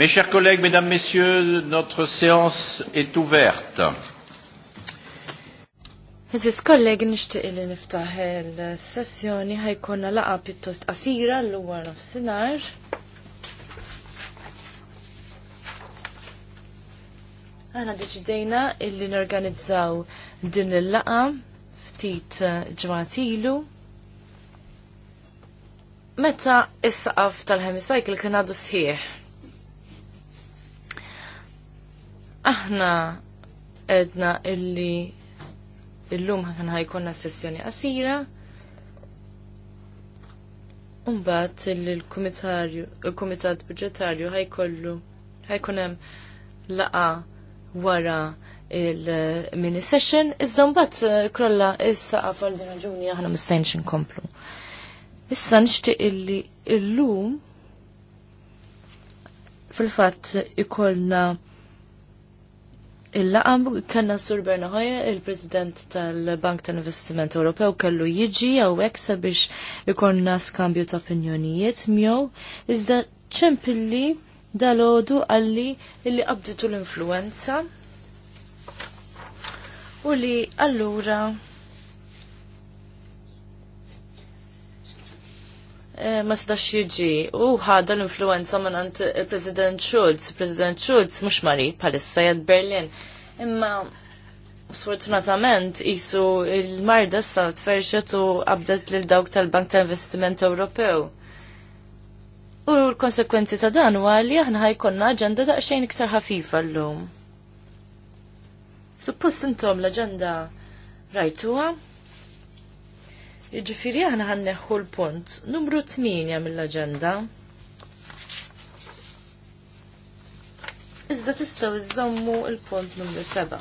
Mes chers collègues, mesdames, messieurs, notre séance est ouverte. Eżis kollegi nishtiq li niftaħ il-sessjoni ħajkonna laqa pittost qasira l-luwa nofsinhar. Għana deċidejna illi norganizzaw din il-laqa ftit ġmat ilu. Meta is-saqaf tal-hemicycle kien għadu sħiħ Aħna edna illi illum ħan ħajkonna sessjoni qasira. Umbat illi l-Kumitat Budġetarju ħajkollu ħajkonem hemm laqa wara il-mini session, iżda mbagħad eh, krolla issa għafal din raġuni aħna mistajnx inkomplu. Issa nixtieq illi illum fil-fatt ikollna Il-laqam kanna Sur Bernahoja, il-President tal-Bank tal-Investiment Ewropew, kellu jiġi għawek sabiex ikonna skambju ta' opinjonijiet mjow, iżda ċempilli dal-ħodu għalli illi qabditu l-influenza u li allura Eh, ma stax jiġi u ħadda l-influenza minn għand il-President Schulz. President Schulz mhux marit bħalissa jad Berlin. Imma sfortunatament isu il-marda sa tferxet u qabdet lil dawk tal-Bank tal Investiment Ewropew. U l-konsekwenzi ta' dan huwa li aħna ħajkonna aġenda daqsxejn iktar ħafifa llum. Suppost intom l-aġenda rajtuha, Ġifiri aħna ħanneħħu l-punt numru 8 mill-aġenda. Iżda tistgħu iżommu l-punt numru 7.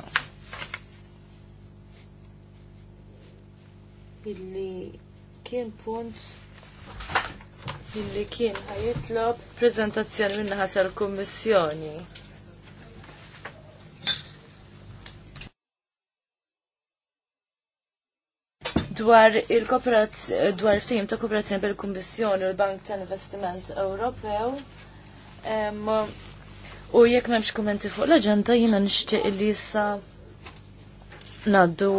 Illi kien punt illi kien ħajitlob prezentazzjoni minnaħa tal-Kummissjoni. dwar il-kooperazzjoni dwar ftehim ta' kooperazzjoni bil-Kummissjoni u l-Bank tal-Investiment Ewropew. U jekk m'hemmx kumenti fuq l-aġenda jiena nixtieq li sa naddu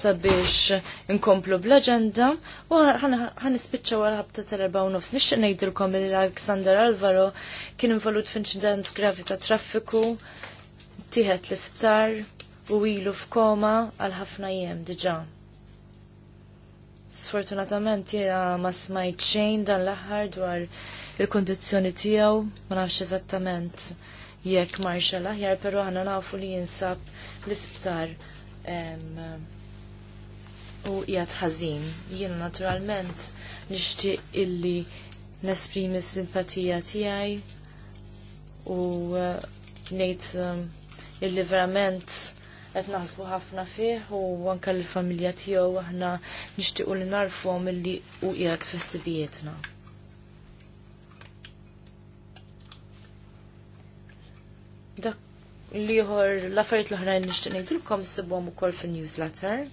sabiex inkomplu bl-aġenda u ħanispiċċa għal ħabta tal-erba' u nofs. Nixtieq ngħidilkom li Alexander Alvaro kien involut f'inċident gravi ta' traffiku tieħed l-isptar u ilu f'koma għal ħafna jiem diġà. Sfortunatament jiena ma smajt xejn dan l-aħħar dwar il-kondizzjoni tiegħu ma nafx eżattament jekk marxa l-aħjar, però aħna nafu li jinsab l-isptar u jgħat ħażin. Jiena naturalment nixtieq illi nesprimi simpatija tiegħi u eh, ngħid illi verament qed naħsbu ħafna fih u anke l-familja tiegħu aħna nixtiequ li narfuhom milli u qiegħed fis-sibijietna. Dak liħor l-affarijiet l-oħrajn nixtieq ngħidilkom issibhom ukoll fin-newsletter.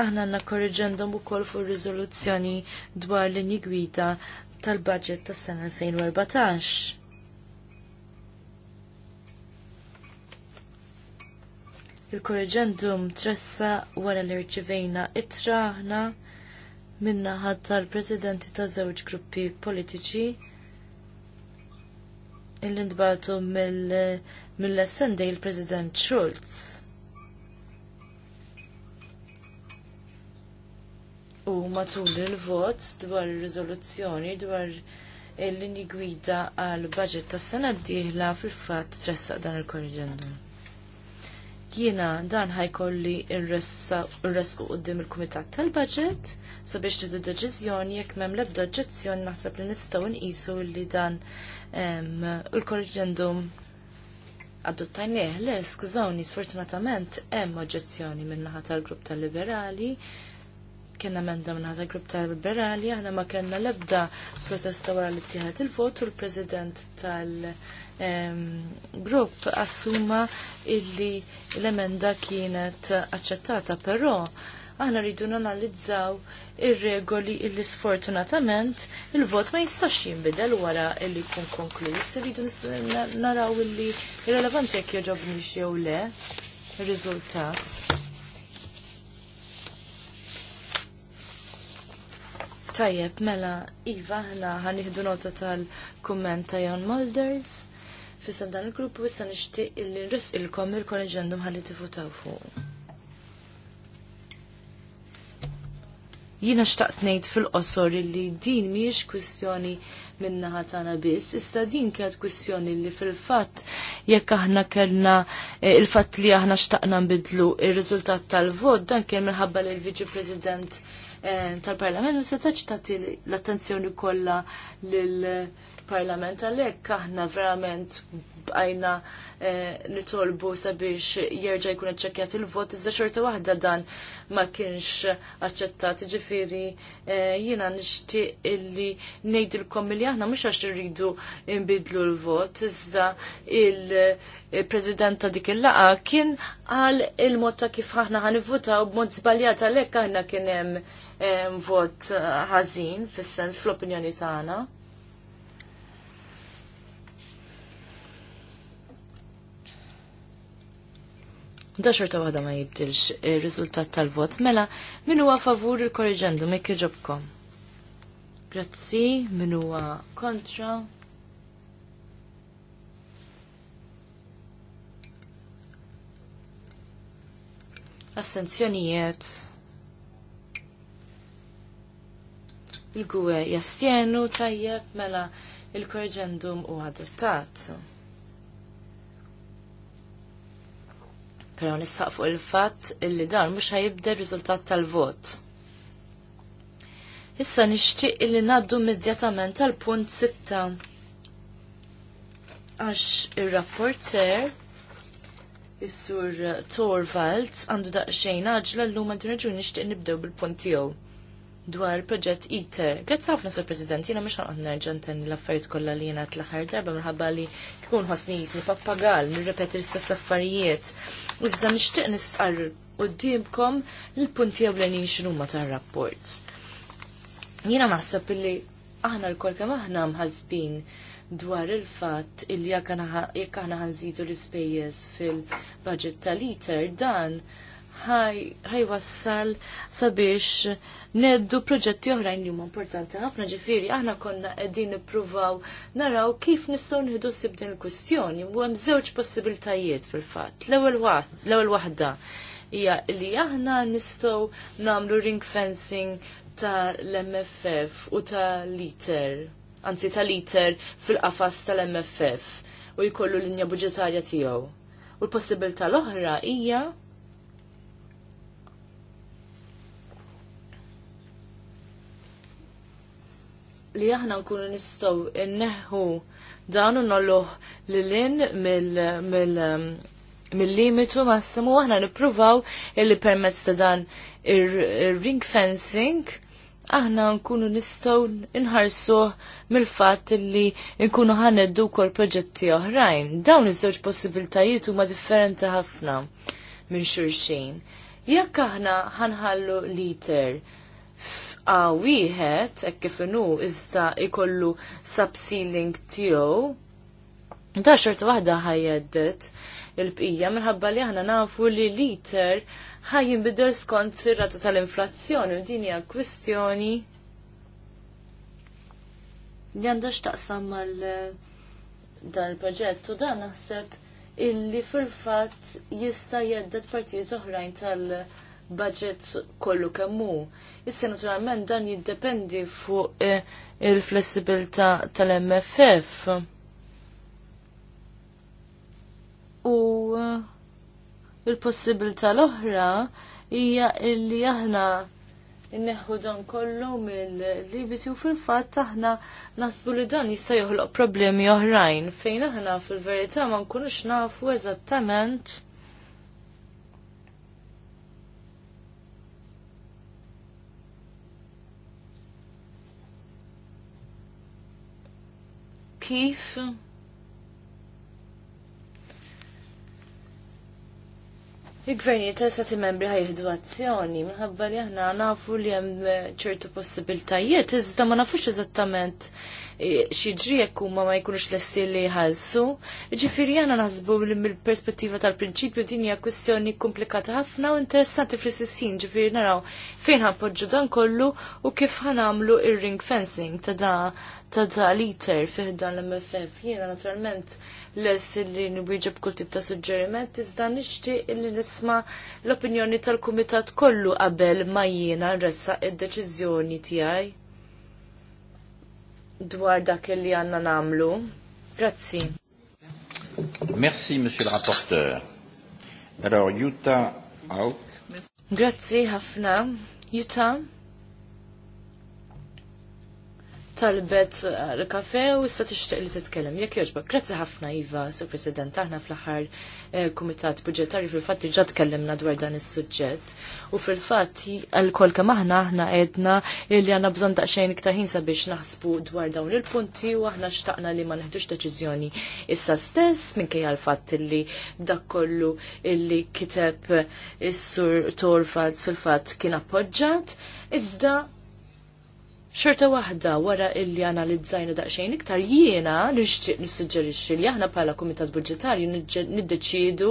aħna għanna korriġendhom u fuq ir rizoluzzjoni dwar l-inigwita tal-budget tas-sena 2014. Il-korreġendum tressa wara li rċivejna itra aħna minnaħa tal-presidenti ta' żewġ gruppi politiċi il-indbatu mill-SND il-President Schulz. u matul il-vot dwar ir-riżoluzzjoni dwar il-linji gwida għal budget tas sena d-dieħla fil-fat tressaq dan il-korriġendum. Jiena dan ħajkolli il-resqu għoddim il-Kumitat tal-Budget sabiex tidu deċiżjoni jekk m'hemm lebda ebda oġġezzjoni naħseb li nistgħu nqisu li dan il-korriġendum adottajnieh le skużawni sfortunatament hemm oġġezzjoni min-naħa tal-grupp tal-Liberali kena menda minn ħata grupp tal-liberali, aħna ma kena lebda protesta wara l-ittieħed il votu u l-president tal-grupp ehm, assuma illi l-emenda kienet accettata, però aħna rridu nanalizzaw ir-regoli illi sfortunatament il-vot ma jistax jinbidel wara illi kun konkluż, rridu naraw illi irrelevanti jekk joġobni jew le ir-riżultat. Tajjeb, mela, Iva, ħna ħaniħdu nota tal-kumment ta' Jan Mulders. Fissan dan il-grupp u issa nixtieq illi nrisqilkom il-kolleġendum ħalli tifutaw fuq. Jina xtaqt ngħid fil-qosor illi din mhijiex kwistjoni minnaħa tagħna biss, issa din kienet kwistjoni li fil-fatt jekk aħna kellna e, il-fatt li aħna xtaqna nbidlu il riżultat tal-vot dan kien minħabba l viċi President Eh, tal-Parlament ma setax tagħti l-attenzjoni kollha lill-Parlament għalhekk aħna verament bqajna eh, nitolbu sabiex jerġa' jkun iċċekkjat il-vot iżda xorta waħda dan ma kienx aċċettat. Ġifieri eh, jiena nixtieq illi ngħidilkom li aħna mhux għax irridu nbidlu l-vot iżda il- il-President ta' dik il-laqa kien għal il-mod ta' kif aħna b b'mod zbaljata għalhekk aħna kien hemm vot eh, ħażin fis-sens fl-opinjoni tagħna. Da xorta waħda ma jibdilx ir-riżultat tal-vot mela min huwa favur il-korriġendum jekk iġobkom. Grazzi, min huwa kontra. Assenzjonijiet. il-gwe jastjenu tajjeb mela il-korġendum u adottat. Pero nissaq fuq il-fat illi dan mux ħajibde r-riżultat tal-vot. Issa nixtieq illi naddu immedjatament tal-punt 6. Għax ir-rapporter is-sur Torvalds għandu daqsxejn aġla l-lum għandu nixtieq nibdew bil-punt tiegħu dwar proġett ITER. Grazzi ħafna, Sur President, jiena mhux ħanqod nerġa' ntenni l-affarijiet kollha li jiena t aħħar darba minħabba li kikun ħosni jisni pappagal, nirrepeti l-istess affarijiet. Iżda nixtieq nistqar d-dibkom l-punti ewlenin ma tar-rapport. Jiena naħseb illi aħna l-kol kemm aħna mħazbin dwar il-fatt il jekk aħna ħanżidu l-ispejjeż fil-budget tal-ITER dan Ħaj wassal sabiex neddu proġetti oħrajn li huma importanti ħafna ġifieri aħna konna qegħdin nippruvaw naraw kif nistgħu nħidu sib din il-kwistjoni u hemm żewġ possibiltajiet fil-fatt. L-ewwel l-ewwel waħda hija li aħna nistgħu nagħmlu ring fencing tal-MFF u tal-liter, anzi tal-liter fil-qafas tal-MFF u jkollu linja budġetarja tiegħu. U l-possibilità l-oħra hija li aħna nkunu nistgħu inneħħu dan u nolluh lilin um, mill-limitu massimu aħna nippruvaw illi permezz ta' dan ir-ring fencing aħna nkunu nistgħu inħarsuh mill-fatt li nkunu ħaneddu wkoll proġetti oħrajn. Dawn iż-żewġ possibiltajiet huma differenti ħafna minn xulxin. Jekk aħna ħanħallu liter A wieħed hekk kif inhu iżda jkollu subceiling tiegħu. Da xorta waħda ħajjeddet il-bqija minħabba li aħna nafu li liter ħajjinbidel skont ir-rata tal-inflazzjoni u din hija kwistjoni li għandha x'taqsam mal eh, dan il-proġett u dan naħseb illi fil-fatt jista' jeddet partijiet oħrajn tal- budget kollu kemmu. Issa naturalment dan jiddependi fuq eh, il-flessibilità tal-MFF. U eh, il-possibilità l-oħra hija li aħna inneħu dan kollu mill-libiti u fil-fat aħna nasbu li dan jista' joħloq problemi oħrajn fejn aħna fil-verità ma nkunux nafu eżattament kif Il-gvernijiet ta' stati membri ħajħdu azzjoni, minħabba li aħna nafu li hemm eh, ċertu possibiltajiet, iżda ma nafux eżattament eh, xiġri jekk huma ma jkunux l-essir li jħallsu. Ġifieri jana naħsbu li mill-perspettiva tal-prinċipju din hija kwistjoni komplikata ħafna u interessanti fl-istessin, ġifieri naraw fejn ħanpoġġu dan kollu u kif ħanamlu ir-ring fencing ta' da ta' ta' liter dan l-MFF. Jiena naturalment les li nwiġab kull tip ta' suġġeriment, iżda nixtieq li nisma l-opinjoni tal-kumitat kollu qabel ma jiena ressa id-deċiżjoni tiegħi dwar dak li għanna namlu. Grazzi. Merci, monsieur le rapporteur. Alors, Jutta Hauk. Grazzi, ħafna. Jutta talbet l-kafe u issa tixtieq li titkellem. Jekk jogħġbok, grazzi ħafna Iva, Sur President, aħna fl-aħħar eh, kumitat budġetarju fil-fatt diġà tkellimna dwar dan is-suġġett. U fil-fatt għal-kol kemm aħna aħna qedna li għandna bżonn daqsxejn iktar ħin sabiex naħsbu dwar dawn il-punti u aħna xtaqna li ma neħdux deċiżjoni issa stess minkejja l-fatt li dak kollu illi kiteb is-sur Torfat fil-fatt kien appoġġat, iżda xorta waħda wara illi analizzajna daqsxejn iktar jiena nixtieq nissuġġerixxi li aħna bħala kumitat budġetarju niddeċiedu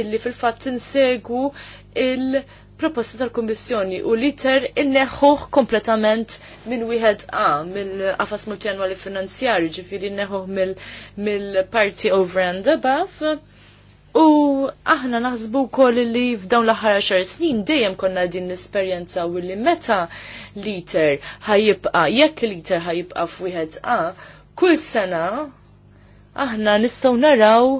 illi fil-fatt insegu il-proposta tal-Kummissjoni u liter inneħħuh kompletament minn wieħed A mill-qafas multjanwali finanzjarju ġifieri inneħħuh mill-parti over and above U aħna naħsbu kol li f'dawn l-aħħar xar snin dejjem konna din l-esperjenza u li meta liter ħajibqa, jekk liter ħajibqa f'wieħed A, kull sena aħna nistgħu naraw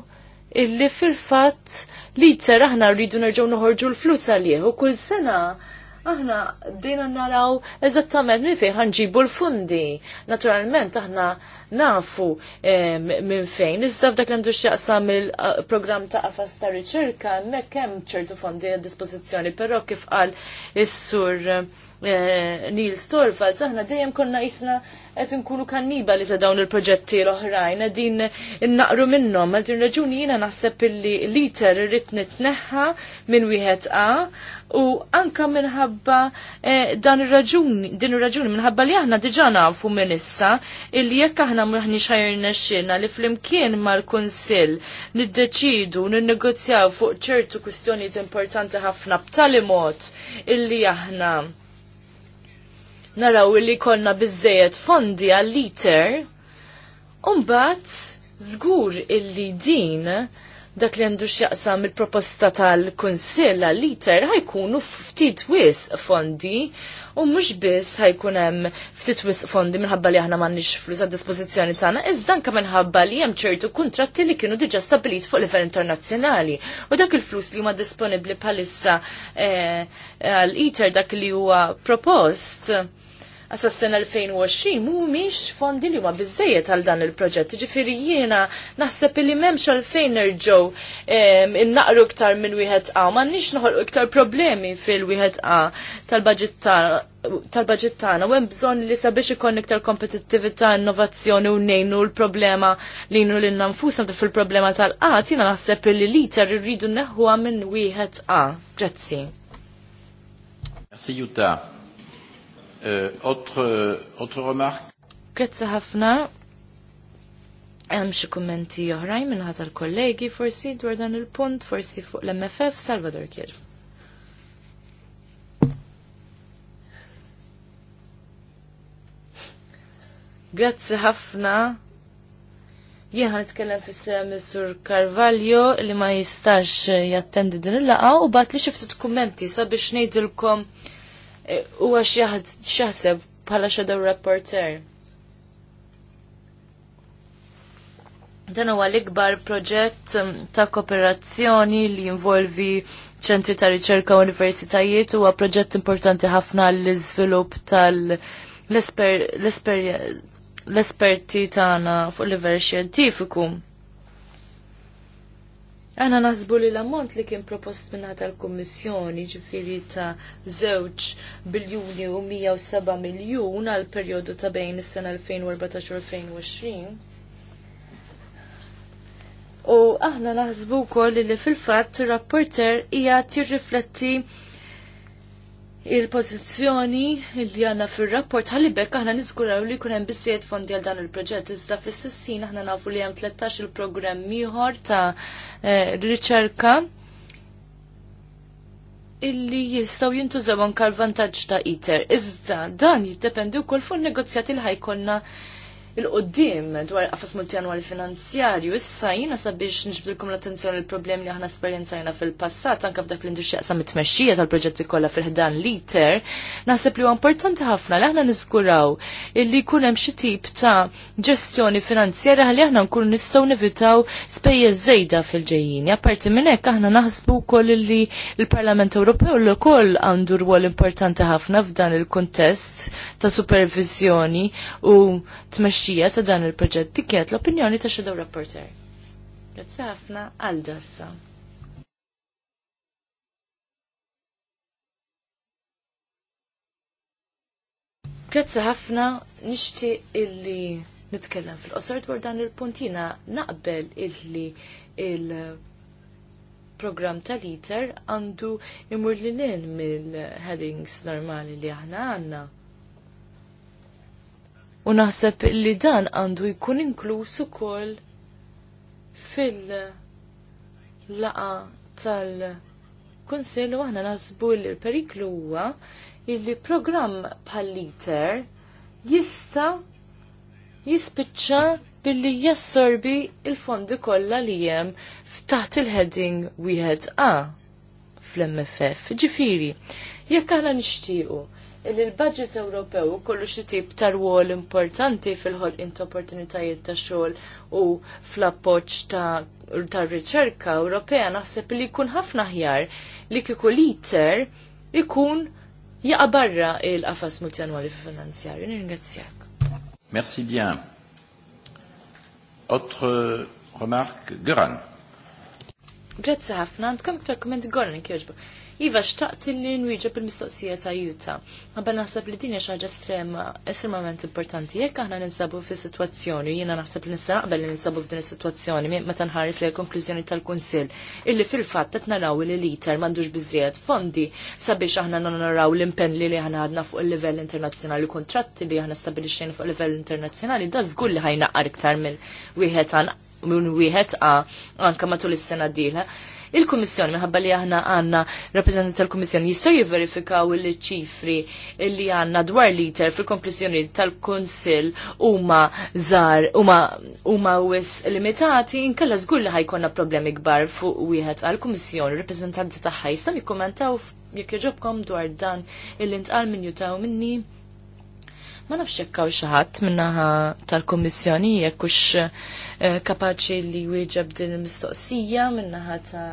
illi fil-fatt liter aħna rridu nerġgħu noħorġu l-flus għalih u kull sena aħna bdejna naraw eżattament minn fejn ħanġibu l-fundi. Naturalment aħna nafu eh, minn fejn. Iżda f'dak l-għandu x'jaqsam il-programm eh, ta' qafas ta' riċerka, hemmhekk hemm ċertu fondi għad dispożizzjoni, però kif qal is-sur eh, Neil Storfald, aħna dejjem konna jisna qed nkunu kanniba li ta' dawn il-proġetti l-oħrajn, din naqru minnom, għal raġuni jiena naħseb illi liter t nitneħħa minn wieħed A u anka minħabba eh, dan ir-raġuni, din ir-raġuni minħabba li aħna diġà nafu minn issa illi jekk aħna m'aħniex xajrna xina li flimkien mal-Kunsill niddeċidu ninnegozjaw fuq ċertu kwistjonijiet importanti ħafna b'tali mod illi aħna naraw illi konna biżejjed fondi għall-liter, u mbagħad żgur illi din dak li għandu x'jaqsam il-proposta tal-Kunsill għall-iter ħajkunu ftit wis fondi u mhux biss ħajkun hemm ftit wis fondi minħabba li aħna m'għandniex flus għad dispożizzjoni tagħna, iżda anke minħabba li hemm ċertu kuntratti li kienu diġà stabilit fuq livell internazzjonali. U dak il-flus li huma disponibbli bħalissa eh, għal-iter dak li huwa propost għasas sena 2020 miex fondi li huma bizzejiet għal dan il-proġett. Ġifiri jiena naħseb li memx għal fejn eh, innaqru iktar minn wieħed A, ma nix noħolqu iktar problemi fil-wieħed A tal-baġit tal-baġit u bżonn li sabiex ikon iktar kompetittivita, innovazzjoni u nejnu l-problema li jnu lil ta' fil-problema tal-qat, jiena naħseb li liter irridu neħħuha minn wieħed A. Grazzi. Merci Jutta. Euh, autre, euh, autre remarque Grazzi ħafna. Hemm xi kummenti oħrajn minn ħadd kollegi forsi dwar dan il-punt, forsi fuq l-MFF Salvador Kier. Grazzi ħafna. Jien ħan itkellem fis-sem Sur Carvalho li ma jistax jattendi din il-laqgħa u bat li xiftit kummenti sabiex ngħidilkom huwa x'jaħseb bħala shadow rapporteur. Dan huwa l-ikbar proġett um, ta' kooperazzjoni li jinvolvi ċentri ta' riċerka u universitajiet huwa proġett importanti ħafna l-iżvilupp tal- l-esperti tagħna fuq livell xjentifiku. Għana nasbu li l-ammont li kien propost minna tal-Kommissjoni ġifiri ta' zewġ biljuni u 107 miljun għal periodu ta' bejn is-sena 2014-2020. U aħna naħsbu kol li fil-fatt rapporter hija tirrifletti rifletti il-pozizjoni li għanna fil-rapport għalli bekk aħna nizguraw li kunem bissiet fondi għal dan il-proġett. Iżda fl-istessin aħna nafu li għam 13 il-programm miħor ta' eh, riċerka illi jistaw jintużaw anka l-vantaġġ ta' ITER. Iżda dan jiddependi wkoll fuq negozjati l ħajkonna il-qoddim dwar qafas multjanwali finanzjarju, issa jina sabiex nġbdilkom l-attenzjoni l-problemi li aħna esperjenzajna fil-passat, anka f'dak l-indixxaqsa mit-tmexxija tal-proġetti kollha fil-ħdan liter, naħseb li huwa importanti ħafna li aħna niskuraw illi jkun hemm xi tip ta' ġestjoni finanzjarja ħalli aħna nkunu nistgħu nevitaw spejjeż żejda fil-ġejjin. Apparti minn hekk aħna naħsbu wkoll li l-Parlament Ewropew l ukoll għandu rwol importanti ħafna f'dan il-kuntest ta' supervizjoni u tmexxija tmexxija ta' dan il-proġett tiket l-opinjoni ta' Shadow Rapporter. Grazzi ħafna għal dassa. Grazzi ħafna nixti illi nitkellem fil-qosor dwar dan il-puntina naqbel illi il program tal liter għandu imur li mill-headings normali li aħna għanna. U naħseb li dan għandu jkun inkluż ukoll fil-laqa tal-Kunsill u aħna naħsbu li l-periklu huwa li programm bħal-liter jista' jispiċċa billi jassorbi il-fondi kollha li hemm f'taħt il-heading wieħed A fl-MFF. Ġifiri, jekk aħna nixtiequ li l-budget Ewropew kollu xi tip ta' rwol importanti fil-ħolqien ta' opportunitajiet ta' xogħol u fl-appoġġ ta' tar riċerka Ewropea naħseb li jkun ħafna ħjar li kieku liter ikun jaqbarra barra il-qafas multjanwali finanzjarju. Nirringrazzjak. Merci bien. Autre remarque, Göran. Grazzi ħafna, għandkom ktar komment Goran kjoġbuk. Iva, xtaqt li nwieġeb il-mistoqsija ta' Juta. Għabba naħseb li din hija ħaġa estrema, estremament importanti. Jekk aħna ninsabu fi situazzjoni, jiena naħseb li nista' naqbel li ninsabu f'din is-sitwazzjoni meta nħares li l-konklużjoni tal-Kunsill illi fil-fatt qed naraw li l-iter m'għandux biżjed fondi sabiex aħna naraw l-impenn li li aħna għadna fuq il-livell internazzjonali, kontratti li aħna stabilixxejn fuq il-livell internazzjonali, da żgur li ħajnaqar iktar minn wieħed minn wieħed anke matul is-sena d dieħla il-Kummissjoni minħabba li aħna għandna rappreżentanti tal-Kummissjoni jista' jivverifikaw il-ċifri li għandna dwar liter fil-konklużjoni tal-Kunsill huma żgħar huma wis limitati inkella żgur li ħajkonna problemi kbar fuq wieħed għall-Kummissjoni rappreżentanti tagħha jistgħu jikkumentaw jekk jġobkom dwar dan il-intqal minn jutaw minni. Ma nafx jekkaw xaħat minnaħa tal-Kommissjoni jekkux eh, kapaċi li wieġeb din il-mistoqsija minnaħa ta'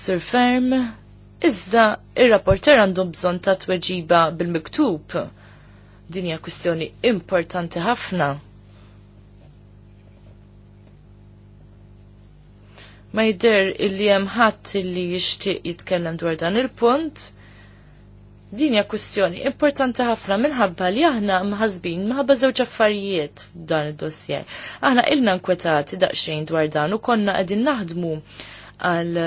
Sir Ferm. Iżda il rapporter għandu bżon ta' tweġiba bil-miktub. Din hija kwistjoni importanti ħafna. ma jider illi hemm ħadd li jixtieq jitkellem dwar dan il-punt, Din hija kwistjoni importanti ħafna minħabba li aħna mħazbin minħabba żewġ affarijiet f'dan id-dossier. Aħna ilna nkwetati daqsxejn dwar dan u konna qegħdin naħdmu għal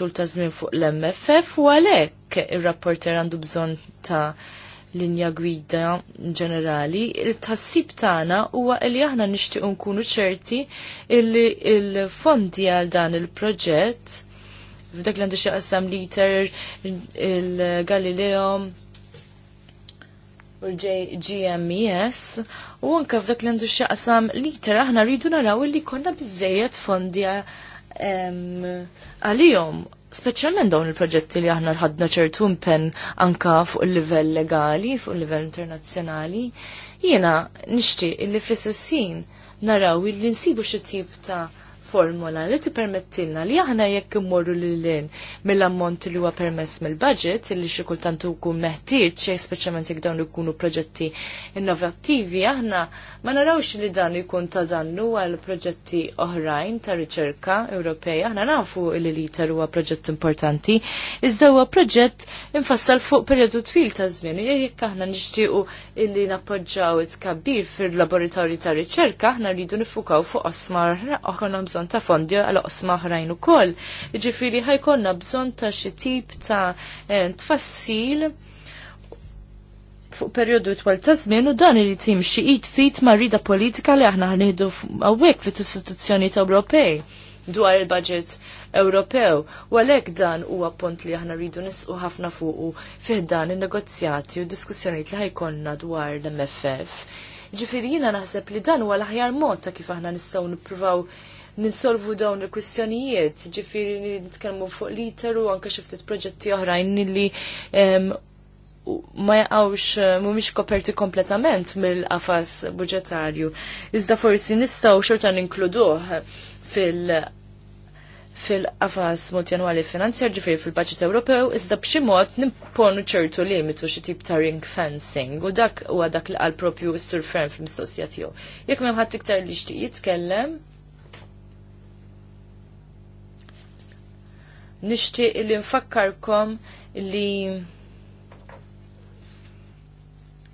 tul ta' żmien fuq l-MFF u għalhekk ir-rapporter għandu bżonn ta' linja gwida ġenerali, il-tassib tagħna huwa li aħna nixtiequ nkunu ċerti il-fondi għal dan il-proġett f'dak l-għandu xaqsam liter, il-Galileo, u l-GMES, u anka f'dak l-għandu xaqsam liter, aħna rridu naraw li konna bizzejet fondi għalijom. Speċjalment dawn il-proġetti li aħna rħadna ċertu impenn anka fuq il-livell legali, fuq il-livell internazzjonali, jiena nixtieq li fl sessin naraw li nsibu xi tip ta' formola li tippermettilna li aħna jekk immorru lil mill-ammont li huwa permess mill-budget li xi kultant ikun meħtieġ speċjalment jekk dawn ikunu proġetti innovattivi aħna Ma narawx li dan jkun ta' dannu għal proġetti oħrajn ta' riċerka Ewropeja, aħna nafu li l-iter huwa proġett importanti, iżda huwa proġett infassal fuq perjodu twil ta' żmien, jekk aħna nixtiequ illi nappoġġaw it-kabbir fil-laboratorji ta' riċerka, aħna rridu nifukaw fuq osma oħra bżonn ta' fondi għal osma oħrajn ukoll. Jiġifieri ħajkonna bżonn ta' xi tip ta' eh, tfassil fuq periodu twal ta' żmien u dan irid tim id fit ma' rida politika li aħna għawek li t istituzzjoni ta' Ewropej dwar il-budget Ewropew. U għalhekk dan huwa punt li aħna rridu nisqu ħafna fuqu fih dan in-negozjati u diskussjonijiet li ħajkonna dwar l-MFF. Ġifiri jiena naħseb li dan huwa l-aħjar mod ta' kif aħna nistgħu nippruvaw ninsolvu dawn il-kwistjonijiet, ġifiri nitkellmu fuq literu anke xi ftit proġetti oħrajn li ma jaqawx eh, mhumiex koperti kompletament mill-qafas budġetarju. Iżda forsi nistgħu xorta ninkluduħ fil- fil-qafas multjanwali finanzjar ġifiri fil-budget Ewropew, iżda b'xi mod nimponu ċertu limitu xi tip ta' ring fencing u dak huwa dak li qal propju s-sur Fren fil-mistoqsija tiegħu. Jekk m'hemm ħadd iktar li xtieq jitkellem, nixtieq li nfakkarkom li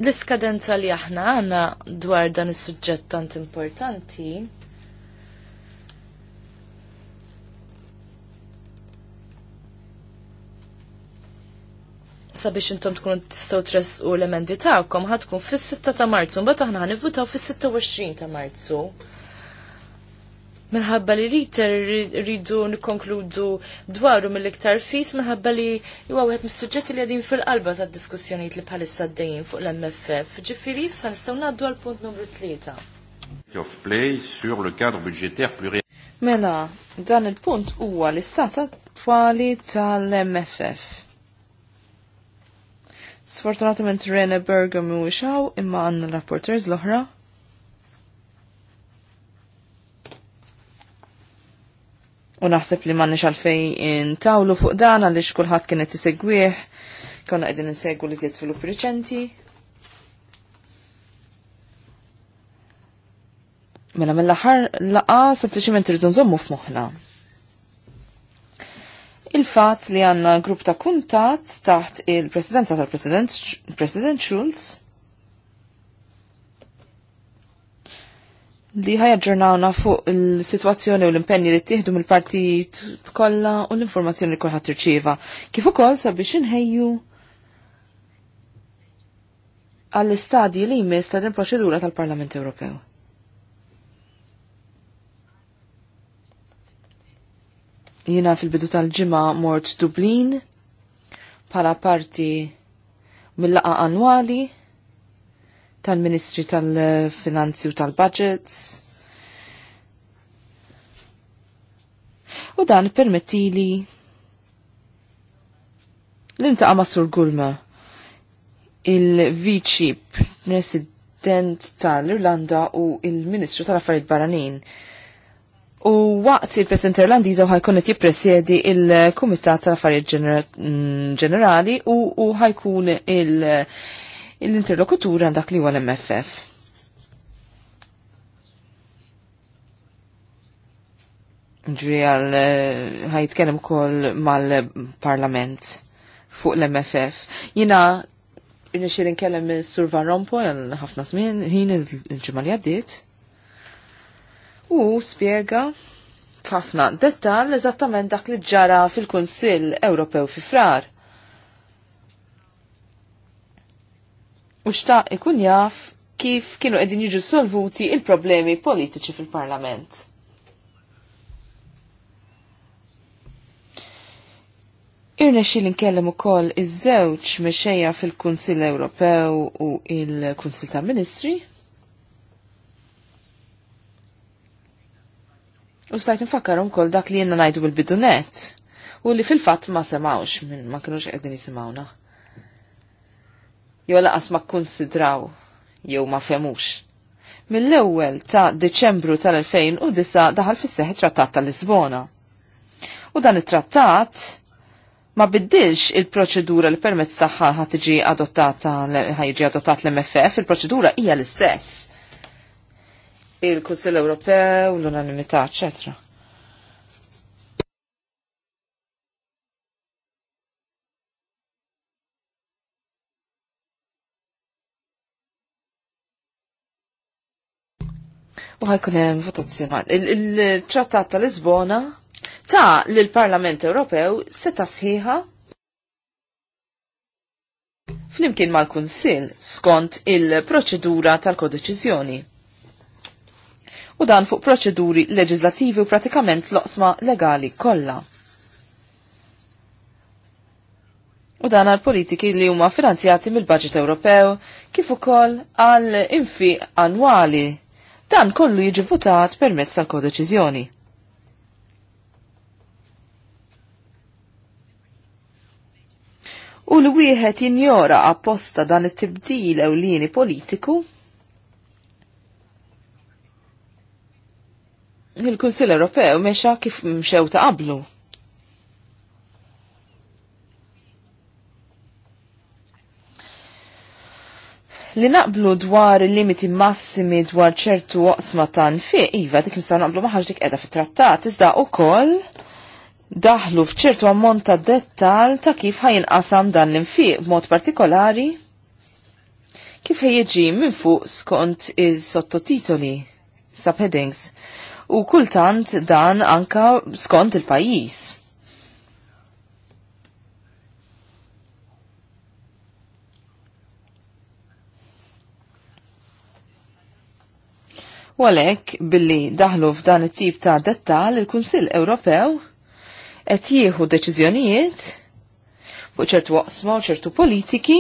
l-iskadenza li aħna għanna dwar dan is-suġġett tant importanti sabiex intom tkunu tistgħu u l-emendi tagħkom ħad tkun fis-6 ta' Marzu, mbagħad aħna ħanivvutaw fis-26 ta' Marzu minħabba li riter rridu nikonkludu dwaru mill-iktar fis minħabba li huwa wieħed mis-suġġetti li għadin fil-qalba tad-diskussjonijiet li bħalissa għaddejjin fuq l-MFF. Ġifieri issa nistgħu ngħaddu għal punt numru tlieta. Of play sur le cadre budgétaire pluriel. Mela, dan il-punt huwa l-istat attwali tal-MFF. Sfortunatament Rene Bergamo u xaw imma għanna rapporters l-oħra U naħseb li manni xalfej intawlu fuq dan għalli xkulħat kienet t-segwieħ, konna għedin n-segwu li zjed svilup reċenti. Mela mill-aħħar laqa sempliciment rridu nżommu f'moħħna. Il-fatt li għanna grupp ta' kuntat taħt il-presidenza tal-President Schulz li ħajġurnawna fuq il-situazzjoni u l-impenni li tieħdu mill-partit kollha u l-informazzjoni li kulħadd irċieva. Kif ukoll sabiex inħejju għall-istadji li jmiss ta' din proċedura tal-Parlament Ewropew. Jina fil-bidu tal-ġimgħa mort Dublin bħala parti mill-laqa annwali tal-Ministri tal-Finanzi u tal-Budgets. U dan permettili l-intaqa ma'Sur Gulma, il-Viċi President tal-Irlanda u il-Ministru tal-Affarijiet Barranin. U waqt il-President Irlandiża ħajkun qed jippresjedi il-Kumitat tal-Affarijiet mm, Ġenerali u ħajkun il- l-interlokutur għandak li huwa l-MFF. Ġri għal eh, ħajtkellem kol mal-parlament fuq l-MFF. Jina Nixir nkellem il-Sur Van Rompuy għal ħafna żmien ħin il-ġimgħa li għaddiet. U spjega ħafna dettal eżattament dak li ġara fil-Kunsill Ewropew fi frar. u xtaq ikun jaf kif kienu qegħdin jiġu solvuti il-problemi politiċi fil-Parlament. Irnexxi xil nkellem ukoll iż-żewġ mexejja fil-Kunsill Ewropew u il-Kunsill tal-Ministri. U stajt nfakkarum ukoll dak li jenna najdu bil-bidunet. U li fil-fat ma semawx minn ma kinux għedin jisimawna jew laqas ma kkunsidraw jew ma femux. Mill-ewwel ta' Deċembru tal-2009 daħal fis seħħ trattat tal-Lisbona. U dan it-trattat ma biddilx il-proċedura li permezz tagħha ħad tiġi adottata ħajġi adottat l-MFF, il-proċedura hija l-istess. Il-Kunsill Ewropew, l-unanimità, eċetera. u ħajkun hemm votazzjoni. Il-Trattat ta' Lisbona ta' li l-Parlament Ewropew seta' sħiħa flimkien mal-Kunsill skont il-proċedura tal-kodeċiżjoni. U dan fuq proċeduri leġislativi u pratikament loqsma legali kollha. u dan għal politiki li huma finanzjati mill-Baġit Ewropew kif ukoll għal infi annwali Dan kollu jiġi votat permezz tal-kodeċiżjoni. U l-wieħed jinjora apposta dan it-tibdil ewlieni politiku il-Kunsill Ewropew mexa kif mxew ta' qablu. li naqblu dwar il-limiti massimi dwar ċertu waqsma tan fi, iva dik nista' naqblu maħħax dik qeda fit-trattat, iżda ukoll daħlu f'ċertu ammont ta' dettal ta' kif ħajinqasam dan l-infiq b'mod partikolari kif ħejjeġi minn fuq skont is sottotitoli subheadings u kultant dan anka skont il pajjiż U għalhekk billi daħlu f'dan it-tip ta' dettal il-Kunsill Ewropew qed jieħu deċiżjonijiet fuq ċertu waqsma u ċertu politiki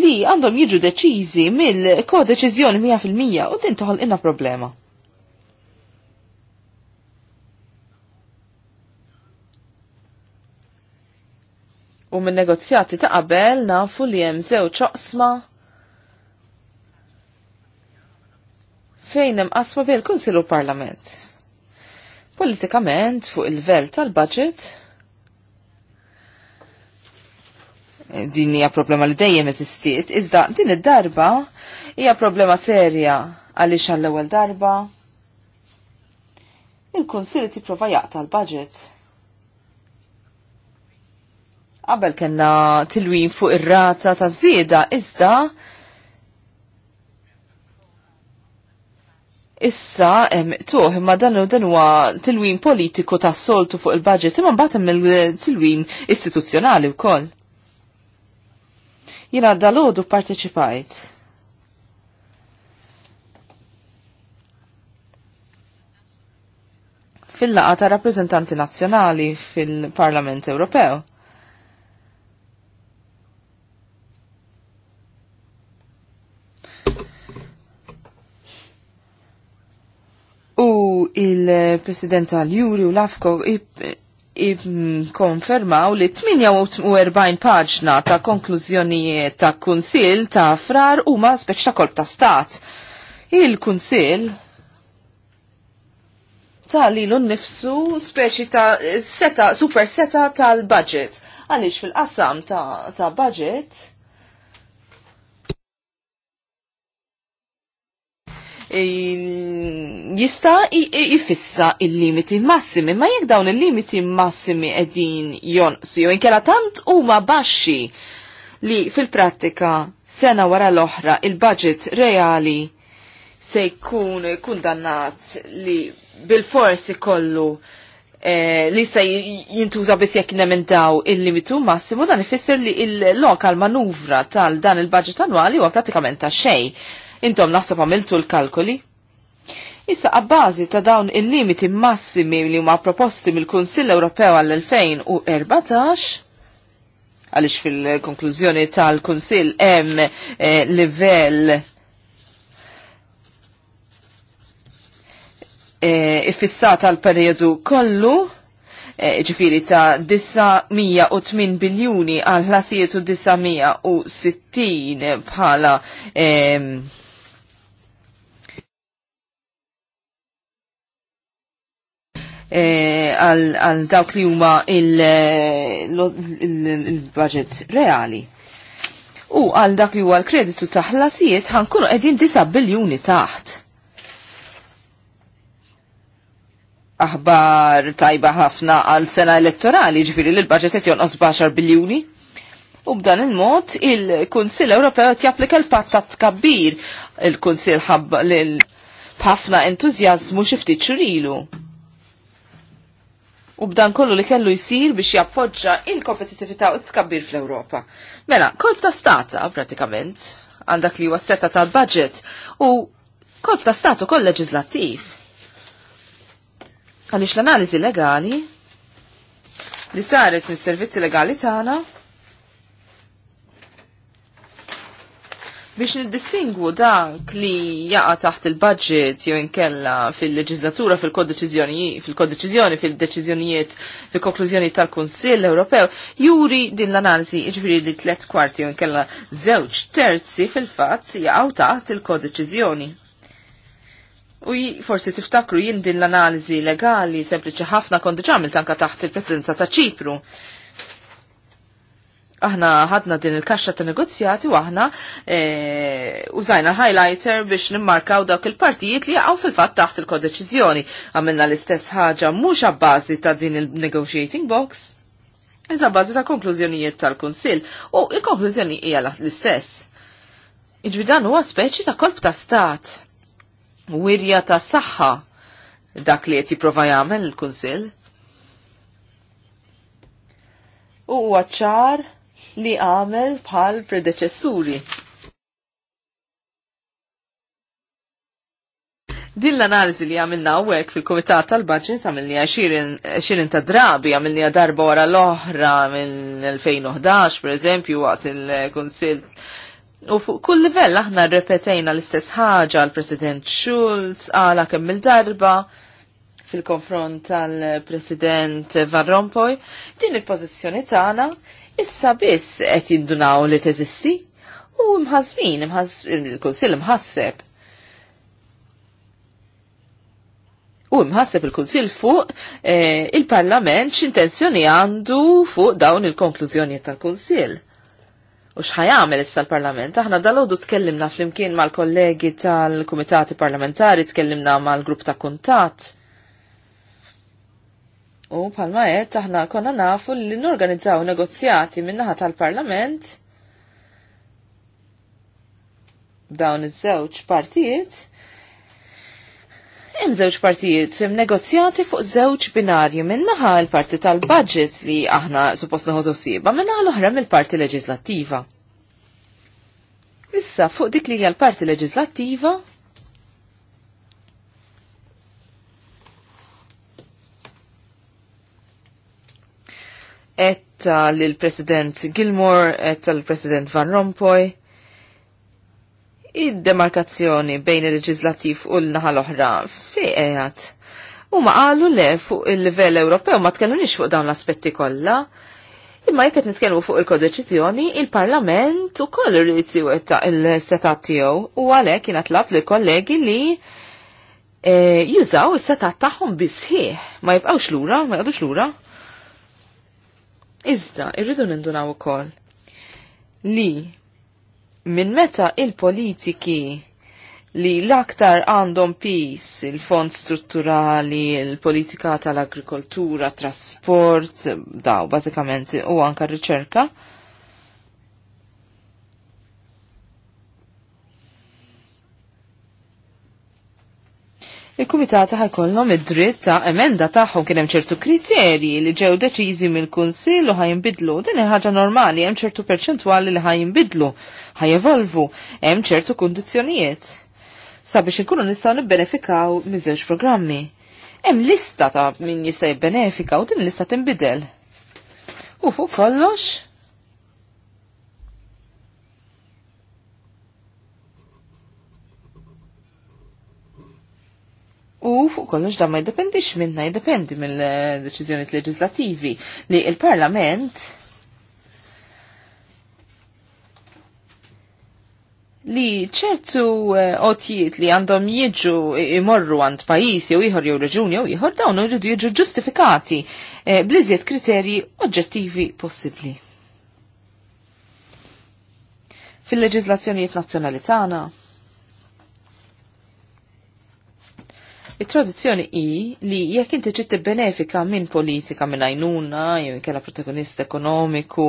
li għandhom jiġu deċiżi mill-kodeċiżjoni 100% u din toħol inna problema. U minn negozjati ta' qabel nafu li hemm żewġ oqsma fejn hemm qasma bejn il-Kunsill u l-Parlament. Politikament fuq il-livell tal-budget din hija problema li dejjem eżistiet, iżda din id-darba hija problema serja għaliex għall-ewwel darba il-Kunsill tipprova jaqta l-budget. Qabel kellna tilwin fuq ir-rata taż-żieda iżda issa hemm tuħ imma dan dan huwa tilwin politiku tas-soltu fuq il-budget imma mbagħad hemm il-tilwin istituzzjonali wkoll. Jiena ħodu parteċipajt. fil-laqa ta' rappreżentanti nazzjonali fil-Parlament Ewropew. il-President tal-Juri u l-Afko konfermaw li 48 paġna ta' konklużjonijiet ta' kunsil ta' frar u ma' speċ ta' kolb ta' stat. Il-kunsil ta' li l-nifsu speċi ta' seta, super seta tal-budget. Għalix fil-qassam ta', ta budget jista jifissa il-limiti massimi, ma jekk dawn il-limiti massimi edin jonqsu, jo inkella tant huma baxxi li fil-prattika sena wara l-oħra il-budget reali se jkun kundannat li bil-forsi kollu eh, li se jintuża biss jekk daw il-limitu massimu dan ifisser li il-lokal manuvra tal dan il-budget annwali huwa pratikament ta' xejn. Intom naħseb għamiltu l-kalkoli? Issa għabbażi ta' dawn il-limiti massimi li huma proposti mill-Kunsill Ewropew għall-2014, għalix fil-konklużjoni tal-Kunsill hemm eh, livell eh, ifissat għal periodu kollu, eh, ġifiri ta' 908 biljuni għal ħlasijiet u 960 bħala eh, Eh, għal dawk li huma il-budget eh, reali. U għal dak li huwa l-kreditu taħlasijiet ħankunu qegħdin 9 biljuni taħt. aħbar tajba ħafna għal sena elettorali ġifiri li l-budget qed jonqos 10 biljuni. U b'dan il-mod il-Kunsill Ewropew qed japplika l-patt ta' tkabbir il-Kunsill ħabba ħafna entużjażmu xi ftit xurilu u b'dan kollu li kellu jisir biex jappoġġa il-kompetitività u tkabbir fl-Ewropa. Mela, kolb ta' stata, pratikament, għandak li huwa tal-budget u kolb ta' statu kol leġislattiv. Għaliex l-analiżi legali li saret il servizzi legali tagħna biex niddistingwu dak li jaqa taħt il-budget jew inkella fil-leġislatura fil kod fil fil-deċiżjonijiet fil-konklużjoni tal-Kunsill Ewropew juri din l-analiżi jiġifieri li tliet kwarti jew inkella żewġ terzi fil-fatt jaqgħu taħt il deċizjoni U forsi tiftakru jien din l-analiżi legali sempliċi ħafna kont tanka taħt il-Presidenza ta' Ċipru aħna ħadna din il-kaxxa ta' negozjati u aħna e, użajna highlighter biex nimmarkaw dawk il-partijiet li jaqgħu fil-fatt taħt il kodeċiżjoni Għamilna l-istess ħaġa mhux għabbażi ta' din il-negotiating box. Iżda bażi ta' konklużjonijiet tal-Kunsill u il-konklużjoni hija l-istess. Iġbi dan huwa speċi ta' kolb ta' stat. Wirja ta' saħħa dak li qed jipprova jagħmel il-Kunsill. U huwa ċar li għamel bħal predeċessuri. Din l-analizi li għamilna għawek fil-Komitat tal-Budget għamilni għaxirin ta' drabi għamilni darba wara l-oħra minn 2011 per eżempju għat il-Konsil U fuq kull livell aħna rrepetejna l-istess ħaġa l-President Schulz għala kemm il-darba fil-konfront tal-President Van Rompuy. Din il-pożizzjoni tagħna issa biss qed jindunaw li teżisti u mħazmin, il-Kunsill imħasseb. U mħasseb il-Kunsill fuq eh, il-Parlament x'intenzjoni għandu fuq dawn il-konklużjonijiet tal-Kunsill. U xħajamel issa l-Parlament? Aħna dal-għodu tkellimna fl-imkien mal-kollegi tal-Kumitati Parlamentari, tkellimna mal-Grupp ta' Kuntat U palma qed aħna konna nafu li norganizzaw negozjati min-naħa tal-Parlament dawn iż-żewġ partijiet Hemm żewġ partijiet hemm negozjati fuq żewġ binarju minnaħa l-parti tal-budget li aħna suppost noħodu sieba minnaħa l-oħra mill-parti leġislattiva. Issa fuq dik li hija l-parti leġislattiva etta l-President Gilmore, etta l-President Van Rompuy, id-demarkazzjoni bejn il-leġizlativ u l-naħa l-oħra fejqejat. U ma qalu le fuq il-livell Ewropew ma tkellimniex fuq dawn l-aspetti kollha. Imma jekk qed nitkellmu fuq il-kodeċiżjoni, il-Parlament ukoll irid ta' il-setat tiegħu u għalhekk jiena lill kollegi li eh, jużaw is-setat tagħhom bisħieħ ma jibqgħux lura, ma jgħadux lura. Iżda, irridu nindunaw ukoll li minn meta il-politiki li l-aktar għandhom pis il-fond strutturali, il-politika tal-agrikoltura, trasport, daw, bazikament, u anka r-riċerka, il kumitata ħajkollhom id-dritt ta' emenda tagħhom kien hemm ċertu kriterji li ġew deċiżi mill-Kunsill u ħajinbidlu. Din hija ħaġa normali hemm ċertu perċentwali li ħajinbidlu, ħajevolvu, hemm ċertu kundizzjonijiet. Sabiex inkunu nistgħu nibbenefikaw miż-żewġ programmi. Hemm lista ta' min jista' jibbenefika u din lista tinbidel. U fuq kollox, U fuq kollox da ma jdependix minna, jdependi mill deċiżjonijiet leġislativi li il-Parlament li ċertu eh, otjiet li għandhom jiġu imorru għand pajis jew ieħor jew reġuni jew ieħor dawn iridu jiġu ġustifikati eh, bliżjed kriterji oġġettivi possibbli. Fil-leġiżlazzjonijiet nazzjonali tagħna, Il-tradizjoni i li jekk inti ġiet benefika minn politika minn għajnuna, jew inkella protagonist ekonomiku,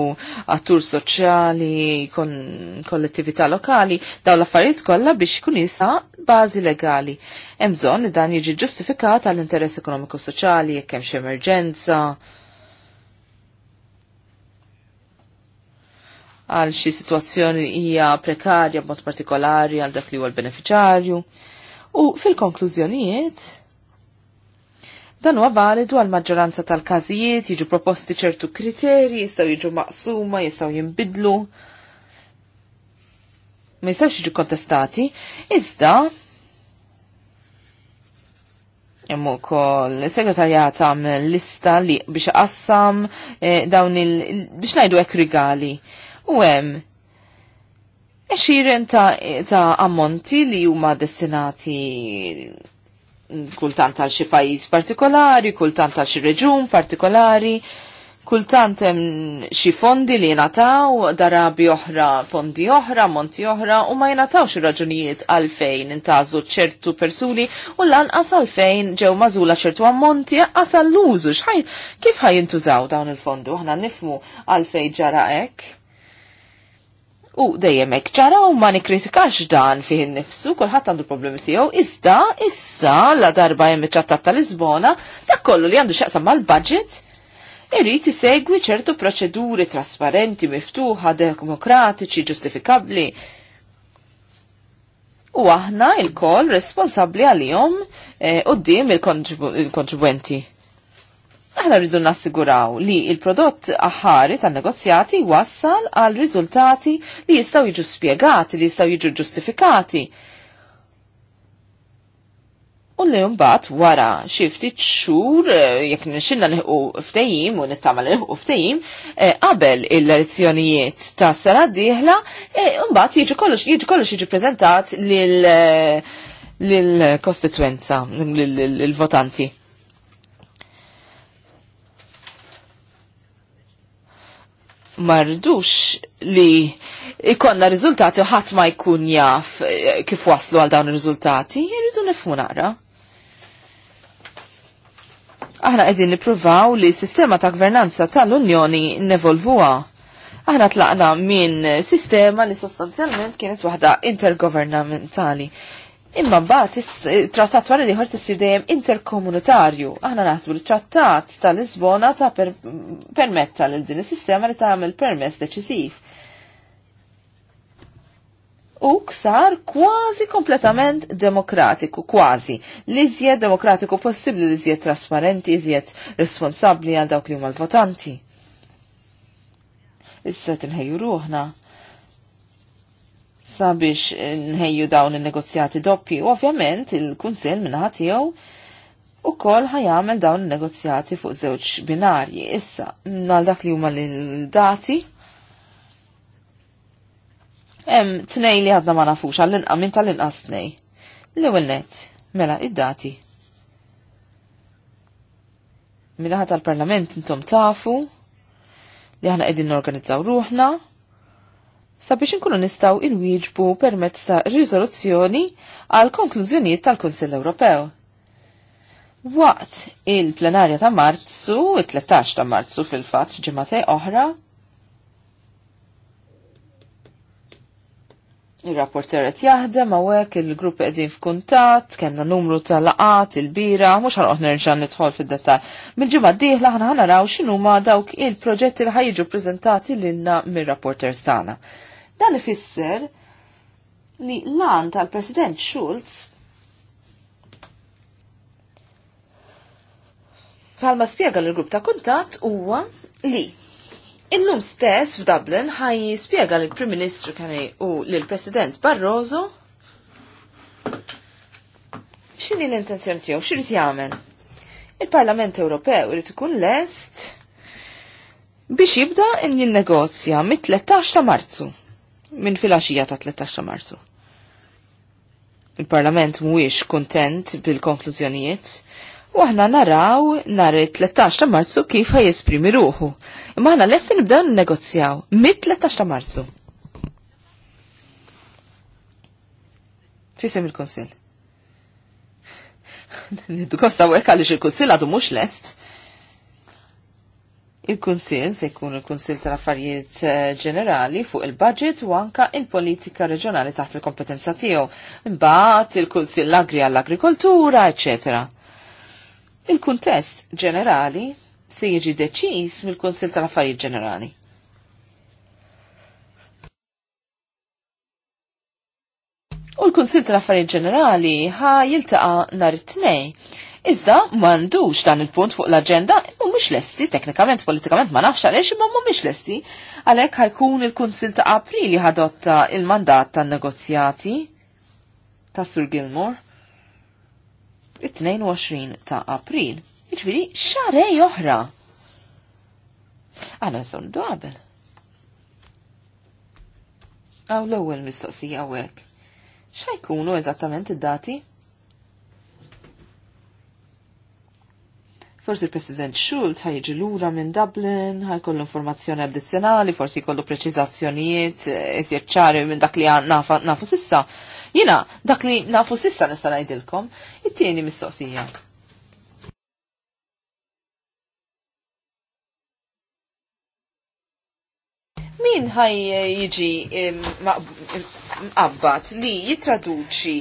attur soċjali, kollettività lokali, dawn l-affarijiet kollha biex jkun jista' bażi legali. Hemm bżonn li dan jiġi ġustifikat għall interess ekonomiku soċjali jekk hemm xi emerġenza. għal xi sitwazzjoni hija prekarja b'mod partikolari għal dak li huwa l-beneficjarju. U fil-konklużjonijiet, dan huwa validu għal maġġoranza tal-każijiet, jiġu proposti ċertu kriterji, jistgħu jiġu maqsuma, jistgħu jinbidlu. Ma jistgħux jiġu kontestati, iżda Hemm ukoll segretarjat għamel lista li biex qassam eh, dawn il biex ngħidu hekk rigali. U hemm xiren ta', ta ammonti li huma destinati kultant għal xi pajjiż partikolari, kultant għal xi reġun partikolari, kultant hemm xi fondi li jingħataw darabi oħra, fondi oħra, monti oħra u ma jingħatawx xi raġunijiet għalfejn intażu ċertu persuni u lanqas għalfejn ġew mażula ċertu ammonti għasal għall użu x'ħaj kif ħaj jintużaw dawn il-fondu aħna nifmu għalfejn ġara hekk U dejjem hekk ċara u ma nikkritikax dan fih innifsu, kulħadd għandu problemi tiegħu, iżda issa la darba hemm it-Trattat ta' Lisbona, dak kollu li għandu x'aqsam mal-budget irrid isegwi ċertu proċeduri trasparenti, miftuħa, demokratiċi, ġustifikabbli. U aħna il-koll responsabli għalihom eh, qudiem il-kontribwenti. Aħna rridu nassiguraw li il-prodott aħari tan-negozjati wassal għal riżultati li jistgħu jiġu spjegati, li jistgħu jiġu ġustifikati. U li mbagħad wara xi ftit xhur eh, jekk nħu ftejim, u nittama' nħu ftejim, eh, qabel il-lezzjonijiet ta' sena d-dieħla eh, mbagħad jiġi kollox jiġi kollox jiġi prezentat lil kostituenza l votanti marridux li ikonna riżultati u ħadd ma jkun jaf eh, kif waslu għal dawn ir-riżultati, irridu nifhmu naqra. Aħna qegħdin nippruvaw li s-sistema ta' gvernanza tal-Unjoni nevolvuha. Aħna tlaqna minn sistema li sostanzjalment kienet waħda intergovernamentali. Imma mbagħad eh, trattat wara li ħor tisir dejjem interkomunitarju. Aħna naħsbu li trattat tal-Lisbona ta' permetta lil din is-sistema li tagħmel permess deċisiv u ksar kważi kompletament demokratiku, kważi. Li żjed demokratiku possibbli li żjed trasparenti, iżjed responsabbli għal dawk li huma l-votanti. Issa tinħejju ruħna sabiex nħejju dawn il-negozjati doppi u ovvjament il-Kunsill minnaħat tiegħu ukoll ħajamel dawn il-negozjati fuq żewġ binarji. Issa, għal dak li huma l-dati, Hemm tnej li għadna ma nafux għall-inqa minn tal-inqas nej L-ewwel mela id-dati. Minnaħat tal-Parlament intom tafu li aħna qegħdin norganizzaw ruħna sabiex inkunu nistaw il-wieġbu permezz ta' riżoluzzjoni għal konklużjonijiet tal-Kunsill Ewropew. Waqt il-plenarja ta' Marzu, il-13 ta' Marzu fil-fatt ġematej oħra, Il-rapporter qed jaħdem hawnhekk il-grupp qegħdin f'kuntatt, kellna numru ta' laqat il-bira, mhux ħanqod nerġa' nidħol fid-dettall. Mill-ġimgħa d-dieħla ħana ħanaraw x'inhuma dawk il-proġetti li ħajġu ppreżentati lilna mir-rapporters tagħna. Dan ifisser li l-An tal-President Schulz Palma spiega l-grupp ta' kuntat huwa li Illum stess f'Dublin ħaj spiega lill-Prim Ministru kani u lill-President Barroso x'inhi l-intenzjoni tiegħu x'irid jagħmel. Il-Parlament Ewropew irid ikun lest biex jibda in negozja mit-13 ta' Marzu minn filaxija ta' 13 marzu. Il-Parlament mhuwiex kuntent bil-konklużjonijiet u aħna naraw nhar 13 ta' Marzu kif esprimi ruħu. Imma aħna lesti nibdew negozjaw mit-13 ta' Marzu. Fisem il-Konsil. Nidu kosta u ekkalix il-Konsil għadu mux lest. Il-Kunsil se jkun il-Kunsil tal-Affarijiet eh, Ġenerali fuq il-budget u anka il-politika reġjonali taħt il-kompetenza tiegħu. Imbagħad il-Kunsil l-Agri għall-Agrikoltura, eċetera. Il-kuntest ġenerali se jiġi deċiż mill-Kunsil tal-Affarijiet Ġenerali. U l-Kunsil tal-Affarijiet Ġenerali ħa jiltaqa' nhar it-tnejn Iżda mandux dan il-punt fuq l-agenda u mux lesti, teknikament, politikament ma nafx għalix, imma mhumiex lesti. Għalhekk ħajkun il-Kunsil ta' April li ħadotta il-mandat tan-negozjati ta' Sur Gilmore it-22 ta' April. iġviri xarej oħra. Għana zon qabel. Għaw l-ewwel mistoqsija hawnhekk. X'ħajkunu eżattament id-dati? Forsi il-President Schulz ħajġi lura minn Dublin, ħajkollu informazzjoni addizzjonali, forsi jkollu preċizazzjonijiet, isir eh, ċari minn dak li nafu, nafu sissa. Jina, dak li nafu sissa nista' ngħidilkom, it-tieni mistoqsija. min ħaj eh, jiġi eh, mqabbat li jitraduċi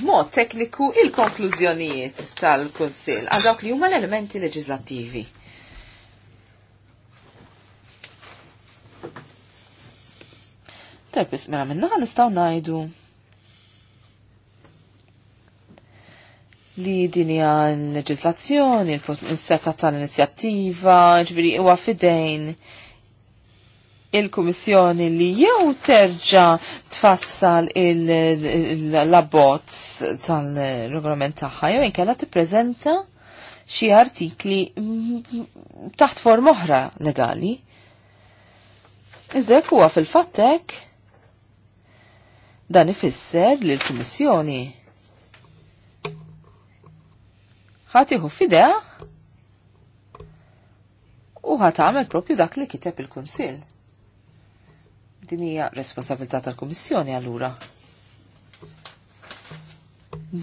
b'mod eh, tekniku il-konklużjonijiet tal-Kunsill għal dawk li huma l-elementi leġislattivi. Tarbis, mela minnaħa nistaw najdu li dinja l-leġislazzjoni, il-setta tal-inizjattiva, ġviri, u għafidejn il-Kummissjoni li jew terġa tfassal l-abbozz tal-regolament tagħha jew inkella tippreżenta xi artikli taħt form oħra legali. Iżda huwa fil-fattek dan ifisser li l-Kummissjoni ħatiħu fidea u ħatamel propju dak li kiteb il-Kunsil. Din hija responsabilità tal-Kummissjoni allura.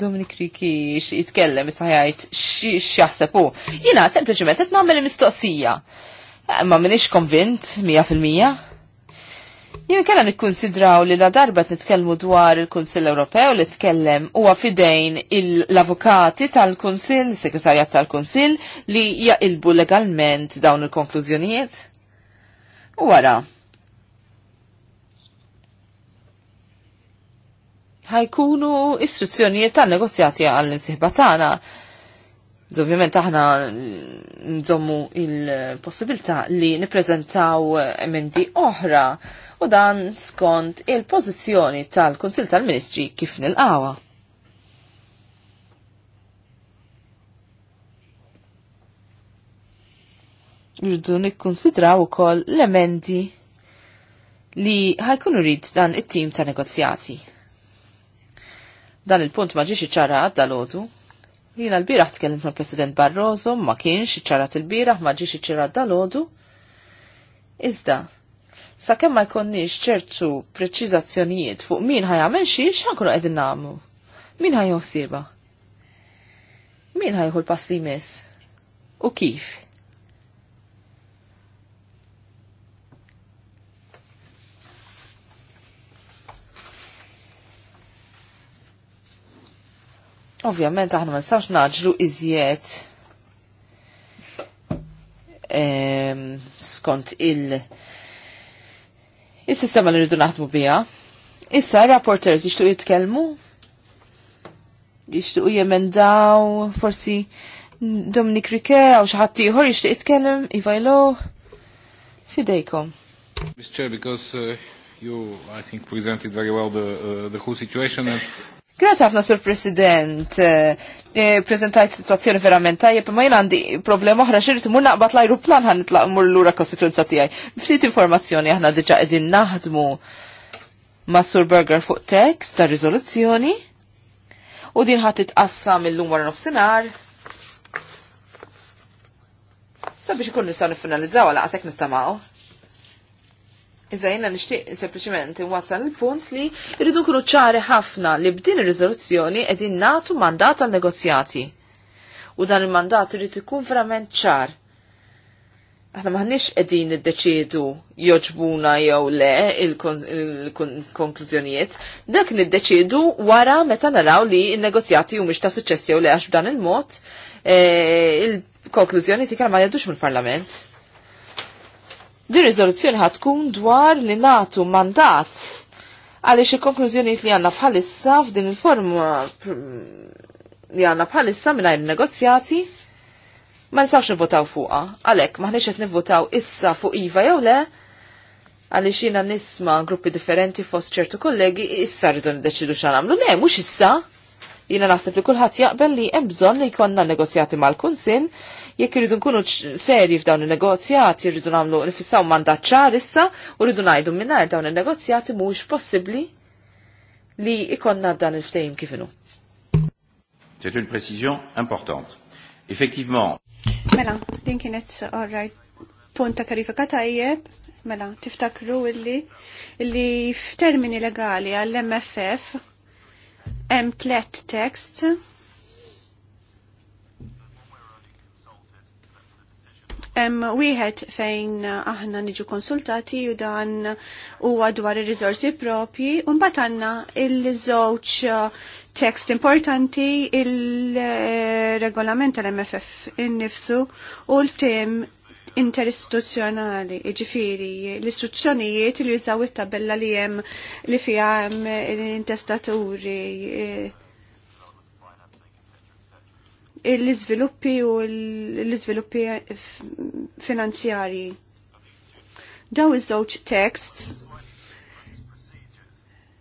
Dominik Riki jitkellem issa jgħid x'jaħseb hu. Jiena sempliċement qed nagħmel mistoqsija. Eh, ma m'iniex konvint mija fil-mija. Jien kellha nikkunsidraw li la darba qed nitkellmu dwar il-Kunsill Ewropew li tkellem huwa fidejn l-avukati tal-Kunsill, segretarjat tal-Kunsill li jaqilbu legalment dawn il-konklużjonijiet. U wara, ħajkunu istruzzjonijiet tan negozjati għall imsieħba tagħna. Ovvjament aħna nżommu il-possibilità li nippreżentaw emendi oħra u dan skont il-pożizzjoni tal-Kunsil tal-Ministri kif nilqawa. Rridu nikkonsidraw ukoll l-emendi li ħajkunu rid dan it-tim ta' negozjati. Dan il-punt ma ġiex iċċarat dal-ħodu. Jina l-biraħ tkellimt ma' President Barroso, ma kienx iċċarat il birax ma ġiex iċċarat dal-ħodu. Iżda, sa kemm ma jkonniex ċertu preċizazzjonijiet fuq min ħajamel xiex ħankunu qegħdin nagħmlu. Min ħajjew sieba? Min ħajħu l-pass li jmiss? U kif? Ovvjament aħna ma nistax naġlu iżjed skont il- sistema li rridu naħdmu biha. Issa rapporters jixtu jitkellmu? Jixtuq jemendaw, forsi Dominik Rike għaw xaħat ieħor jixtuq jitkellem, jivajlu fidejkom. Mr. Chair, because uh, you, I think, presented very well the, uh, the whole situation and Grazie ħafna, Sur President. E, prezentajt situazzjoni verament tajjeb, ma jien għandi problema oħra xirrit mur naqbad l-ajruplan għan nitlaq mur l-ura kostituenza tiegħi. Ftit informazzjoni aħna diġa qegħdin naħdmu ma' Sur Burger fuq tekst ta' riżoluzzjoni u din ħadd titqassam illum wara nofsinhar. Sabiex ikun nistgħu niffinalizzaw għala għasek nittamaw. Iżda jenna nishtiq sempliciment wasal il-punt li jridu kunu ċari ħafna li b'din ir-riżoluzzjoni qegħdin nagħtu mandat għal negozjati. U dan il-mandat irid ikun verament ċar. Aħna maħniex qegħdin niddeċiedu joġbuna jew le il-konklużjonijiet, dak niddeċiedu wara meta naraw li n-negozjati humiex ta' suċċess jew le għax b'dan il-mod eh, il-konklużjoni tikra ma jadux mill-Parlament. Din riżoluzzjoni ħad tkun dwar li nagħtu mandat għaliex il-konklużjonijiet li għandna bħalissa f'din il-forma li għandna bħalissa mingħajr negozjati ma nistgħux nivvotaw fuqha. Għalhekk maħniex qed nivvotaw issa fuq iva jew le għaliex jiena nisma' gruppi differenti fost ċertu kollegi issa rridu niddeċidu x'għamlu. Le, mhux issa. Jina naħseb li kulħadd jaqbel li hemm bżonn li jkollna negozjati mal-Kunsill jekk irridu nkunu serji f'dawn in-negozjati rridu nagħmlu nifissaw mandat ċar issa u rridu ngħidu mingħajr dawn in-negozjati mhuwiex possibbli li ikonna dan il-ftehim kif C'est une précision importante. Effectivement. Mela, din kienet orrajt punt punta karifika tajjeb, mela, tiftakru illi illi f'termini legali għall-MFF Hemm tlet text. Hemm wieħed fejn aħna niġu konsultati u dan huwa dwar ir-riżorsi propji u mbagħad għandna l żewġ uh, text importanti il-regolament eh, tal-MFF innifsu u l-ftehim interistituzzjonali, ġifiri, l-istituzzjonijiet li jużaw it-tabella li jem li fijam l-intestaturi, eh, l-izviluppi u l-izviluppi finanzjari. Daw iż-żewġ tekst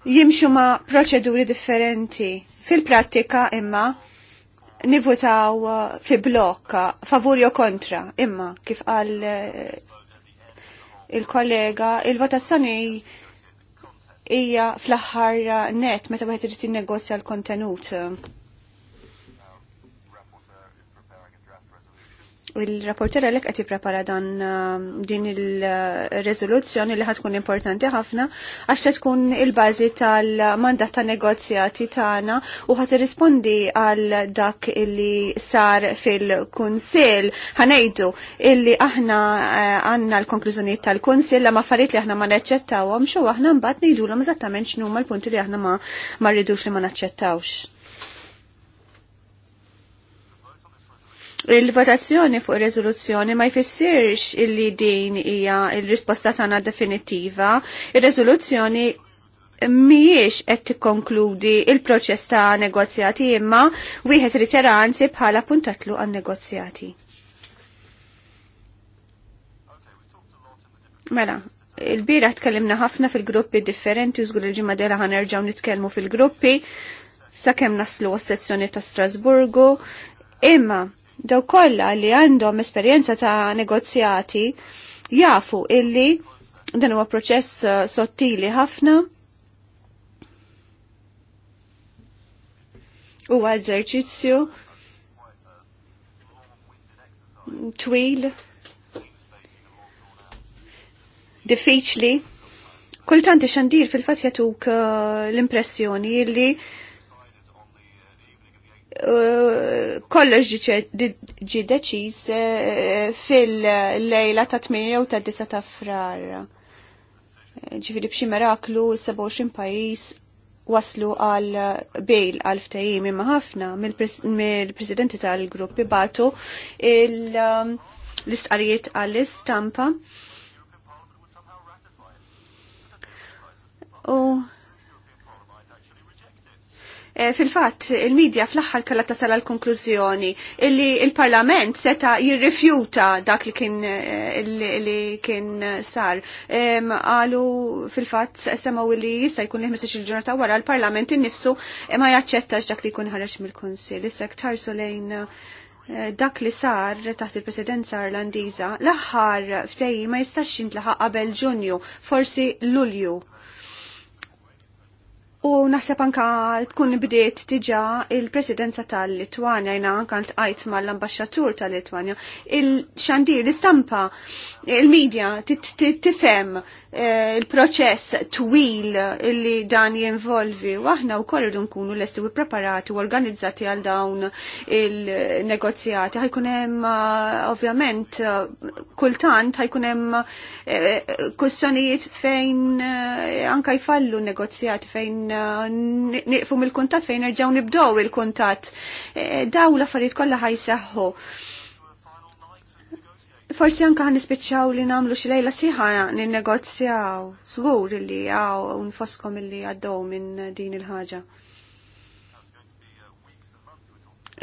jimxu ma' proċeduri differenti. Fil-prattika imma Nivvotaw uh, fi blok favur jo kontra imma kif għal uh, il-kollega il-votazzjoni hija fl-aħħar uh, net meta wieħed irid jinnegozja l-kontenut. il-rapporter għalek għati prepara dan um, din il-rezoluzzjoni li ħatkun importanti ħafna għax tkun il-bazi tal-mandat ta' negozjati tagħna u ħat rispondi għal dak li sar fil-kunsil ħanejdu illi aħna eh, għanna l-konklużjoni tal-kunsil la ma farit li aħna ma neċċettawhom xo aħna mbagħad ngħidulhom eżattament x'numa l-punti li aħna ma rridux li ma naċċettawx. Il-votazzjoni fuq il-rezoluzzjoni ma jfissirx illi din hija il-risposta tagħna definitiva. Il-rezoluzzjoni miex qed tikkonkludi il-proċess ta' negozjati imma wieħed riteranzi bħala puntatlu għan negozjati. Mela, il-bira tkellimna ħafna fil-gruppi differenti, użgur il-ġimma dera ħanerġaw nitkellmu fil-gruppi, sakemm naslu għas-sezzjoni ta' Strasburgu, imma daw kollha li għandhom esperjenza ta' negozjati jafu illi dan huwa proċess eh, sottili ħafna huwa eżerċizzju twil diffiċli kultant ixandir fil-fatt jatuk eh, l-impressjoni illi. Eh, kollox ġi deċiż eh, fil-lejla ta' 8 u ta' 9 ta' frar. Eh, ġifiri bxie miraklu 27 pajis waslu għal bejl għal ftajim imma ħafna mill-presidenti tal-gruppi batu um, l-istqarijiet għall-istampa. U Eh, fil-fatt, il-medja fl-aħħar kellha tasal għal konklużjoni illi il-Parlament seta' jirrifjuta dak li kien eh, li kien sar. Għalu fil-fatt semgħu li jista' jkun li il-ġurnata wara l-Parlament innifsu ma jaċċettax dak li jkun ħareġ mill-Kunsill. Issa ktarsu lejn eh, dak li sar taħt il-presidenza irlandiża l-aħħar ftejji ma jistax jintlaħa qabel Ġunju, forsi Lulju U naħseb anka tkun bdiet diġa il-presidenza tal-Litwanja, jina anka l-tqajt mal-ambasċatur tal-Litwanja. Il-xandir, l-istampa, il-medja, tifem Eh, il-proċess twil li dan jinvolvi. aħna u koll nkunu l-esti u preparati u organizzati għal dawn il-negozjati. hemm eh, ovvjament, eh, kultant ħajkunem kustjonijiet fejn anka jfallu negozjati, fejn niqfu mill-kuntat, fejn nerġaw nibdow il-kuntat. Daw l-affarijiet kollha ħajseħħu forsi anka għan nispiċċaw li namlu xilejla siħa n-negozjaw, Sgur li għaw un-foskom li għaddow minn din il-ħagġa.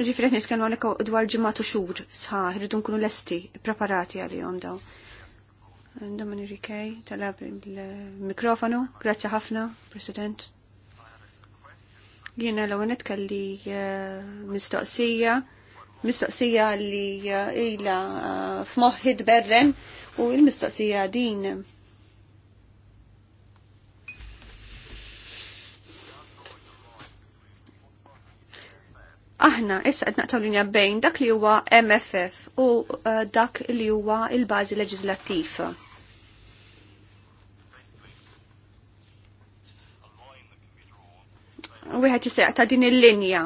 Ġifri għan t-kelmu għalek dwar ġimatu xur, sħaħ, rridu nkunu lesti, preparati għal-jom daw. Domin Rikej, talab il-mikrofonu, grazzi ħafna, President. Jiena l-għonet kalli eh, mistoqsija mistoqsija li eh, ila eh, f'moħħid berrem u il-mistoqsija din. Aħna issa qed naqtaw linja bejn dak li huwa MFF u eh, dak li huwa il-bażi leġislattiv. Wieħed jista' ta' din il-linja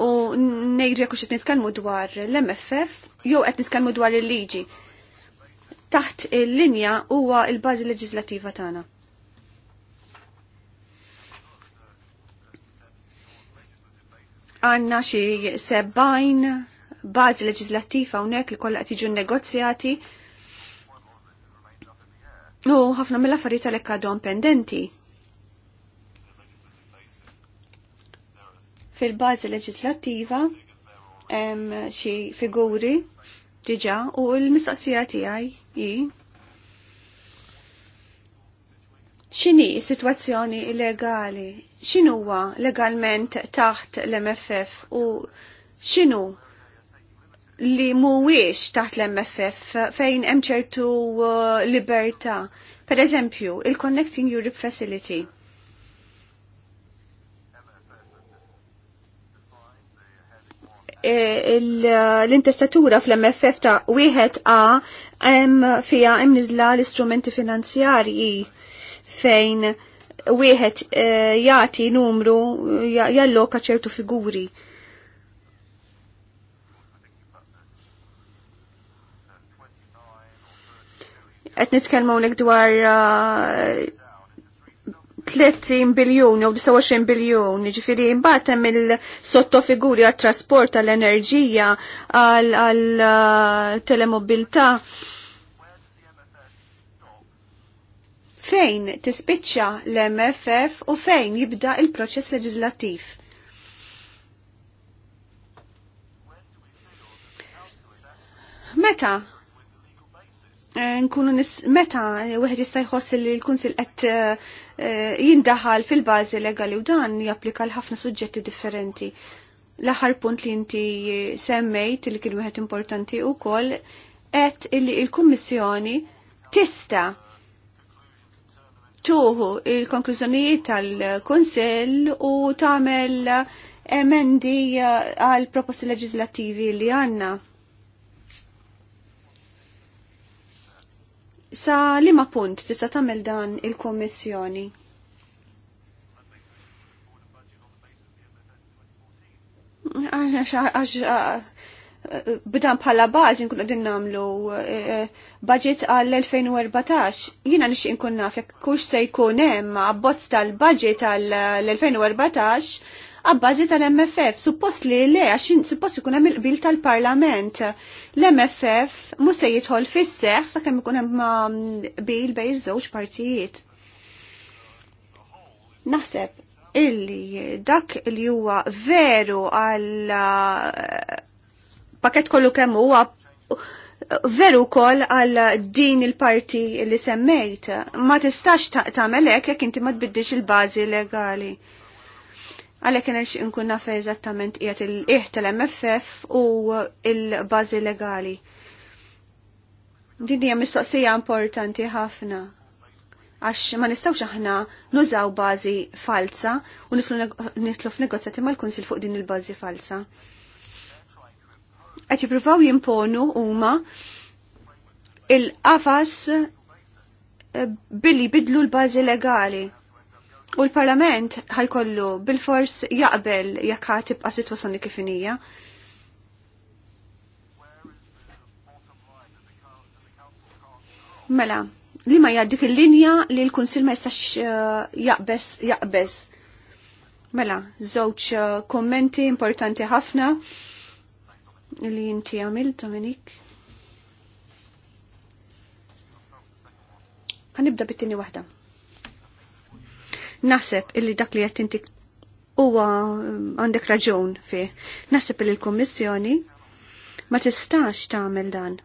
u nejri jekk qed nitkellmu dwar l-MFF jew qed nitkellmu dwar il-liġi. Taħt il-linja huwa il-bażi leġislattiva tagħna. Għanna xi sebbajn bażi leġislattiva hawnhekk li kollha tiġu negozjati u ħafna mill-affarijiet għalhekk għadhom pendenti. fil-bazi leġislattiva hemm xi figuri diġa' u l-mistaqsija tiegħi hi x'inhi s-sitwazzjoni illegali, x'inhuwa legalment taħt l-MFF u x'inhu li mhuwiex taħt l-MFF fejn hemm ċertu eh, libertà. Per eżempju, il-Connecting Europe Facility E, l-intestatura fl-MFF ta' wieħed A hemm fija nizla l-istrumenti finanzjarji fejn wieħed e, jagħti numru jalloka ċertu figuri. Qed nitkellmu dwar 30 biljun u 29 biljun, ġifiri mbagħad hemm il-sottofiguri għat-trasport għall-enerġija għall uh, telemobilta. Fejn tispiċċa l-MFF u fejn jibda il-proċess leġislattiv? Meta Eh, nkunu nis meta wieħed jista' jħoss li l-kunsil qed eh, eh, jindaħal fil-bażi legali u dan japplika l-ħafna suġġetti differenti. L-aħħar punt li inti semmejt li kien wieħed importanti wkoll qed li l-Kummissjoni tista' tuħu il-konklużjonijiet tal-Kunsill u tagħmel emendi għal proposti leġislattivi li għandna Sa li ma punt tista' tagħmel dan il-Kommissjoni? Għax b'dan bħala bażi nkunu din nagħmlu eh, eh, budget għall-2014. Jiena nixtieq inkun naf jekk kux se jkun hemm abbozz tal-budget għall-2014 għabbażi tal-MFF. Suppost li le, għaxin suppost ikun hemm il-qbil tal-Parlament. L-MFF mhux se jidħol sa' seħħ sakemm ikun hemm um, bil bejn iż-żewġ partijiet. Naħseb illi dak li huwa veru għal uh, pakett kollu kemm huwa veru kol għal din il-parti li semmejt, ma tistax taqtamelek jek inti ma tbiddix il-bazi legali. Għalek nerx inkun nafe eżattament qiegħed il iħ tal-MFF u il-bażi legali. Din hija mistoqsija importanti ħafna għax ma nistawx aħna nużaw bażi falsa u nitlu f'negozjati mal-Kunsil fuq din il-bażi falsa. Qed jippruvaw jimponu huma il-qafas eh, billi bidlu l-bażi legali. U l-Parlament ħajkollu bil-fors jaqbel jekk tibqa' sitwazzjoni kif inija. Mela, li ma jaddik il-linja li l-Kunsil ma jistax eh, jaqbes jaqbes. Mela, żewġ eh, kommenti importanti ħafna li inti għamilt, Dominik. Għanibda bit-tini waħda. Naseb illi dak li qed inti huwa mm, għandek raġun fi. Naseb illi l-Kummissjoni ma tistax tagħmel dan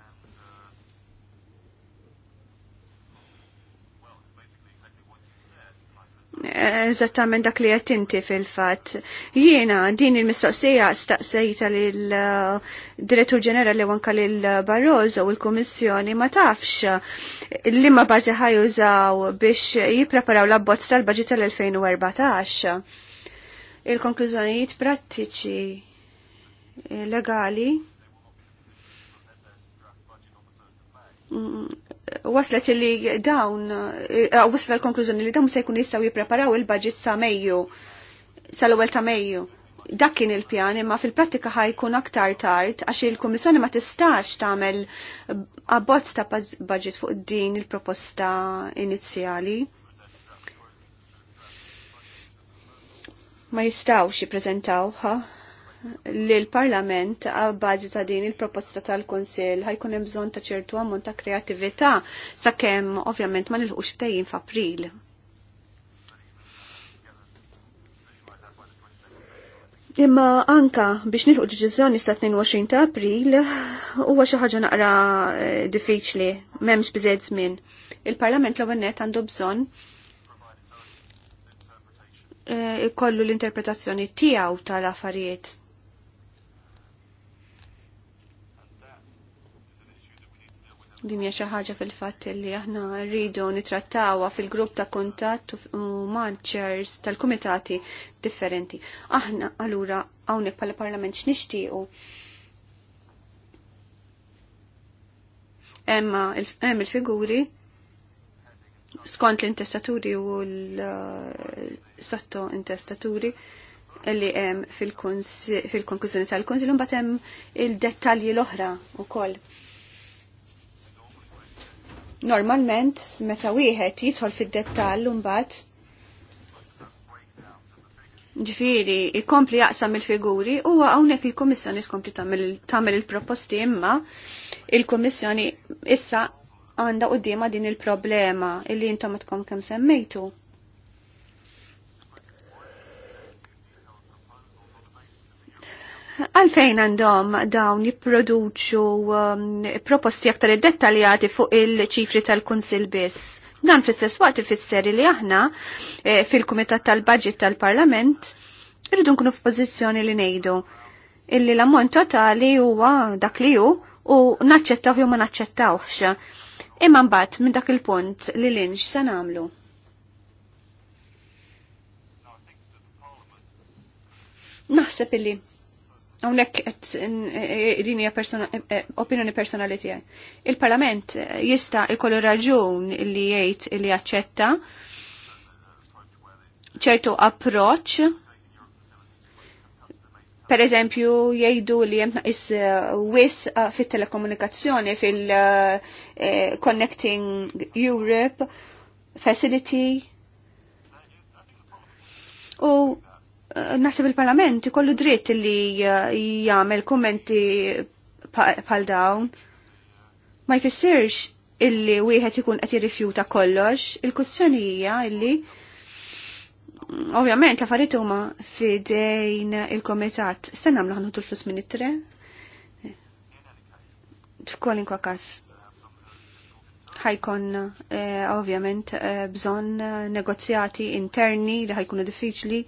eżattament dak li qed inti fil-fatt. Jiena din il-mistoqsija staqsejta lil uh, direttur ġenerali anke lil Barroso u l-Kummissjoni ma tafx li ma bażi ħajużaw biex jippreparaw l-abbozz tal-baġit tal-2014. Il-konklużjonijiet prattiċi eh, legali waslet li dawn, eh, eh, waslet l-konklużjoni li dawn se jkun jistaw jipreparaw il-budget sa' Mejju, sal ewel ta' Mejju. Dak kien il-pjan imma fil-prattika ħajkun aktar tard għax il-Kummissjoni ma tistax tagħmel abbozz ta' budget fuq din il-proposta inizjali. Ma jistawx jippreżentawha l-Parlament għabbaġi ta' din il-proposta tal-Konsil ħajkun hemm bżonn ta' ċertu ammont ta' sa' sakemm ovvjament ma nilħux ftehim f'April. Imma anka biex nilħu deċiżjoni sta' 22 ta' April huwa xi ħaġa naqra eh, diffiċli m'hemmx biżejjed żmien. Il-Parlament l-ewwel nett għandu bżonn eh, ikollu l-interpretazzjoni tiegħu tal-affarijiet Din hija xi ħaġa fil-fatt li aħna rridu nitrattawha fil-grupp ta' kuntatt u manchers tal-kumitati differenti. Aħna allura hawnhekk bħala parlament x'nixtiequ. Emma hemm il-figuri skont l-intestaturi u l sotto intestaturi li hemm fil-konklużjoni tal-Kunsil mbagħad hemm il-dettalji l-oħra wkoll. Normalment, meta wieħed jidħol fid-dettall mbagħad ġifiri, ikompli jaqsam il-figuri, u hawnhekk il kummissjoni tkompli tagħmel il-proposti imma il kummissjoni issa għandha qudiema din il-problema illi intom tkom kemm semmejtu. għalfejn għandhom dawn jipproduċu um, proposti aktar dettaljati fuq il-ċifri tal-Kunsil biss. Dan fis-sess waqt ifisser li aħna e, fil-Kumitat tal-Budget tal-Parlament irridu nkunu f'pożizzjoni li ngħidu illi l-ammont totali huwa dak li hu u naċċettawh jew ma naċċettawhx. Imma mbagħad minn dak il-punt li linx se nagħmlu. Naħseb illi Unek e, e, din hija e, opinjoni personali tiegħi. Il-Parlament jista' ikollu raġun li jgħid li jaċċetta ċertu approċċ per eżempju jgħidu li hemm is wis fit-telekomunikazzjoni fil-Connecting Europe Facility u naħseb il-Parlament ikollu dritt li uh, jagħmel kummenti bħal dawn. Ma jfissirx illi wieħed ikun qed jirrifjuta kollox, il-kwistjoni hija illi ovvjament l-affarijiet huma fidejn il-komitat. Se nagħmlu ħanħutu tul flus minn it-tre. F'kwalinkwa każ. Ħajkon eh, ovvjament eh, bżonn negozjati interni li ħajkunu diffiċli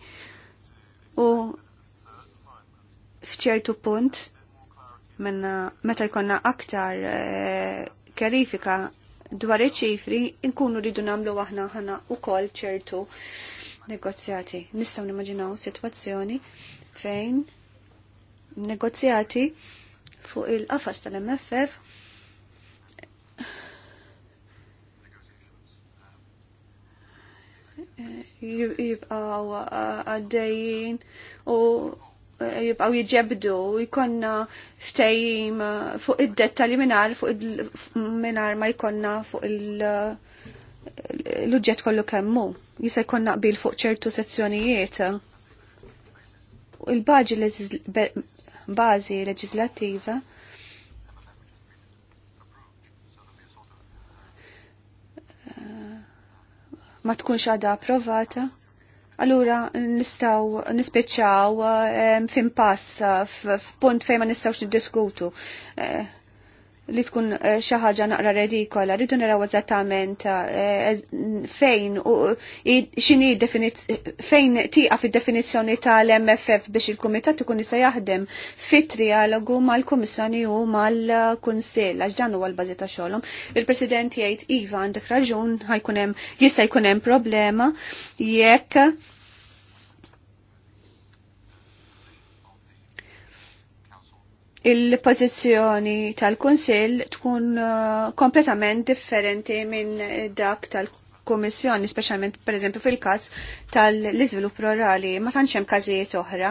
u fċertu punt minna meta jkonna aktar e, kjarifika dwar iċ-ċifri nkunu ridu namlu aħna ħana u kol ċertu negozjati. Nistaw nimmaġinaw situazzjoni fejn negozjati fuq il-qafas tal-MFF jibqaw uh, għaddejjin u uh, jibqaw jġebdu jikonna ftejjim uh, fuq id li minar fuq minar ma jikonna fuq l-uġġett kollu kemmu. Jisa jikonna qbil fuq ċertu sezzjonijiet. Il-baġi bażi leġislativa ma tkunx għada approvata, allura nistaw fin eh, f'impass f'punt fejn ma nistawx niddiskutu. Eh, li tkun eh, xi ħaġa naqra redikola, rridu naraw eżattament eh, fejn u xini fejn tieqa fid-definizzjoni tal-MFF biex il-kumitat ikun jista' jaħdem fit-trialogu mal-Kummissjoni u mal-Kunsill għax dan huwa l-bażi ta' xogħolhom. Il-President jgħid iva għandek raġun ħajkun hemm jista' jkun hemm problema jekk il-pozizjoni tal-Kunsill tkun uh, kompletament differenti minn dak tal-Kummissjoni, speċjalment per eżempju fil-każ tal-iżvilupp rurali, ma tantx hemm każijiet oħra.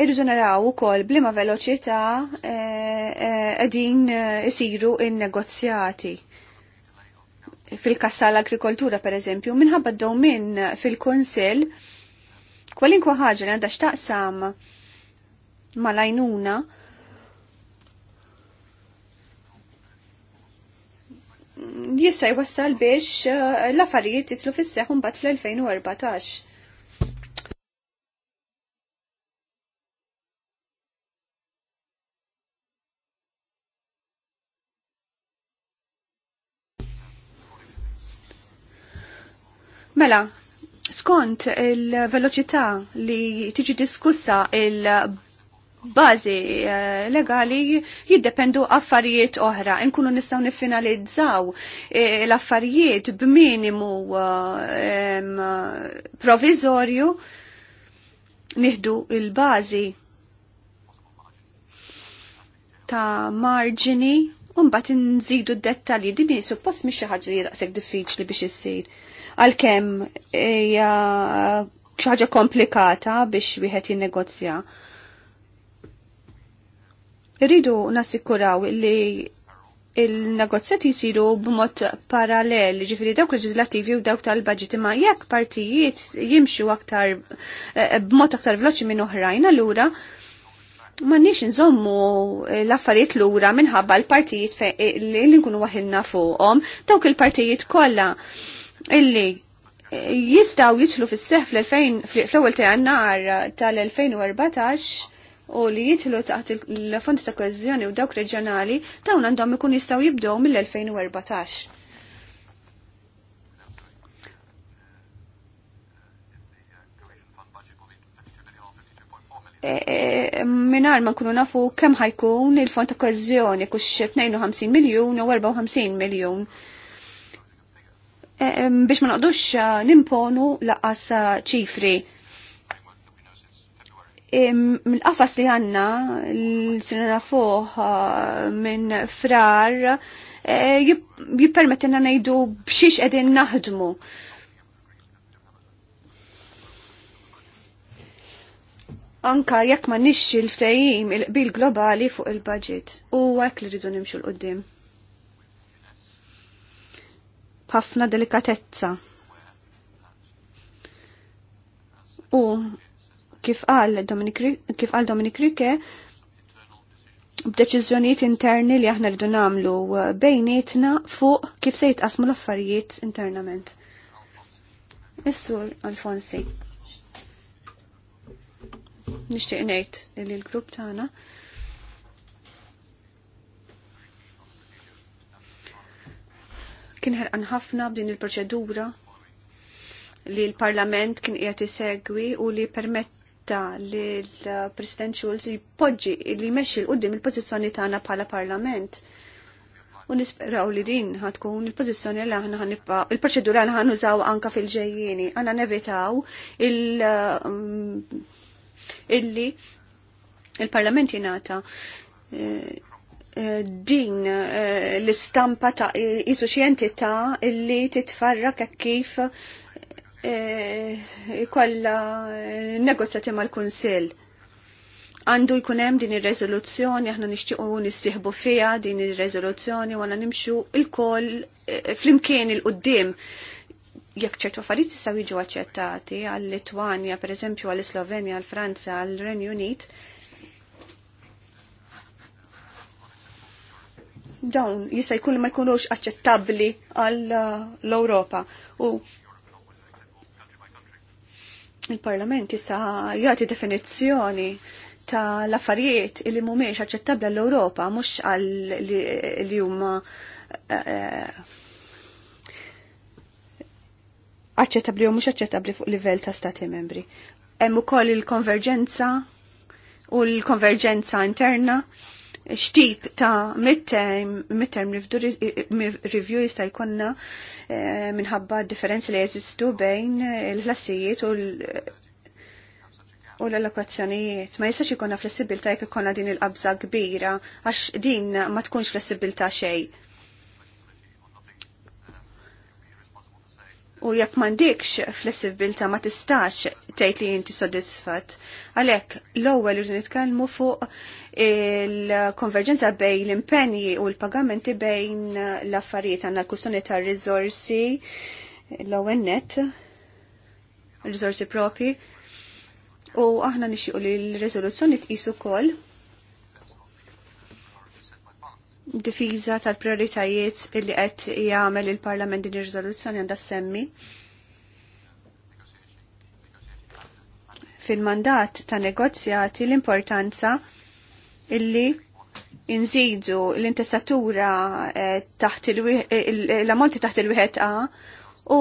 Irridu naraw ukoll blima veloċità eh, eh, qegħdin eh, isiru in-negozjati fil-kassa l-agrikoltura per eżempju, minħabba d-domin fil-konsil, kwalinkwa ħaġa li għandha xtaqsam mal-għajnuna jista' jwassal biex eh, l-affarijiet jitlu fis-seħħ mbagħad fl-2014. Mela, skont il-veloċità li tiġi diskussa il- bazi eh, legali jiddependu affarijiet oħra. Nkunu nistaw nifinalizzaw eh, l-affarijiet b'minimu eh, provizorju nihdu il-bazi ta' marġini mbagħad inżidu d-dettali, din suppost mi xaħġa li daqseg diffiċli biex issir. Għal-kem, ħaġa komplikata biex wieħed jinnegozja. Irridu nassikuraw li il-negozjati jisiru b'mod parallel, ġifiri dawk leġislativi u dawk tal-budget imma jekk partijiet jimxu aktar eh, b'mod aktar veloċi minn oħrajn allura ma nix nżommu l-affarijiet lura minħabba l-partijiet eh, li nkunu waħilna fuqhom, dawk il-partijiet kollha illi eh, jistaw jitlu fis seħ fl-ewwel ta' tal-2014 u li jitlu taħt il-fondi ta' koezjoni u dawk reġjonali dawn għandhom ikun jistgħu jibdew mill-2014. E, e, minar ma nkunu nafu kemm ħajkun il-fond ta' koezjoni kux 52 miljun u 54 miljun. E, biex ma naqdux nimponu laqas ċifri mill-qafas li għanna l-sinna fuq uh, minn frar eh, jippermettina najdu bxiex edin naħdmu. Anka jekk ma nixxi l-ftajim il-qbil globali fuq il-budget u għek li rridu nimxu l-qoddim. B'ħafna delikatezza. U kif qal Dominic kif qal Dominic Rike b'deċiżjonijiet interni li aħna rridu nagħmlu uh, bejnietna fuq kif se jitqasmu l-affarijiet internament. Is-sur Alfonsi. Nixtieq ngħid li l-grupp tagħna kien ħerqan ħafna b'din il-proċedura li l-Parlament kien qiegħed isegwi u li permett nispetta li l-President Schulz jpoġġi li jmexxi l-qudiem il-pożizzjoni tagħna bħala Parlament u nisperaw li din ħatkun il-pozizjoni li aħna ħanibqa il-proċedura li ħanużaw anka fil-ġejjieni. Għana nevitaw il- um, li il-parlament jingħata eh, eh, din eh, l-istampa ta' jisu xjentità illi titfarra kif Eh, ikolla eh, negozjati mal-Kunsill. Għandu jkun hemm din ir rezoluzzjoni aħna nixtiequ nissieħbu fiha din ir rezoluzzjoni għana nimxu il-koll eh, flimkien il-qudiem jekk ċertu affarijiet jistgħu jiġu aċċettati għall-Litwanja, pereżempju għall-Slovenja, għall-Franza, għall-Renju Unit, dawn jista' jkun ma jkunux aċċettabbli għall ewropa U il-Parlament jista' jagħti definizzjoni ta' l-affarijiet li mhumiex aċċettabbli għall-Ewropa mhux għal li huma eh, aċċettabbli u mhux aċċettabbli fuq livell ta' stati membri. Hemm ukoll il-konverġenza u l-konverġenza interna xtip ta' midterm, review jista' jkollna eh, minħabba differenzi li jeżistu bejn il-ħlassijiet eh, u l-allokazzjonijiet. Ma jistax ikonna flessibilta jekk ikonna din il qabza kbira, għax din ma tkunx flessibilta xejn U jekk mandikx flessibilta ma tistax tgħid li inti sodisfat. Għalhekk l-ewwel irdu nitkellmu fuq il-konverġenza bejn l-impenji u l-pagamenti bejn l-affarijiet għandna l-kustuni tar-riżorsi l-ewwel net riżorsi propi u aħna nixtiequ li l-riżoluzzjoni tqis ukoll difiża tal-prioritajiet li qed jagħmel il-Parlament din ir-riżoluzzjoni għandha semmi. Fil-mandat ta' negozjati l-importanza illi inżidu l-intestatura eh, taħt eh, eh, l-ammonti taħt il-wieħed A u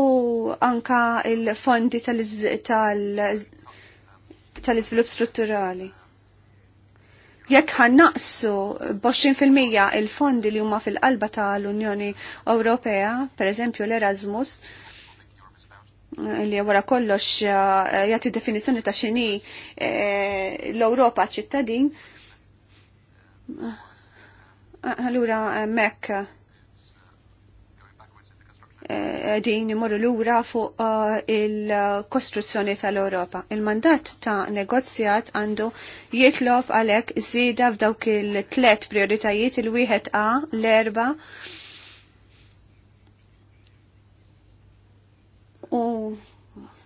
anka il-fondi tal-iżvilupp strutturali. Jekk ħan ħannaqsu b'20% il-fondi li huma fil-qalba tal-Unjoni Ewropea, pereżempju l-Erasmus, li wara kollox eh, jagħti definizzjoni ta' xini eh, l-Ewropa ċittadin, eh, Allura, mekk din imorru lura fuq uh, il-kostruzzjoni tal-Europa. Il-mandat ta' negozjat għandu jitlob għalek zida f'dawk il-tlet prioritajiet il-wieħed A, l-erba u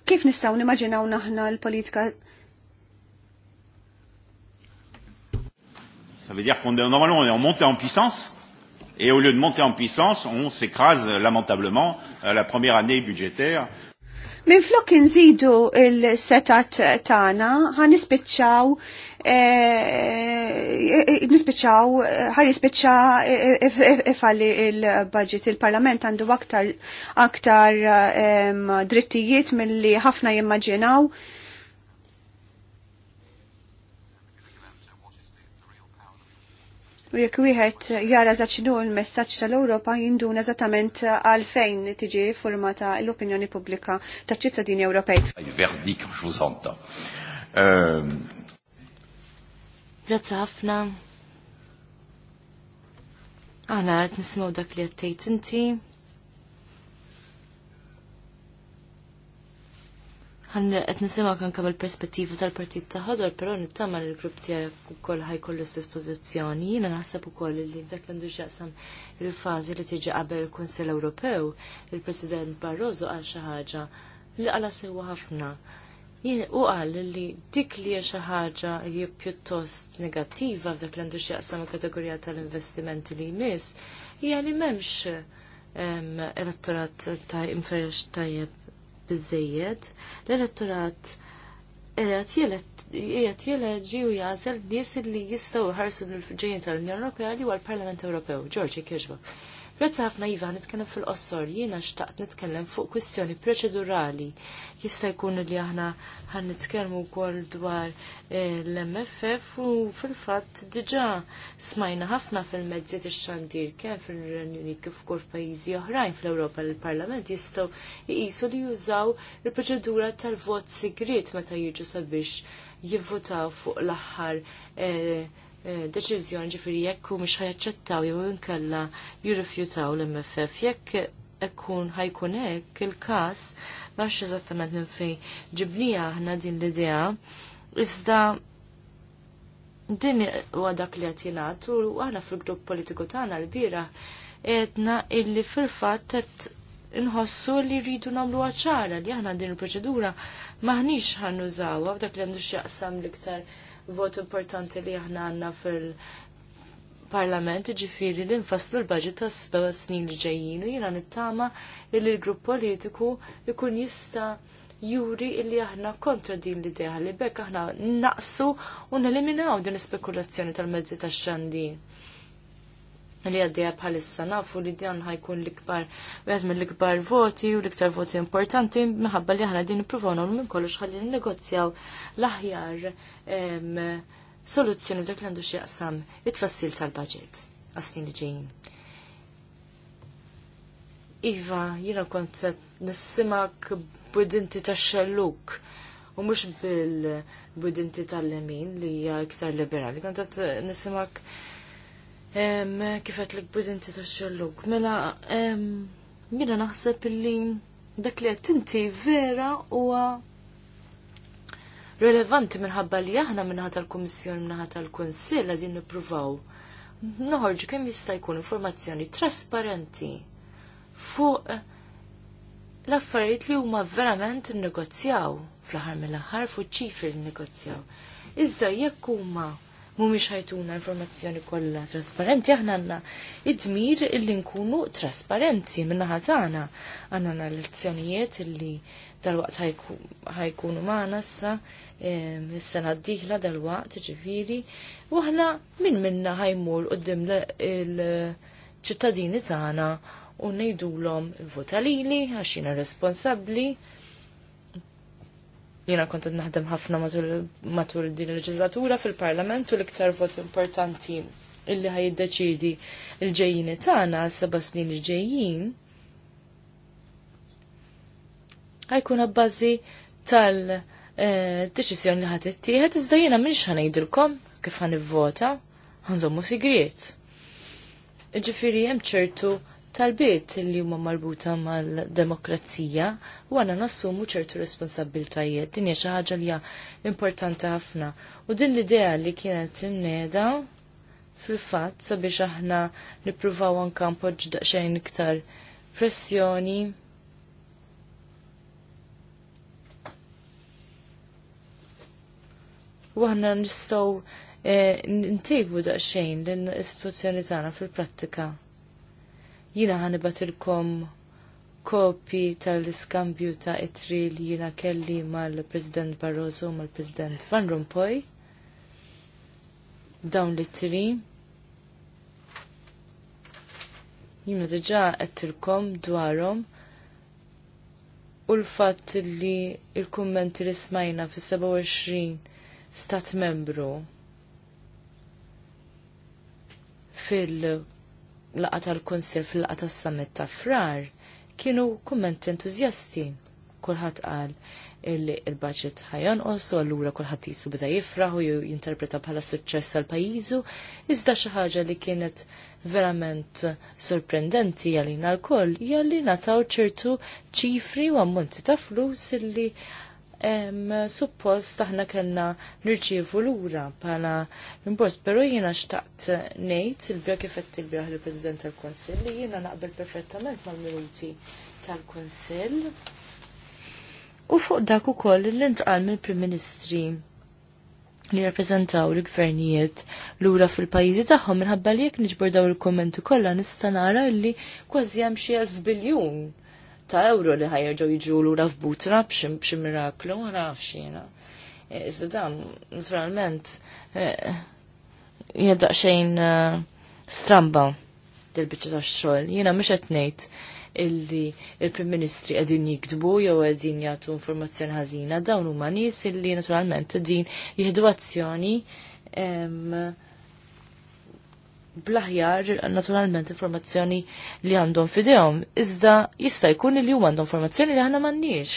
kif nistaw nimmaġinaw naħna l-politika Ça veut dire qu'on normalement on est en montée en puissance Et au lieu de monter en puissance, on s'écrase euh, lamentablement euh, la première année budgétaire. Min flok nżidu il-setat tagħna ħan eh, eh, nispiċċaw nispiċċaw eh, ħaj jispiċċa falli il-budget. Il-Parlament għandu aktar drittijiet drittijiet milli ħafna jimmaġinaw U jekk wieħed jara zaċinu l-messaġġ tal-Ewropa jinduna eżattament għalfejn tiġi formata l-opinjoni pubblika taċ-ċittadini Ewropej. Verdik ehm. Grazzi ħafna. Aħna qed nisimgħu dak li qed tgħid inti. qed nisimgħu anke mill perspettivu tal-Partit ta' Ħodor, però nittama li l-grupp koll ukoll ħajkollu l-istess pożizzjoni. Jiena naħseb ukoll li dak l-għandu ġaqsam il-fażi li tiġi qabel il-Kunsell Ewropew, il-President Barroso għal xi ħaġa li qala sewwa ħafna. U qal li dik li hija xi ħaġa li pjuttost negattiva f'dak li għandu x'jaqsam il-kategorija tal-investimenti li jmiss hija li m'hemmx elettorat ta' inferiex tajjeb biżejjed, l-elettorat jgħat jeleġi u jazel nies li jistaw ħarsu l-ġejjin tal-Unjoni Ewropea li huwa parlament Ewropew. Ġorġi, kieġbok. Grazzi ħafna Iva, nitkellem fil-qossor, jiena xtaqt nitkellem fuq kwistjoni proċedurali. Jista' jkun li aħna ħan nitkellmu wkoll dwar l-MFF u fil-fatt diġà smajna ħafna fil-mezzi tix-xandir kemm fil-Renju Unit kif ukoll f'pajjiżi oħrajn fl-Ewropa l parlament jistgħu jqisu li jużaw il-proċedura tal-vot sigrit meta jiġu sabiex jivvotaw fuq l-aħħar eh, Eh, deċiżjoni ġifiri jekk hu mhux ħajaċċettaw jew inkella jirrifjutaw l-MFF jekk ekkun ħajkun hekk il-każ max eżattament minn fejn ġibnija aħna din l-idea iżda din huwa dak li qed jingħatu u aħna fil-grupp politiku tagħna l-bira qedna illi fil-fatt qed inħossu li rridu namlu ċara li aħna din il-proċedura maħniex ħannużawha f'dak li għandu x'jaqsam l-iktar vot importanti li aħna għandna fil-parlament ġifiri li nfasslu l-budget ta' sbewa snin li ġejjin u jiena nittama li l-grupp politiku jkun jista' juri illi aħna kontra din l-idea li bekk aħna naqsu u neliminaw din l-spekulazzjoni tal-mezzi tax-xandin li għaddija bħalissa nafu li dan ħajkun l-ikbar, għed mill ikbar voti u l-iktar voti importanti, minħabba li ħana din nipruvaw nagħmlu minn kollox ħalli negozjaw l-aħjar soluzzjoni dak li għandu x'jaqsam it-tfassil tal-budget għastin li ġejjin. Iva, jiena kont nissimak budinti tax-xelluk u mhux bil budinti tal-lemin li hija iktar liberali. Kont qed nisimak kifet l budinti ta' xellug. Mela, jina naħseb illi dak li għattinti vera u relevanti minħabba li aħna minħat tal kummissjoni minħat tal-Konsil għadin nipruvaw noħorġu kemm jista' jkun informazzjoni trasparenti fuq l-affarijiet li huma verament innegozjaw fl-aħħar mill-aħħar fuq ċifri nnegozjaw. Iżda jekk huma mhumiex ħajtuna informazzjoni kollha trasparenti aħna għandna id-dmir illi nkunu trasparenti minnaħa tagħna. Għandna l-elezzjonijiet illi dal-waqt ħajkunu maħna issa is-sena d-dieħla dal-waqt ġifiri u aħna minn minna ħajmur qudiem il-ċittadini tagħna u ngħidulhom vota lili għax jiena responsabbli Jiena kont naħdem ħafna matul din il-leġislatura fil-parlament u l-iktar vot importanti illi ħaj jiddeċidi il-ġejjini tagħna seba' snin il-ġejjin ħajkun abbażi tal-deċiżjoni eh, li ħadd ittieħed iżda jiena m'inx ħanejdilkom kif ħanivvota ħanżommu sigriet. Ġifieri hemm ċertu tal-bit li huma marbuta mal-demokrazija u għana nassumu ċertu responsabiltajiet. Din hija xi ħaġa li hija importanti ħafna. U din l-idea li kienet imneda fil-fatt sabiex aħna nippruvaw anke mpoġġ daqsxejn iktar pressjoni u nistgħu nistaw ntejbu daqsxejn l-istituzzjoni tagħna fil-prattika. Jina ħanibatilkom kopji tal-iskambju ta' itri li jina kelli mal-President Barroso u mal-President Van Rompuy dawn l tri Jina diġa għettilkom dwarom u l-fat li il-kommenti li smajna fi 27 stat membru fil laqa tal-Konsil fil-laqa tas-Summit ta' Frar kienu kummenti entużjasti. Kulħadd qal illi l budget ħajonqos u allura kulħadd jisu beda jifraħu u jinterpreta bħala suċċess għal pajjiżu, iżda xi ħaġa li kienet verament sorprendenti għalina l-koll hija li nataw ċertu ċifri u ammonti ta' flus illi suppost aħna kellna nirċievu lura bħala impost, però jiena xtaqt ngħid il-bja kifett qed il-bja president tal-Kunsill li jiena naqbel perfettament mal-minuti tal-Kunsill. U fuq dak ukoll l-intqal mill-Prim Ministri li rappresentaw l-gvernijiet lura fil-pajjiżi tagħhom minħabba li jekk nġbordaw il-kummenti kollha nista' nara li kważi hemm xi elf biljun ta' euro li jġu l lura f'butra b'xi miraklu, ma nafx jiena. E, iżda dam, naturalment, e, jedda xejn e, stramba del bicċa ta' xogħol. Jiena mux qed ngħid illi il-Prim Ministri qegħdin jikdbu jew qegħdin jagħtu informazzjoni ħażina, dawn huma nies illi naturalment din jihdu azzjoni blaħjar naturalment informazzjoni li għandhom fidejhom, iżda jista' jkun li huma għandhom informazzjoni li aħna m'għandniex.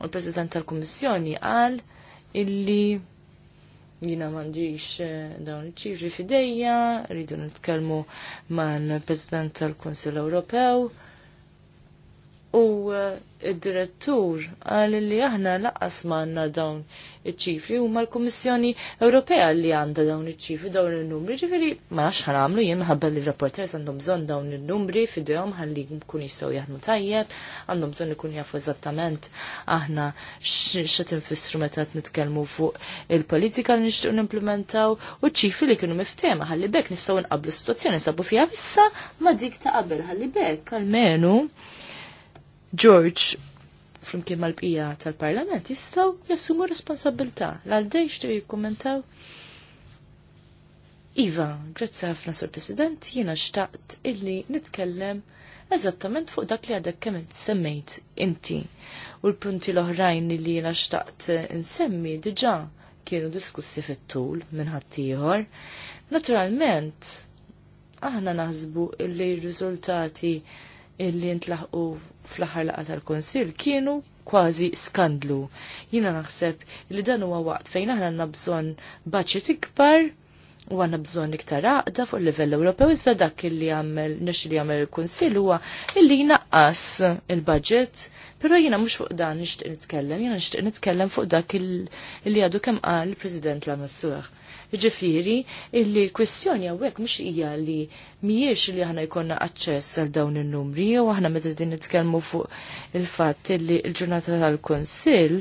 U l-President tal-Kummissjoni qal illi jina m'għandix eh, dawn iċ-ċifri fidejja, rridu nitkellmu mal-President tal-Kunsill Ewropew. U eh, id-direttur għal li aħna laqqas manna dawn iċ-ċifri huma l-Kummissjoni Ewropea li għandha dawn iċ-ċifri dawn il-numri, ġifiri ma nafx ħanamlu jien ħabba li rapporters għandhom bżonn dawn il-numri fidejhom ħalli jkun jistgħu jaħdmu tajjeb, għandhom bżonn ikun jafu eżattament aħna x'qed infissru meta qed nitkellmu fuq il-politika li nixtieq nimplementaw u ċifri li kienu miftema ħalli bekk nistgħu nqablu situazzjoni sabu fiha issa ma dik ta' qabel ħalli bekk menu George flimkien mal-bqija tal-Parlament jistgħu jassumu responsabilità l-għaldej xtu jikkummentaw. Iva, grazzi ħafna sur President, jiena xtaqt illi nitkellem eżattament fuq dak li għadek kemm semmejt inti u l-punti l-oħrajn li jiena xtaqt insemmi diġà kienu diskussi fit-tul minn ħaddieħor. Naturalment, aħna naħsbu li r-riżultati illi ntlaħqu fl-aħħar laqgħa tal-Kunsill kienu kważi skandlu. Jina naħseb li dan huwa waqt fejn aħna għandna bżonn baċċet ikbar u għandna bżonn iktar għaqda fuq livell Ewropew iżda dak illi għamel nexx li jagħmel il-Kunsill huwa illi jnaqqas il-budget Pero jina mux fuq dan nishtiq nitkellem, jina nishtiq nitkellem fuq dak il-li għadu kem għal President Lamassuħ. Ġifiri, illi kwestjoni għawek mux ija li miex li ħana jkonna aċċess għal dawn il-numri, u ħana meta din nitkellmu fuq il-fat illi il-ġurnata tal-konsil,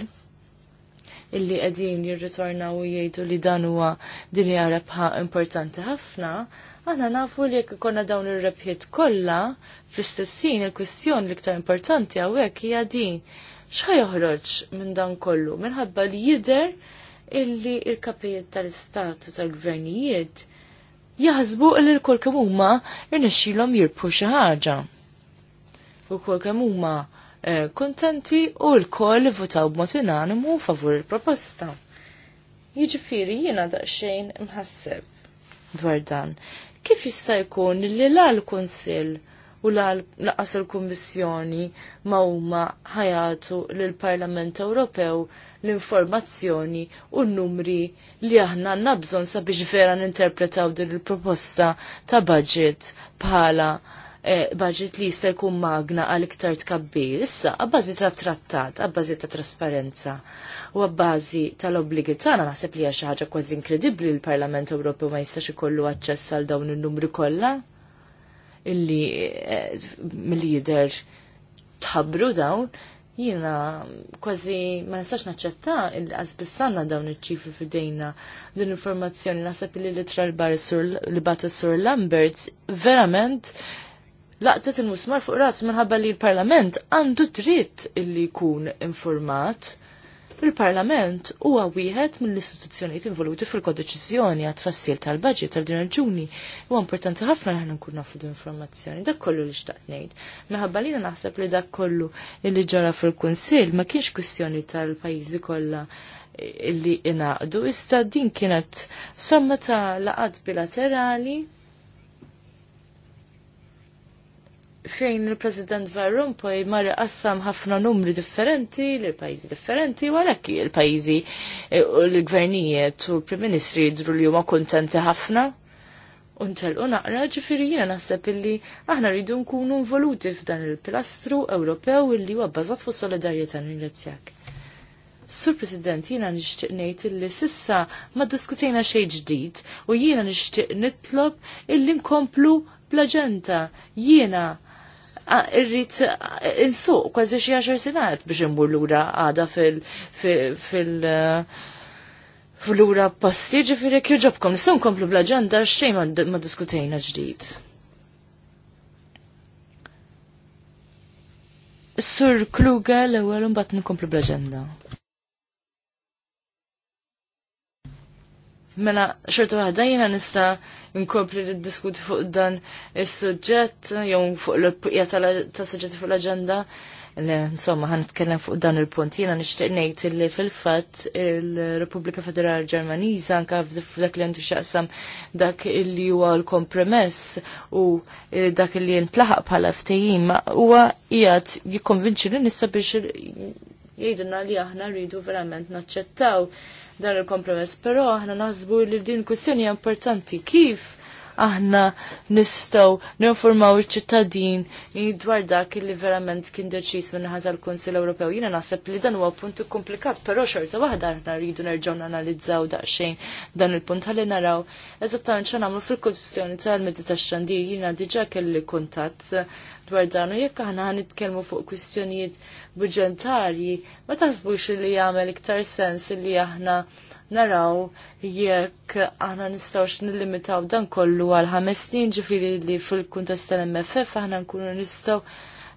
illi għedin jirritornaw u jgħidu li dan huwa din rebħa importanti ħafna, għana nafu li jekk konna dawn ir-rebħiet kollha, fl-istessin il-kwestjoni l-iktar importanti għawek hija din xħa joħroġ minn dan kollu minħabba li jider illi il-kapijiet tal-istatu tal-gvernijiet jaħsbu illi l-kol kemm huma irnexxilhom jirpu xi ħaġa. U kol kemm huma eh, kontenti u l-kol votaw b'mod unanimu favur il-proposta. Jiġifieri jiena daqsxejn mħasseb dwar dan. Kif jista' jkun li l kunsill u laqas il-Kummissjoni ma huma ħajatu lill-Parlament Ewropew l-informazzjoni u n-numri li aħna għandna bżonn sabiex vera ninterpretaw din il-proposta ta' budget bħala e, budget li jista' jkun magna għal iktar tkabbir. Issa, għabbażi ta' trattat, għabbażi ta' trasparenza u għabbażi tal-obbligi tagħna naħseb li hija xi ħaġa kważi inkredibbli l-Parlament Ewropew ma jistax ikollu aċċess għal dawn in-numri kollha illi eh, milli jidher tħabbru dawn, jiena kważi ma nistax naċċetta il-qas bissanna dawn iċ-ċifri fidejna din informazzjoni nasab li litra l-bar li bata sur Lamberts verament laqtet il-musmar fuq ras minħabba li l-parlament għandu dritt illi jkun informat il-Parlament huwa wieħed mill-istituzzjonijiet involuti fil-kodeċiżjoni għat fassil tal-budget tal din raġuni huwa importanti ħafna li nkun nafu informazzjoni dak kollu li xtaqt ngħid. Minħabba lina naħseb li dak kollu li ġara fil-Kunsill ma kienx kwistjoni tal-pajjiżi kollha li inaqdu, issa din kienet somma ta' laqad bilaterali fejn il-President Van Rompuy mar qassam ħafna numri differenti l pajjiżi differenti u għalhekk il pajzi eh, u l-gvernijiet u l-Prim Ministri jidru li huma kuntenti ħafna. Untel u naqra ġifiri jiena naħseb illi aħna rridu nkunu involuti f'dan il-pilastru Ewropew illi huwa bbażat fuq solidarjetà nirrezzjak. Sur President, jiena nixtieq ngħid illi sissa ma diskutejna xejn ġdid u jiena nixtieq nitlob illi nkomplu bl-aġenda jiena irrid insuq kważi xi għaxar sigħat biex imur lura għada fil fil fil-lura posti ġifiri kirġobkom. Nisun nkomplu bl-agenda xejn ma diskutejna ġdid. Sur Kluge l-ewwel mbagħad nkomplu bl-aġenda. Mela, xortu waħda jina nista nkompli li diskuti fuq dan il-sujġet, jew fuq l-pqija ta' suġġetti fuq l-agenda. Insomma, ħan nitkellem fuq dan il-punt. Jina nixtieq ngħid li fil-fatt il-Repubblika Federal Ġermaniża anke f'dak li għandu x'jaqsam dak li huwa l-kompromess u dak li jintlaħaq bħala ftejim, huwa qiegħed jikkonvinċi li nista biex jgħidilna li aħna rridu verament naċċettaw dan il-kompromess, però aħna naħsbu li din kwistjoni importanti kif aħna nistaw n-informaw iċ-ċittadin dwar dak li verament kien deċiż minn ħadd tal-Kunsill Ewropew. Jina naħseb li dan huwa punt komplikat, però xorta waħda aħna rridu nerġgħu analizzaw daqsxejn dan il-punt ħalli naraw eżattament x'għan għamlu fil-kwistjoni tal medita tax-xandir jiena diġà kelli kuntatt dwar dan u jekk aħna ħanitkellmu fuq kwistjonijiet buġentarji ma taħsbux li jagħmel iktar sens li aħna naraw jekk aħna nistawx nillimitaw dan kollu għal ħames snin ġifiri li fil-kuntest tal-MFF aħna nkunu nistaw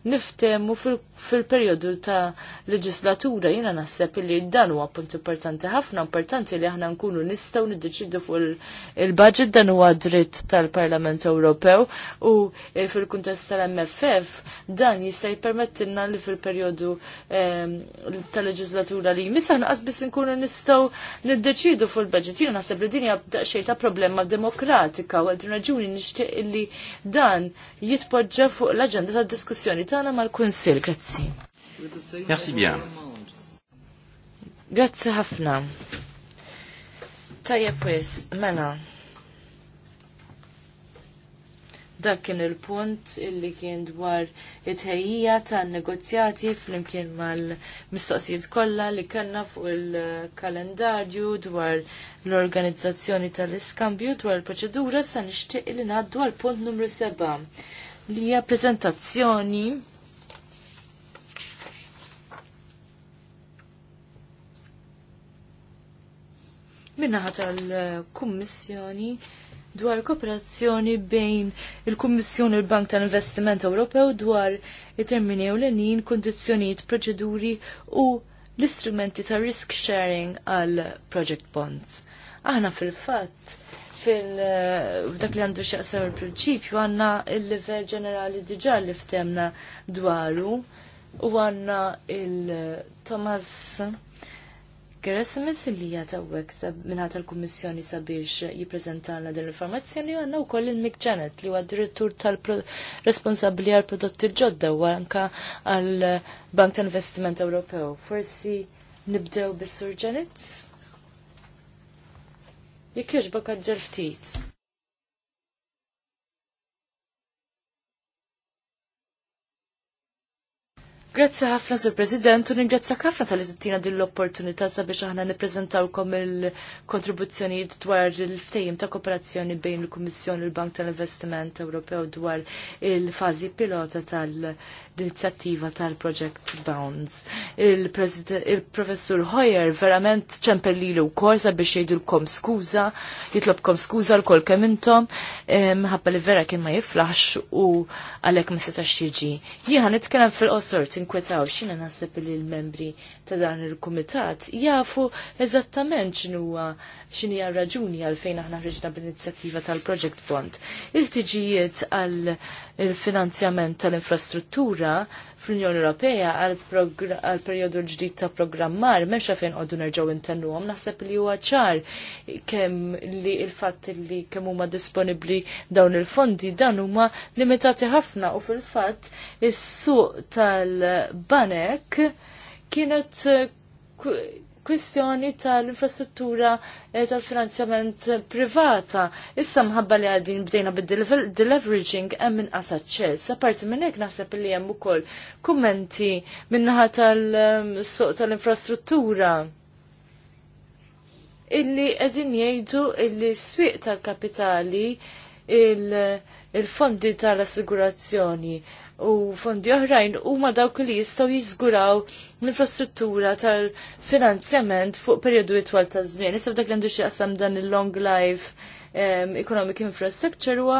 niftemu fil-periodu ta' leġislatura jina naħseb li dan huwa punt importanti ħafna importanti li aħna nkunu nistgħu niddeċidu fuq il-budget dan huwa dritt tal-Parlament Ewropew u eh, fil-kuntest tal-MFF dan jista' jippermettilna li fil-perjodu eh, tal-leġislatura li jmissa naqas biss nkunu nistgħu niddeċidu fuq il-budget. Jiena naħseb li din hija xejn ta' problema demokratika u għadin raġuni nixtieq li dan jitpoġġa fuq l-aġenda tad-diskussjoni mal Grazzi. Merci bien. Grazzi ħafna. Tajja pues, mela. Dak kien il-punt illi kien dwar it-ħejjija tan negozjati flimkien mal-mistoqsijiet kollha li kellna fuq il-kalendarju dwar l-organizzazzjoni tal-iskambju dwar il-proċedura sa nixtieq li ngħaddu għal punt numru 7 li hija preżentazzjoni minnaħa tal-Kummissjoni dwar kooperazzjoni bejn il-Kummissjoni l bank tal-Investiment Ewropew dwar it-termini u l-enin, kondizjoniet, proċeduri u l-istrumenti ta' risk sharing għal project bonds. Aħna fil-fatt fil-dak eh, li għandu xaqsam il-prinċipju għanna il-level ġenerali diġa li ftemna dwaru u għanna il-Thomas Gerasimis li jatawek minna tal-Kommissjoni sabiex jiprezentana din l-informazzjoni għanna u koll il-Mick Janet li huwa direttur tal-responsabli għal prodotti ġodda u għanka għal Bank ta' Investiment Ewropew. Forsi nibdew bis-Sur Janet? Jekk jogħġbok għaġġel ftit. Grazzi ħafna, Sur President, u ningrazzja ħafna tal tina din l-opportunità sabiex aħna nippreżentawkom il-kontribuzzjonijiet dwar il-ftejjem ta' kooperazzjoni bejn il-Kummissjoni l bank tal-Investiment Ewropew dwar il-fażi pilota tal- l-inizjattiva tal-Project Bounds. Il-professur il Hoyer verament ċempellilu korsa biex jgħidulkom skuza, jitlobkom skuza l-kol kemm intom, li vera kien ma jiflax u għalek ma setax jiġi. Jiha nitkellem fil-qosor tinkwetaw xina naħseb li l-membri ta' dan il-kumitat jafu eżattament x'inhuwa x'inhi raġuni għalfejn aħna ħriġna bl-inizjattiva tal-Project Bond. Il-tiġijiet għal il-finanzjament tal-infrastruttura fl-Unjoni Ewropea għal perjodu ġdid ta' programmar m'hemmx fejn qogħdu nerġgħu intennuhom naħseb li huwa ċar kemm li l-fatt li kemm huma disponibbli dawn il-fondi dan huma limitati ħafna u fil-fatt is-suq tal-banek kienet eh, kwistjoni tal-infrastruttura eh, tal-finanzjament privata. Issa mħabba li għadin bdejna bid-deleveraging hemm minn aċċess. Apparti minn hekk naħseb li hemm ukoll kummenti minnaħa tal-suq tal-infrastruttura illi qegħdin jgħidu illi swieq tal-kapitali il-fondi tal-assigurazzjoni u fondi oħrajn huma dawk li jistgħu jiżguraw l-infrastruttura tal-finanzjament fuq perjodu itwal ta' żmien. Issa dak li għandu xi dan il-long life um, economic infrastructure huwa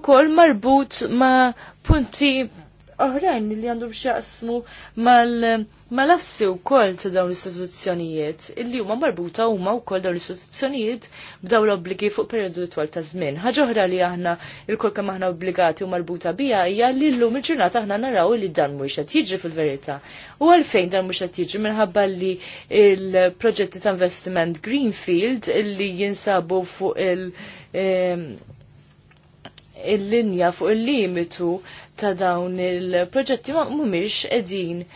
wkoll marbut ma' punti oħrajn li għandhom xieqsmu mal- um, lassi u koll ta' dawn l-istituzzjonijiet, illi huma marbuta huma wkoll dawn l-istituzzjonijiet bdaw l-obbligi fuq perjodu twal ta' żmien. Ħaġa oħra li aħna il-kol kam aħna obbligati u marbuta bija hija li llum il-ġurnata aħna naraw li dan mhux qed jiġri fil-verità. U għalfejn dan mhux qed jiġri minħabba li il-proġetti ta' investiment Greenfield illi jinsabu fuq il- il-linja fuq il-limitu ta' dawn il-proġetti ma' mumiex edin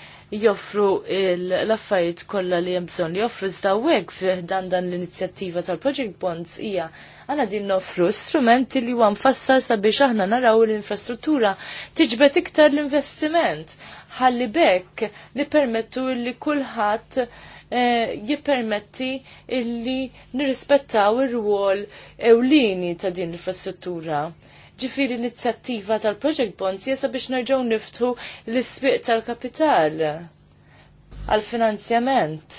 joffru l-affarijiet kollha li hemm bżonn joffru iżda f'dan dan l-inizjattiva tal-Project Bonds hija għana din noffru strumenti li għan mfassal sabiex aħna naraw l-infrastruttura tiġbet iktar l-investiment ħalli bekk li permettu li kulħadd eh, jippermetti illi nirrispettaw ir-rwol ewlieni ta' din l-infrastruttura ġifiri l-inizjattiva tal-Project Bonds jesa biex nerġaw niftu l-isbiq tal-kapital għal-finanzjament.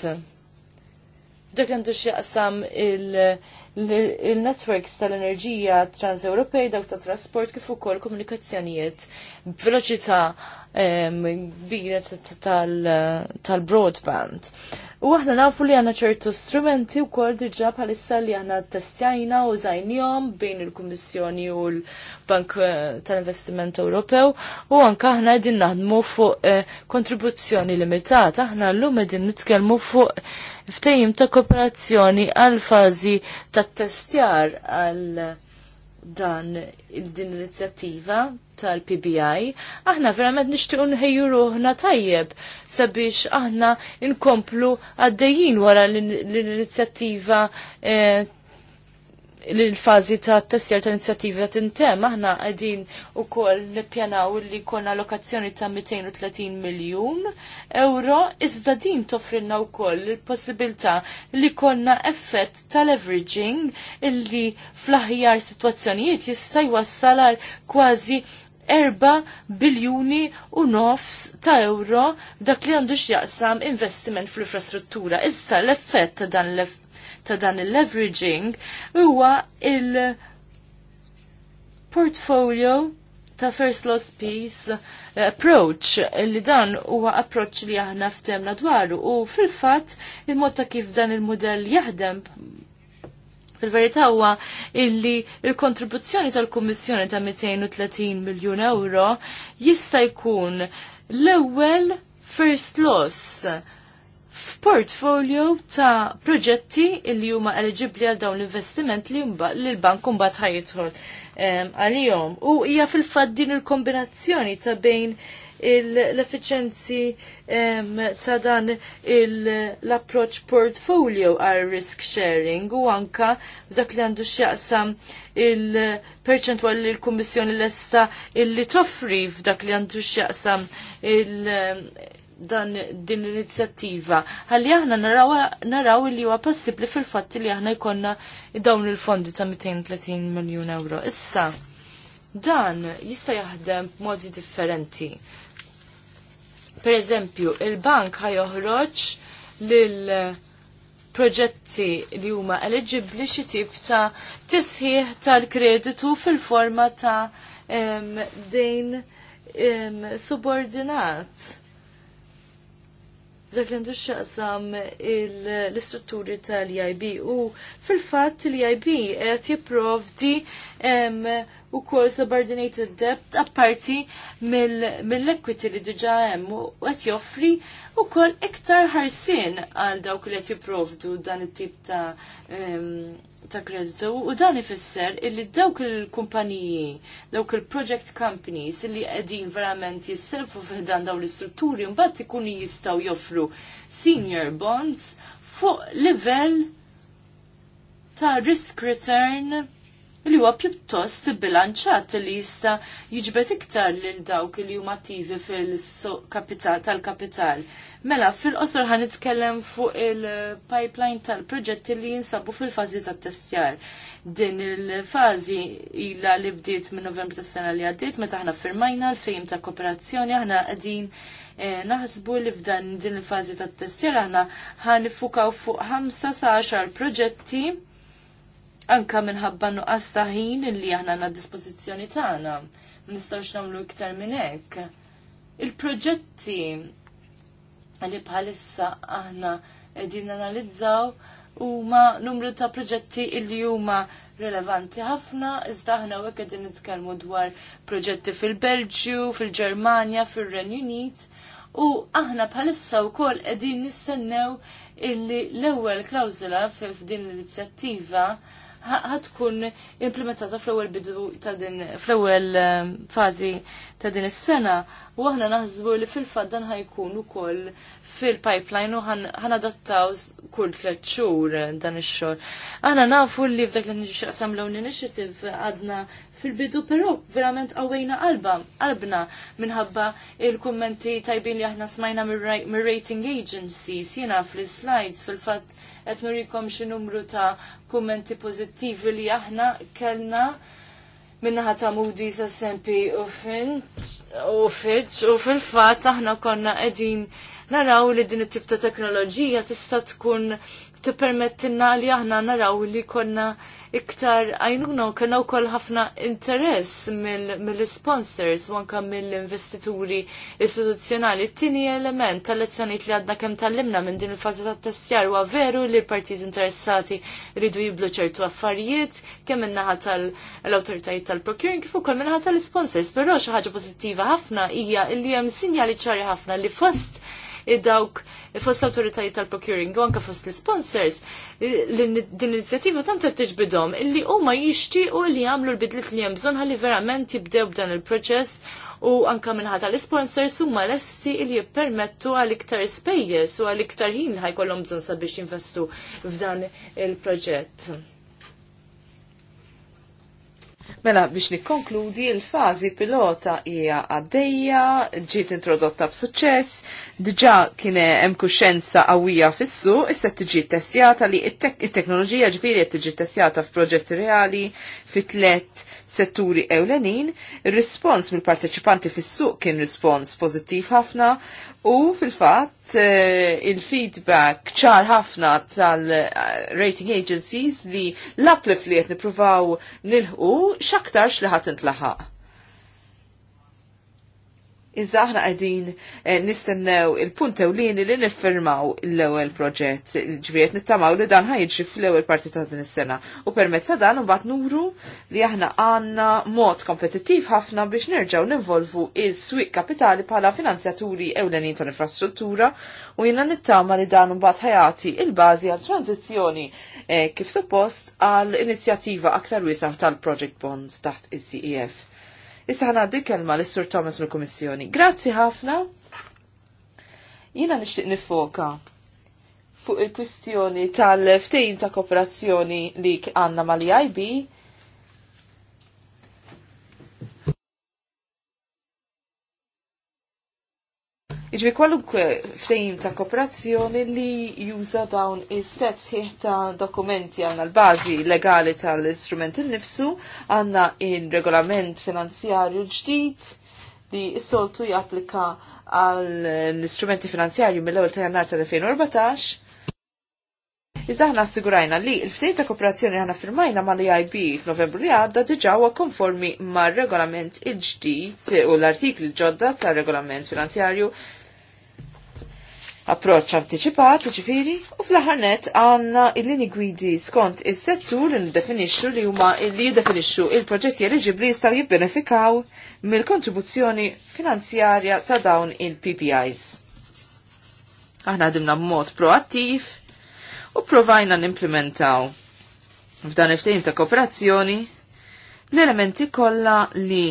Dak għandu xieqsam il-networks tal-enerġija trans-Ewropej, dawk ta' trasport kif ukoll komunikazzjonijiet b'veloċità kbira tal-broadband. U aħna nafu li għanna ċertu strumenti u kol diġa bħalissa li għanna testjajna u zajnijom bejn il-Kommissjoni u l-Bank eh, tal-Investiment Ewropew u anka aħna għedin naħdmu fuq eh, kontribuzzjoni limitata. Aħna l-lum għedin nitkelmu fuq ftejim ta' kooperazzjoni għal-fazi ta' testjar għal dan din l-inizjattiva tal-PBI, aħna verament nixtiequ nħejju ruħna tajjeb sabiex aħna inkomplu għaddejjin wara l-inizjattiva eh, l-fazi ta' tessjer ta' inizjattiva tintem, aħna għedin u koll nippjanaw li konna lokazzjoni ta' 230 miljon euro, iżda din toffrinna u koll il-possibilta li konna effett ta' leveraging illi fl-aħjar situazzjonijiet jista' wassalar kważi 4 biljuni u nofs ta' euro dak li għandu x'jaqsam investiment fl-infrastruttura. Issa l-effett ta' dan ta' dan il-leveraging huwa il-portfolio ta' First Loss Peace eh, approach li dan huwa approach li aħna ftemna dwaru u fil-fatt il-mod ta' kif dan il-modell jaħdem Fil-verità huwa illi il-kontribuzzjoni tal-Kummissjoni ta' 230 miljun euro jista' jkun l-ewwel first loss f'portfolio ta' proġetti illi huma eligibbli għal dawn l-investiment li l-bank mbagħad ħajjidħol ehm, għalihom. U hija fil-fatt din il-kombinazzjoni ta' bejn l-efficienzi ta' dan l-approach portfolio għal risk sharing u anka dak li għandu xjaqsam il-perċentwal li l-Kummissjoni l-esta illi toffri f'dak li għandu xjaqsam il- dan din l-inizjattiva. Għalli aħna naraw, naraw li huwa possibbli fil-fatt li aħna jkollna dawn il-fondi ta' 230 miljun euro. Issa, dan jista' jaħdem b'modi differenti. Per eżempju, il-bank ħajoħroġ lil proġetti li huma eligibli xi tip ta' tisħiħ tal-kreditu fil-forma ta' dejn subordinat dak li għandu xaqsam l-istrutturi tal-IB u fil-fat l-IB għet jiprovdi u kol subordinated debt apparti mill-equity li diġa hemm u għet joffri u kol iktar ħarsin għal dawk li għet jiprovdu dan it-tip ta' ta' kreditu u dan ifisser illi dawk il-kumpaniji, dawk il-project companies illi qegħdin verament jisselfu fiħdan dawn l-istrutturi mbagħad ikunu jistgħu joffru senior bonds fuq livell ta' risk return li huwa pjuttost bilanċat li jista' jiġbet iktar lil dawk li huma attivi fil-kapital tal-kapital. Mela, fil-qosor ħan itkellem fuq il-pipeline tal-proġetti li jinsabu fil-fazi ta' testjar. Din il-fazi illa li bdiet minn novembru tas sena li għaddiet, meta ħna firmajna l-fejm ta' kooperazzjoni, ħna għadin eh, naħsbu li f'dan din il-fazi ta' testjar ħna ħan ifukaw fuq 5 sa' 10 proġetti anka minħabba nuqqas ta' li aħna għanna dispożizzjoni tagħna. Ma nistgħux nagħmlu iktar minn hekk. Il-proġetti li bħalissa aħna qegħdin analizzaw huma numru ta' proġetti illi huma relevanti ħafna, iżda aħna hekk qegħdin nitkellmu dwar proġetti fil-Belġju, fil-Ġermanja, fir-Renju Unit. U aħna bħalissa wkoll qegħdin nistennew illi l-ewwel klawżula f'din l-inizjattiva ħatkun implementata fl-ewwel bidu ta' din fl-ewwel ehm, fażi ta' din is-sena u aħna naħsbu li fil-fatt dan ħajkun ukoll fil-pipeline u adattaw kull tliet xhur eh, dan ix-xogħol. Aħna nafu li f'dak li xaqsam l-own initiative għadna fil-bidu però verament għawajna qalba, qalbna minħabba il-kummenti tajbin li aħna smajna mir-rating agencies jiena fl-slides fil-fatt qed nurikom xi numru ta' kummenti pożittivi li aħna kellna minnaħa ta' sa sempi u Fitch u fil-fatt aħna konna qegħdin naraw li din it-tip ta' teknoloġija tista' tkun t-permettinna li aħna naraw li konna iktar għajnuna u kena u koll ħafna interess mill-sponsors u anka mill-investituri istituzzjonali. Tini element tal-lezzjoniet li għadna kem tal-limna minn din il-fazi ta' testjar u veru li l-partiz interessati rridu jiblu ċertu affarijiet kemm minnaħa tal-autoritajiet tal-procuring kif ukoll minnaħa tal-sponsors. Però xi ħaġa pożittiva ħafna hija li hemm sinjali ċari ħafna li fost id-dawk fost l-autoritajiet tal-procuring u anka fost l-sponsors din l-inizjattiva tant qed tiġbidhom illi huma jixtiequ li jagħmlu l-bidliet li hemm bżonn ħalli verament jibdew b'dan il-proċess u anka minnħata l-sponsors huma lesti li jippermettu għal iktar spejjeż u għal iktar ħin ħajkollhom bżonn sabiex jinvestu f'dan il-proġett. Mela biex nikkonkludi il-fażi pilota hija għaddejja, ġiet introdotta b'suċċess, diġà kien hemm kuxenza qawwija fis-suq, issa tiġi testjata li it-teknoloġija ġifieri qed tiġi testjata f'proġetti reali fi tliet setturi ewlenin. Ir-rispons mill-parteċipanti fis-suq kien rispons pożittiv ħafna U fil-fatt eh, il-feedback ċar ħafna tal-rating agencies li l applif li qed nippruvaw nilħu x'aktarx li ħadd intlaħaq. Iżda aħna qegħdin eh, nistennew il-punt ewlieni li niffirmaw l-ewwel proġett. Ġbiet nittamaw li dan ħajġri fl-ewwel parti ta' din is-sena. U permezz ta' dan imbagħad nuru li aħna għandna mod kompetittiv ħafna biex nerġgħu nivolvu is-swieq kapitali bħala finanzjaturi ewlenin tal-infrastruttura u jiena nittama li dan mbagħad ħajati il-bażi għal tranzizzjoni eh, kif suppost għal inizjattiva aktar wiesaħ tal-Project Bonds taħt is-CEF. Issa għaddi kelma l sur Thomas mill-Kummissjoni. Grazzi ħafna. Jina nixtieq nifoka fuq il-kwistjoni tal-ftejn ta' kooperazzjoni li għanna mal-IIB Iġvi kwalunkwe ftejim ta' kooperazzjoni li juża dawn is-set sħiħ ta' dokumenti għanna l-bazi legali tal-istrument innifsu, għanna il-regolament finanzjarju ġdid li s-soltu japplika għall-istrumenti finanzjarju mill-ewwel ta' jannar tal-2014. Iżda ħna assigurajna li l-ftejn ta' kooperazzjoni ħana firmajna mal ib f'Novembru li għadda diġa huwa konformi mar-regolament il-ġdid u l-artikli ġodda tar-regolament finanzjarju approċċ anticipat, ċifiri, u fl ħarnet għanna għandna il-lini gwidi skont is-settur li definixxu li huma li jiddefinixxu il-proġetti eliġibbli jistgħu jibbenefikaw mill-kontribuzzjoni finanzjarja ta' dawn il-PPIs. Aħna għadimna b'mod proattiv u provajna nimplementaw f'dan il-ftehim ta' kooperazzjoni l-elementi kollha li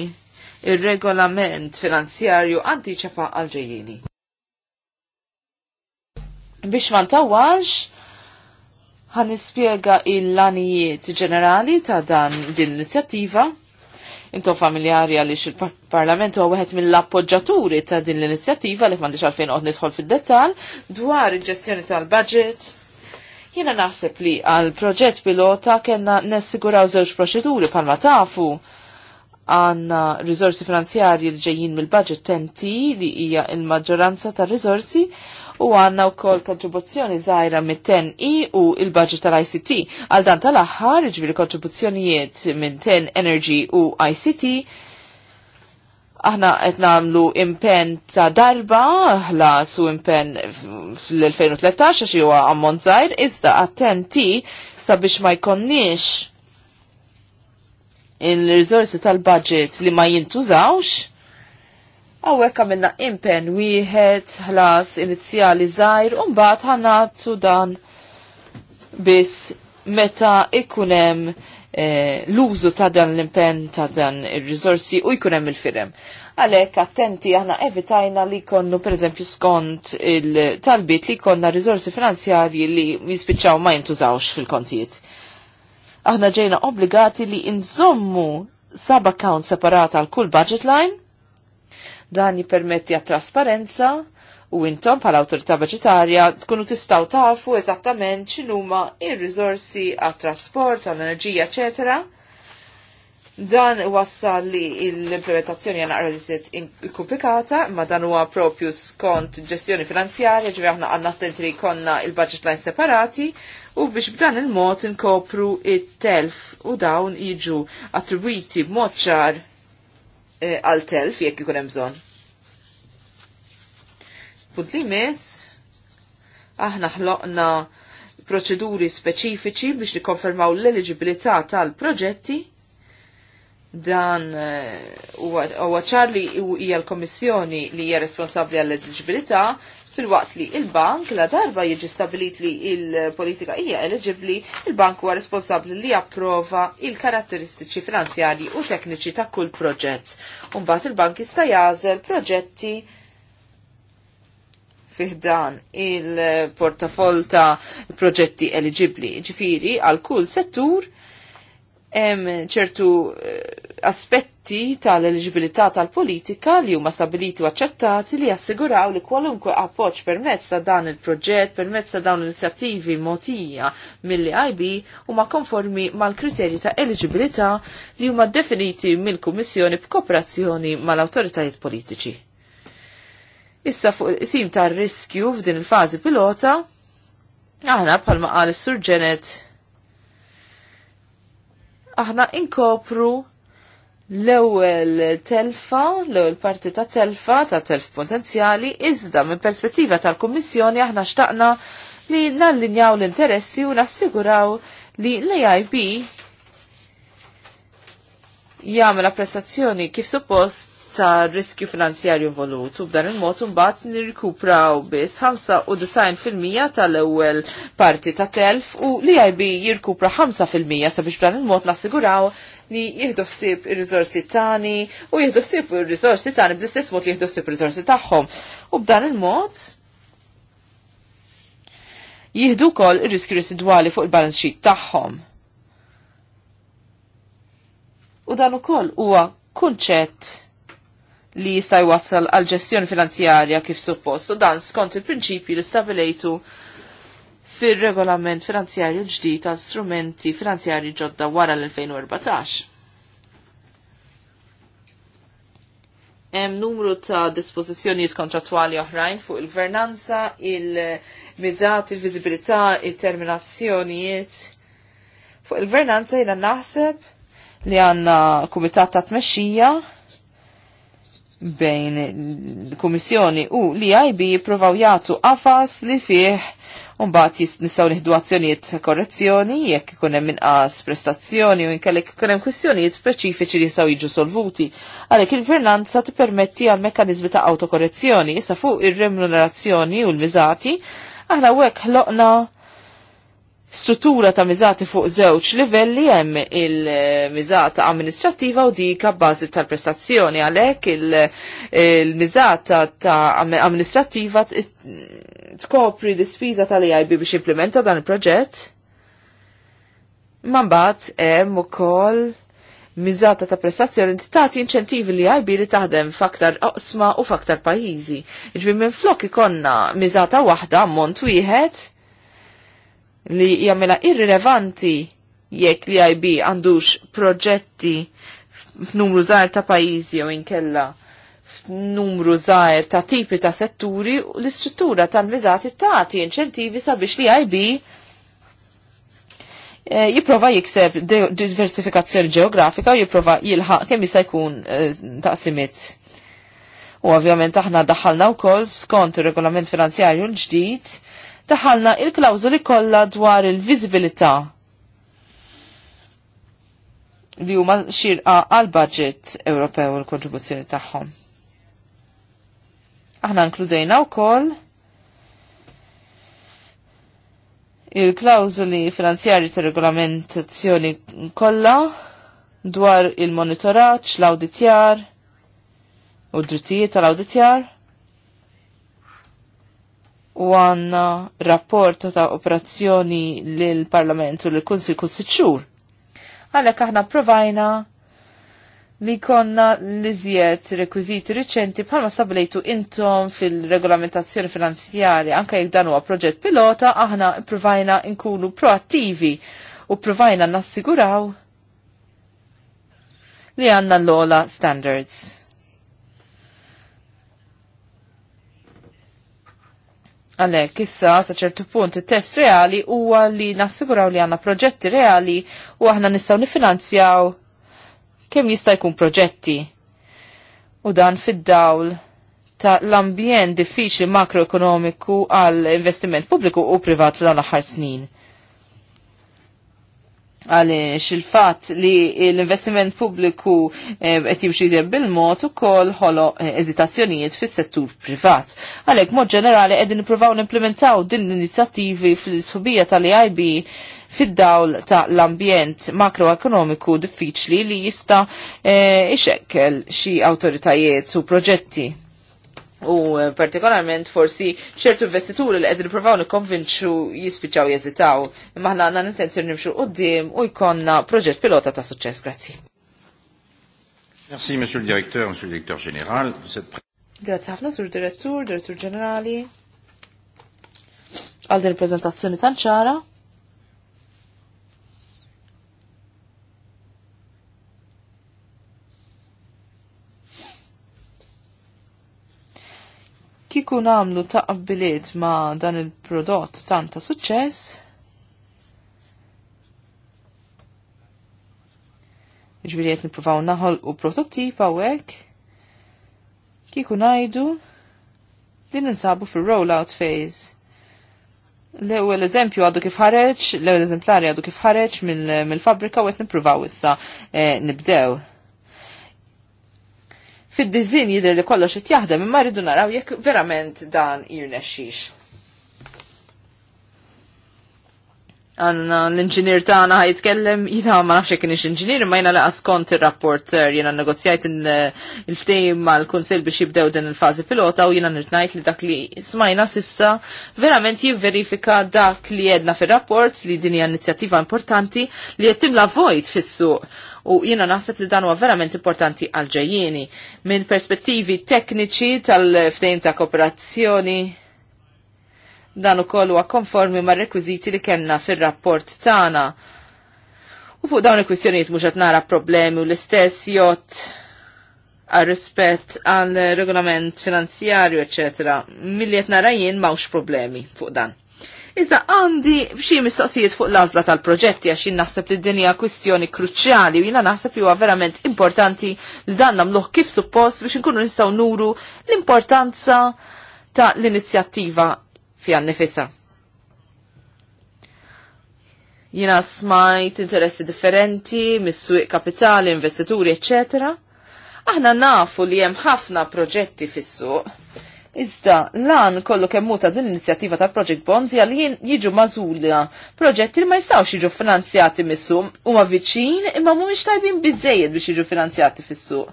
ir-regolament finanzjarju antiċefa għal ġejjini. Biex ma ntawax, ħan nispjega il-lanijiet ġenerali ta' dan din l-inizjattiva. Intom familjari għaliex il-Parlament huwa wieħed mill-appoġġaturi ta' din l-inizjattiva li m'għandix għalfejn qod nidħol fid-dettall dwar il-ġestjoni tal-budget. Jiena naħseb li għal proġett pilota kellna nessiguraw żewġ proċeduri palma tafu għanna rizorsi finanzjarji li ġejjin mill-budget tenti li hija il-maġġoranza tar rizorsi u għanna u kol kontribuzzjoni zaħira mit ten i u il-budget tal-ICT. Għal dan tal-axħar, ġviri kontribuzzjonijiet minn ten Energy u ICT, aħna qed nagħmlu impen ta' darba la su impen fl-2013 għax huwa ammont żgħir, iżda attenti sabiex ma jkonniex il-riżorsi tal-budget li ma jintużawx Għawek għamilna impen wieħed ħlas inizjali zaħir u mbagħad ħanatu dan biss meta ikunem hemm eh, l-użu ta' dan l-impen ta' dan il-rizorsi u jkunem il-firem. Għalek, attenti, aħna evitajna li konnu, per eżempju, skont il-talbit li konna rizorsi finanzjarji li jispiċċaw ma jintużawx fil-kontijiet. Aħna ġejna obbligati li nżommu sab account separata għal kull budget line Dan jipermetti għat trasparenza u intom pal autorità budgetarja tkunu tistaw tafu eżattament x'inhuma il-rizorsi għat trasport, għal enerġija eċetera. Dan wassal li l-implementazzjoni għana għarriżiet komplikata, ma dan huwa propju skont ġestjoni finanzjarja, ġivja aħna għanna attenti li konna il-budget line separati, u biex b'dan il-mod inkopru it-telf u dawn jiġu attribuiti b'mod ċar Eh, għal telf jekk ikun hemm bżonn. Punt li miss, aħna ħloqna proċeduri speċifiċi biex nikkonfermaw l-eligibilità tal-proġetti dan eh, huwa ċar li hija l-Kommissjoni li hija responsabbli għall eligibilità fil-waqt li il-bank la darba jiġi stabilit li il-politika hija eligibli, il-bank huwa responsabbli li japprova il-karatteristiċi finanzjali u tekniċi ta' kull proġett. Umbagħad il-bank jista' jażel proġetti fiħdan il-portafol ta' proġetti eligibli. Ġifiri, għal kull settur, ċertu eh, aspetti diritti tal-eligibilità tal-politika li huma stabiliti u aċċettati li jassiguraw li kwalunkwe appoġġ permezz ta' dan il-proġett, permezz ta' dawn l-inizjattivi motija mill-IB huma konformi mal-kriterji ta' eligibilità li huma definiti mill-Kummissjoni b'kooperazzjoni mal-awtoritajiet politiċi. Issa fuq isim tar-riskju f'din il-fażi pilota, aħna bħalma qal is-Sur aħna inkopru l-ewwel telfa, l-ewwel parti ta' telfa ta' telf potenzjali, iżda minn perspettiva tal-Kummissjoni aħna xtaqna li nallinjaw l-interessi u nassiguraw li l-AIB jagħmel apprezzazzjoni kif suppost ta' riskju finanzjarju involut u b'dan il-mod imbagħad nirkupraw biss 95% tal-ewwel parti ta' telf u li IB jirkupra 5% sabiex b'dan il-mod nassiguraw li jieħdu ħsieb ir-riżorsi tani u jieħdu ħsieb ir-riżorsi tani bl-istess mod li jieħdu ħsieb ir-riżorsi tagħhom. U b'dan il-mod jihdu kol ir-riski residwali fuq il-balance sheet tagħhom. U dan ukoll huwa kunċett li jista' jwassal għal ġestjoni finanzjarja kif suppost u dan skont il-prinċipji li stabilejtu fir-regolament finanzjarju ġdid ta' strumenti finanzjarji ġodda wara l-2014. Hemm numru ta' dispożizzjonijiet kontrattwali oħrajn fuq il-gvernanza, il-miżat, il-viżibilità, il-terminazzjonijiet. Fuq il-gvernanza jiena naħseb li għandna kumitat ta' tmexxija bejn l-Kummissjoni u li IB jippruvaw jagħtu għafas li fih Umbat nistaw nieħdu azzjonijiet korrezzjoni jekk ikun hemm inqas prestazzjoni u jinkalek ikun hemm kwistjonijiet speċifiċi li jistaw jiġu solvuti. Għalhekk il-gvernanza permetti għal mekkaniżmi ta' autokorrezzjoni sa fuq ir-remunerazzjoni u l mizati aħna hekk ħloqna struttura ta' miżati fuq żewġ livelli hemm il-miżata amministrattiva u dik bażi tal-prestazzjoni għalhekk il-miżata ta' amministrattiva tkopri l-ispiża tal-EIB biex implementa dan il-proġett. Man bat hemm ukoll miżata ta' prestazzjoni tagħti inċentivi li jajbi li taħdem f'aktar oqsma u f'aktar pajjiżi. Ġbi minn flok ikonna miżata waħda ammont wieħed li jagħmilha irrilevanti jekk li IB għandux proġetti f'numru zaħir ta' pajjiżi jew inkella f'numru żgħar ta' tipi ta' setturi u l-istruttura tal-miżati tagħti inċentivi sabiex li IB eh, jiprofa jikseb diversifikazzjoni ġeografika u jiprofa jilħaq kemm jista' jkun ta' eh, taqsimiet. U ovvjament aħna daħħalna wkoll skont ir-regolament finanzjarju l-ġdid daħalna il-klawżoli kollha dwar il-viżibilità li huma xirqa għal budget Ewropew u l-kontribuzzjoni tagħhom. Aħna nkludejna wkoll il-klawżoli finanzjarji ta' regolamentazzjoni kollha dwar il-monitoraġġ, l-awditjar u d-drittijiet tal-awditjar u għanna rapport ta' operazzjoni l-Parlament u l-Kunsil kull sitxur. Għalek aħna provajna li konna li zjed rekwiziti riċenti bħalma stabilejtu intom fil-regolamentazzjoni finanzjarja anka jek dan huwa proġett pilota aħna provajna nkunu proattivi u provajna nassiguraw li għanna l-ola standards. Għalek, issa, sa ċertu punt, test reali huwa li nassiguraw li għanna proġetti reali u aħna nistaw nifinanzjaw kemm jista' jkun proġetti. U dan fid-dawl ta' l-ambjent diffiċli makroekonomiku għal investiment pubbliku u privat fl għana snin għaliex il-fat li l-investiment pubbliku eh, qed jimxi bil-mod ukoll ħolo eh, eżitazzjonijiet fis-settur privat. Għalhekk mod ġenerali qegħdin nippruvaw nimplementaw din l-inizjattivi fl-isħubija tal-EIB fid-dawl ta' l-ambjent makroekonomiku diffiċli li jista' eh, ixekkel xi awtoritajiet u proġetti. U eh, partikolarment forsi ċertu investituri li qegħdin jippruvaw nikkonvinċu jispiċċaw jeżitaw. Imma aħna għandna intenzjoni nimxu qudiem u jkollna proġett pilota ta' suċċess. Grazzi. Merci, Monsieur le Directeur, Monsieur le Directeur Général. Grazie ħafna, Sur Direttur, Direttur Generali. Għal din il-prezentazzjoni tanċara. kiku namlu taqbiliet ma dan il-prodott tanta suċċess, ġviri jett niprofaw naħol u prototip għawek, kiku najdu li ninsabu fil-rollout phase. L-ewel eżempju għadu kif ħareċ, l-ewel eżemplari għadu kif ħareċ mill-fabrika u għet niprofaw issa eh, nibdew fid dizzin jidher li kollox qed jaħdem imma rridu naraw jekk verament dan jirnexxix. għanna l-inġinier tagħna ħajtkellem, jina ma nafx kienix inġinir, ma jina laqas kont ir-rapporter jiena negozjajt il ma mal konsil biex jibdew din il-fażi pilota u jiena nirtnajt li dak li smajna sissa verament jivverifika dak li jedna fir-rapport li din hija inizjattiva importanti li qed timla vojt fis-suq u jiena naħseb li dan huwa verament importanti għal ġejjieni minn perspettivi tekniċi tal ftejm ta' kooperazzjoni Dan ukoll huwa konformi mar-rekwiżiti li kellna fir-rapport tagħna. U fuq dawn il-kwistjonijiet mhux qed nara problemi u l-istess jott għal rispett għal regolament finanzjarju, ecc. milli qed nara jien m'hawnx problemi fuq dan. Iżda għandi xi mistoqsijiet fuq l-għażla tal-proġetti għax jien naħseb li d-dinja kwistjoni kruċjali u jiena naħseb li huwa verament importanti li dan nagħmluh kif suppost biex inkunu nistgħu nuru l-importanza ta' l-inizjattiva fija nifisa. Jina smajt interessi differenti, mis kapitali, investituri, eccetera. Aħna nafu li hemm ħafna proġetti fis-suq. Iżda, lan kollu kemmu ta' din l-inizjattiva ta' Project Bonds jien jiġu mażulja proġetti li ma jistawx jiġu finanzjati mis-suq huma viċin imma mhumiex tajbin biżejjed biex jiġu finanzjati fis-suq.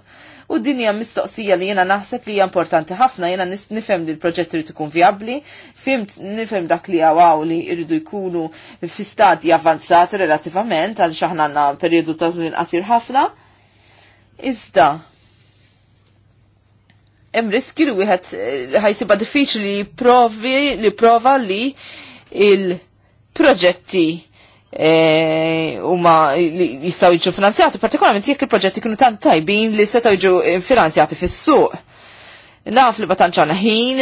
U din hija mistoqsija li jiena naħseb li hija importanti ħafna, jiena nifhem li l-proġett irid ikun viabbli, fimt nifhem dak li għaw li jridu jkunu fi stadji avanzati relattivament għal xi aħna għandna perjodu ta' żmien qasir ħafna. Iżda, hemm riski li wieħed eh, ħajsibha diffiċli provi li prova li il-proġetti E, huma jistgħu jiġu finanzjati, partikolarment jekk il-proġetti kienu tant tajbin li setgħu jiġu finanzjati fis-suq. Naf li batanċana ħin,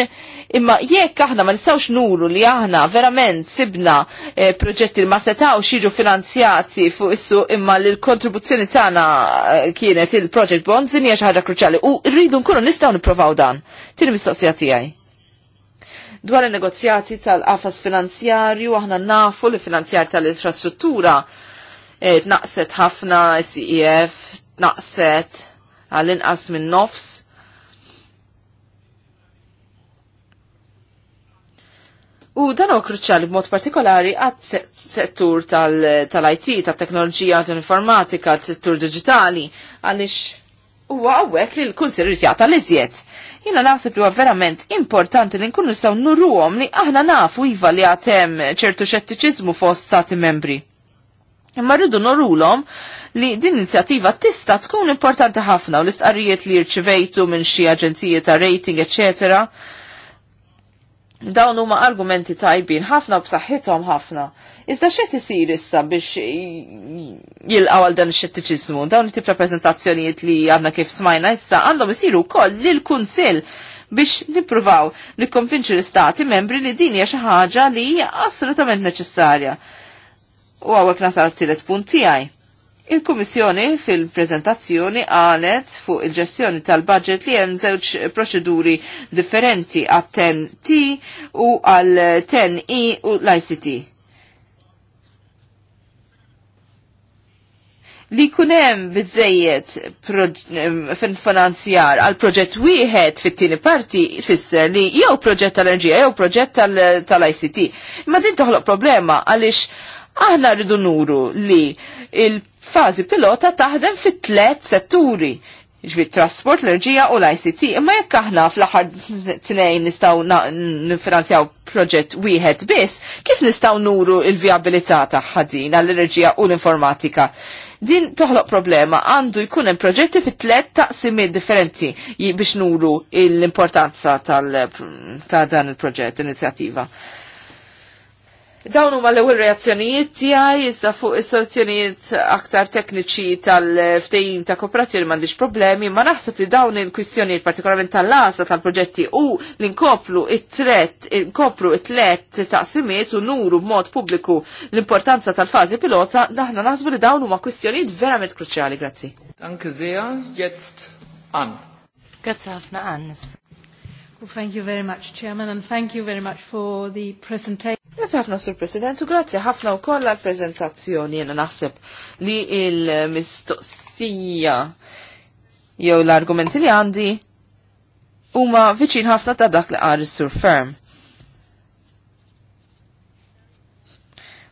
imma jekk aħna ma nistawx nuru li aħna verament sibna e, proġetti li ma setgħux jiġu finanzjati fuq issu imma li l-kontribuzzjoni tagħna e, kienet il-project bonds din xi ħaġa kruċjali u rridu nkunu nistgħu nipprovaw dan. Tieni mistoqsija tiegħi. Dwar il-negozjati tal-qafas finanzjarju, aħna nafu li finanzjar tal-infrastruttura eh, tnaqset ħafna SEF, tnaqset għal inqas minn nofs. U dan huwa kruċjali b'mod partikolari għat settur tal-IT, tal tat-teknoloġija, tal-informatika, tal-settur digitali, għaliex u għawek li l kunsir rritjata li zjed. Jina naħseb li verament importanti li nkunu saw nurruhom li aħna nafu iva li għatem ċertu xettiċizmu fost stati membri. Imma rridu nurulom li din inizjattiva tista' tkun importanti ħafna u l-istqarrijiet li rċivejtu minn xi aġenzijiet ta' rating, eccetera, dawn huma argumenti tajbin ħafna b'saħħithom ħafna. Iżda xed isir issa biex jilqgħu għal dan ix-xettiċiżmu, dawn it-tip rappreżentazzjonijiet li għandna kif smajna issa għandhom isiru wkoll lil kunsill biex nippruvaw nikkonvinċu l-istati membri li din hija xi ħaġa li hija assolutament neċessarja. U għawek nasal t-tielet punt tiegħi Il-Kummissjoni fil-prezentazzjoni għalet fuq il-ġestjoni tal-budget li hemm żewġ proċeduri differenti għat ten t u għal ten i u l-ICT. li kunem bizzejiet finanzjar għal proġett wieħed fit-tieni parti tfisser li jew proġett tal-enerġija jew proġett tal-ICT. Imma din toħloq problema għaliex aħna rridu nuru li il fażi pilota taħdem fit tlet setturi ġvi trasport, l-erġija u l-ICT. Imma jekk aħna fl-aħħar tnejn nistgħu nifinanzjaw proġett wieħed biss, kif nistgħu nuru l vijabilità tagħha din għall-enerġija u l-informatika? Din toħloq problema għandu jkun hemm proġetti fit tlet taqsimiet differenti biex nuru l-importanza ta' dan il-proġett, l-inizjattiva. Dawn huma l-ewwel reazzjonijiet tiegħi iżda fuq is-soluzzjonijiet aktar tekniċi tal-ftehim ta' kooperazzjoni m'għandix problemi, ma naħseb li dawn il-kwistjonijiet partikolarment tal-lasa tal-proġetti u li nkoplu it-tret, nkopru it-tlet taqsimiet u nuru b'mod pubbliku l-importanza tal-fażi pilota, daħna naħsbu li dawn huma kwistjonijiet verament kruċjali, grazzi. Anke sehr, jetzt an. Grazzi ħafna Annes. Well, thank you very much, Chairman, and thank you very much for the presentation. Grazie ħafna sur President u grazie ħafna u koll għal-prezentazzjoni jena naħseb li il-mistoqsija jew l-argumenti li għandi huma viċin ħafna ta' dak li qari sur ferm.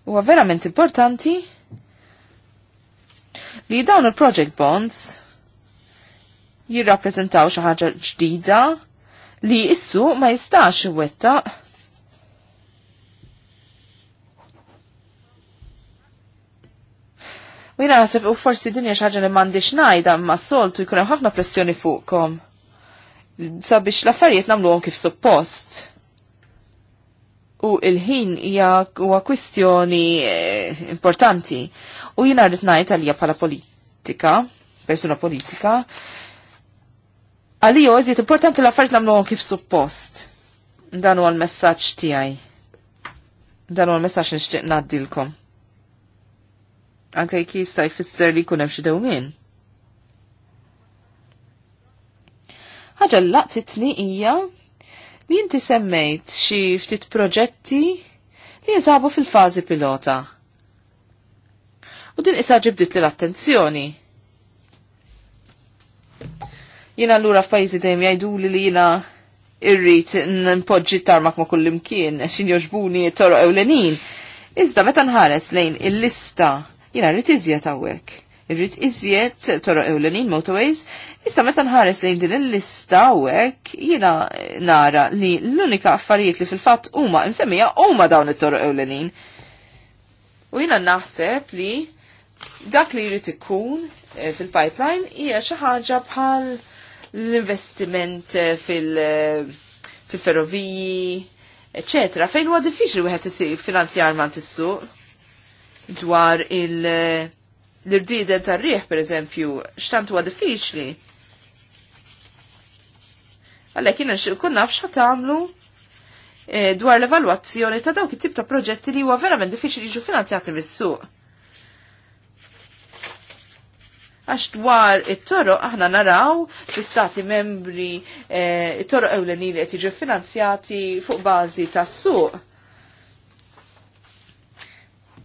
Huwa verament importanti li dawn il-project bonds jirrappreżentaw xi ħaġa ġdida li issu ma jistax iwettaq. U jina għasib u forsi dinja xaġa li mandi xnajda ma soltu jkunem ħafna pressjoni fuqkom. Sabiex l-affarijiet namluhom kif suppost. U il-ħin hija huwa kwistjoni eh, importanti. U jina rrid ngħid għalija bħala politika, persuna politika, għalija għazjiet importanti l-affarijiet namlu kif suppost. Dan huwa l-messaġġ tiegħi. Dan huwa l-messaġġ nixtieq ngħaddilkom. Anke jekk jista' jfisser li jkun hemm xi dewmien. ħaġa laqtitni hija li inti semmejt xi ftit proġetti li jizabu fil-fażi pilota. U din isa ġibdit li l-attenzjoni jina l f-fajzi dejjem jajdu li li jina irrit n-podġi tarmak ma kullimkien, xin joġbuni toro ewlenin. Iżda meta nħares lejn il-lista jina rrit iżjed għawek. Irrit iżjed toro ewlenin motorways, iżda meta nħares lejn din il-lista għawek jina nara li l-unika affarijiet li fil-fat huma msemmija huma dawn it-toro ewlenin. U jina naħseb li dak li jrid ikun eh, fil-pipeline hija xi ħaġa bħal l-investiment eh, eh, fil-ferroviji, eccetera, fejn huwa diffiċli wieħed isib finanzjarment is-suq dwar eh, l-irdiden tar-rieħ pereżempju, x'tant huwa diffiċli. Għalhekk jiena kun naf x'għamlu dwar l-evalwazzjoni ta' dawk it-tip ta' proġetti li huwa verament diffiċli jiġu finanzjati mis-suq Għax dwar it-toro aħna naraw fl-istati membri eh, it-toro ewleni li qed jiġu finanzjati fuq bażi tas-suq.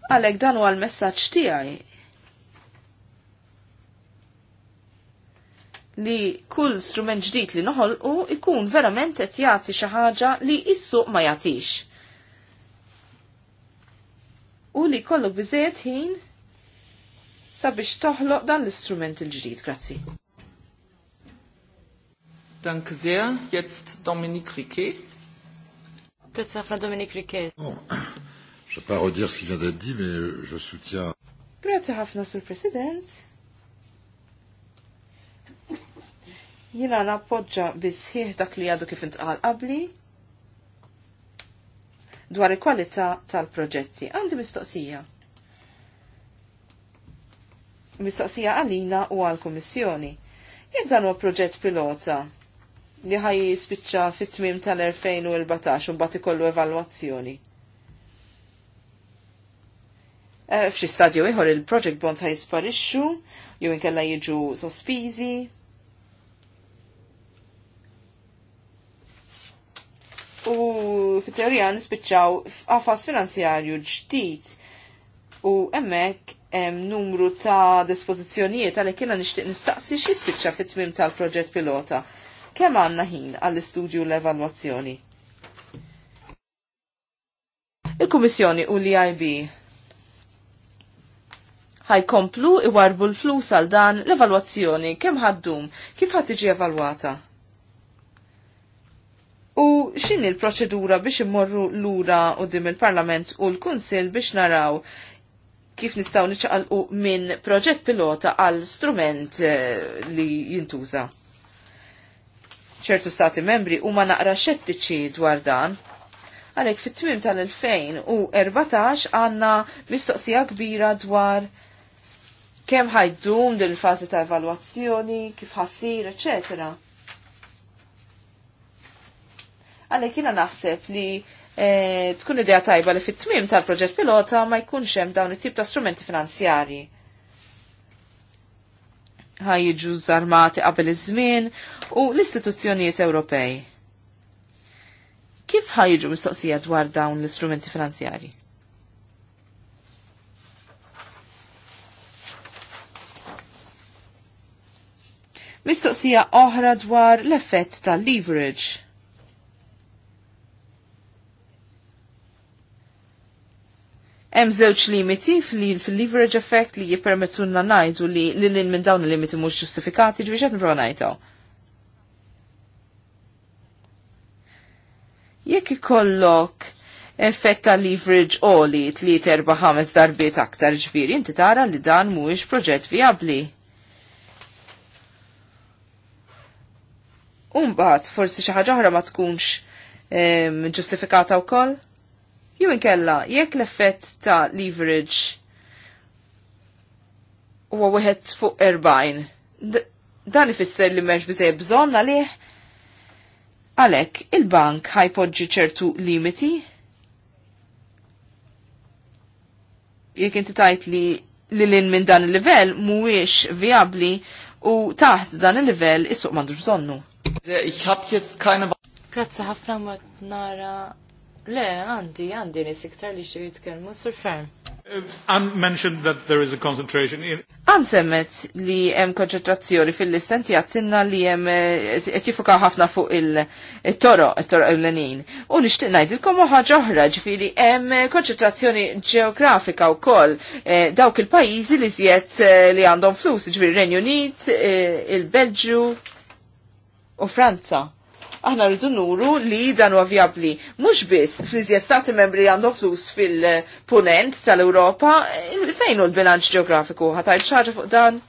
Għalhekk dan huwa l-messaġġ tiegħi li kull strument ġdid li noħolqu ikun verament qed jagħti xi ħaġa li s-suq ma jagħtix. U li kollok biżejjed ħin sabiex toħloq dan l-istrument il-ġdid. Grazzi. Dank zeer, Jetzt Dominique Riquet. Grazie fra Dominique Riquet. Bon, je ne vais pas redire ce qui vient d'être dit, mais je soutiens. Grazie ħafna sur President. Jina nappoġġa bisħieħ dak li għadu kif intqal qabli dwar il-kwalità tal-proġetti. Għandi mistoqsija mistoqsija għalina u għal-Kummissjoni. Jekk dan huwa proġett pilota li ħaj jispiċċa fit-tmim tal-2014 u mbagħad ikollu evalwazzjoni. Eh, f'xi stadju ieħor il-project bond ħaj jisparixxu jew inkella jiġu sospiżi. U fit-teorija nispiċċaw f'qafas finanzjarju ġdid U emmek numru ta' dispozizjonijiet għalli jena nishtiq nistaqsi xie spiċċa fit-tmim tal-proġett pilota. Kemm għanna ħin għall-istudju l-evalwazzjoni? Il-Kummissjoni u l-IB ħajkomplu iwarbu l-flus għal dan l-evalwazzjoni kemm ħaddum, kif ħad tiġi evalwata? U x'inhi l-proċedura biex immorru lura u dim il-Parlament u l-Kunsil biex naraw kif nistaw niċċaqalqu minn proġett pilota għal strument eh, li jintuża. ċertu stati membri huma naqra xettiċi dwar dan. Għalek fit-tmim tal-2014 għanna mistoqsija kbira dwar kemm ħajdum din il-fażi ta' evalwazzjoni, kif ħassir, ecc. Għalek jina naħseb li E, tkun idea tajba li fit-tmim tal-proġett pilota ma jkunx hemm dawn it-tip ta' strumenti finanzjarji. Ħajġu żarmati qabel iż-żmien u l-istituzzjonijiet Ewropej. Kif ħajġu mistoqsija dwar dawn l-istrumenti finanzjarji? Mistoqsija oħra dwar l-effett tal-leverage. Hemm żewġ limiti fil-leverage effect li jippermettulna ngħidu li lil minn dawn il-limiti mhux ġustifikati ġbiex qed nipprova ngħidha. Jekk ikollok effett ta' leverage oli li terba ħames darbiet aktar ġviri, inti tara li dan mhuwiex proġett vijabbli. Umbat, forsi xi ħaġa oħra ma tkunx ehm, ġustifikata wkoll? Jew inkella jekk l-effett ta' leverage huwa wieħed fuq 40. Dan ifisser li m'hemmx biżej bżonn għalih għalhekk il-bank ħajpoġġi ċertu limiti jekk inti tajt li li lin minn dan il-livell mhuwiex viabli u taħt dan il-livell is-suq m'għandux bżonnu. Grazzi ħafna ma nara Le, għandi, għandi nisiktar li xie jitkelmu sur ferm. Għan uh, mentioned that there is a concentration in... Għan semmet li hemm konċentrazzjoni fil listenti għattinna li hemm tifuka eh, ħafna fuq il-toro, il-toro l-lenin. U nishtiq ngħidilkom ħaġa oħra ġifieri hemm konċentrazzjoni ġeografika wkoll eh, dawk il-pajjiżi li żjed eh, li għandhom flus, ġifieri Renju il-Belġu u Franza aħna rridu nuru li dan huwa vjabbli. Mhux biss fl-iżjed stati membri għandhom flus fil-punent tal-Ewropa, fejn hu l-bilanċ ġeografiku ħatajt ċarġa' fuq dan?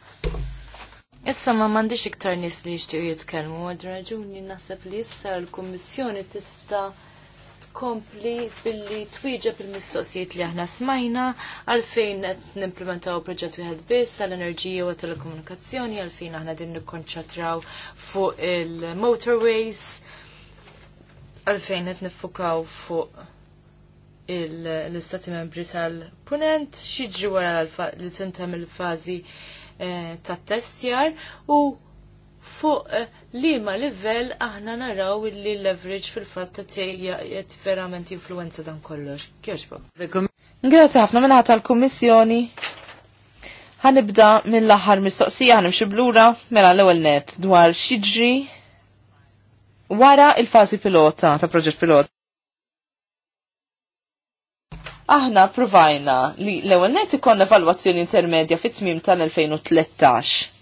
Issa ma m'għandix iktar nies li jixtiequ jitkellmu għad raġuni naħseb li issa l-Kummissjoni tista' tkompli billi twieġeb il-mistoqsijiet li aħna smajna għalfejn qed nimplementaw proġett wieħed biss għall-enerġija u telekomunikazzjoni għalfejn aħna din nikkonċentraw fuq il-motorways għalfejn qed niffukaw fuq l-istati membri tal-punent xiġri wara li tintem il-fażi eh, tat-testjar u fuq eh, li ma livell aħna naraw li leverage fil-fatt qed verament influenza dan kollox. Kieġbok. Grazie ħafna minn tal-Kummissjoni. Ħanibda mill-aħħar mistoqsija ħanimxi xiblura mela l-ewwel net dwar xiġri wara il-fażi pilota ta' proġett pilota. Aħna provajna li l-ewwel net ikonna evalwazzjoni intermedja fit-tmim tal-2013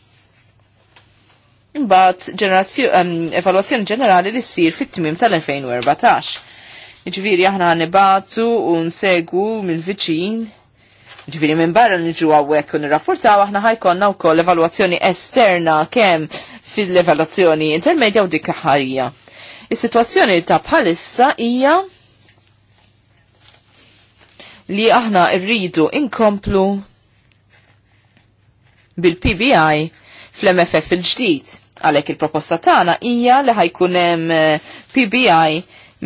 Imbagħad evalwazzjoni ġenerali li ssir fit tmim tal-2014. Ġifieri aħna nibatu u nsegu mill-viċin ġviri jiġifieri minn barra nġu għawek u nirrapportaw aħna ħajkonna u koll evaluazzjoni esterna kem fil-evaluazzjoni intermedja u dik ħarija. Is-situazzjoni ta' bħalissa hija li aħna rridu inkomplu bil-PBI fl-MFF il-ġdid. Għalhekk il-proposta tagħna hija li ħajkun hemm eh, PBI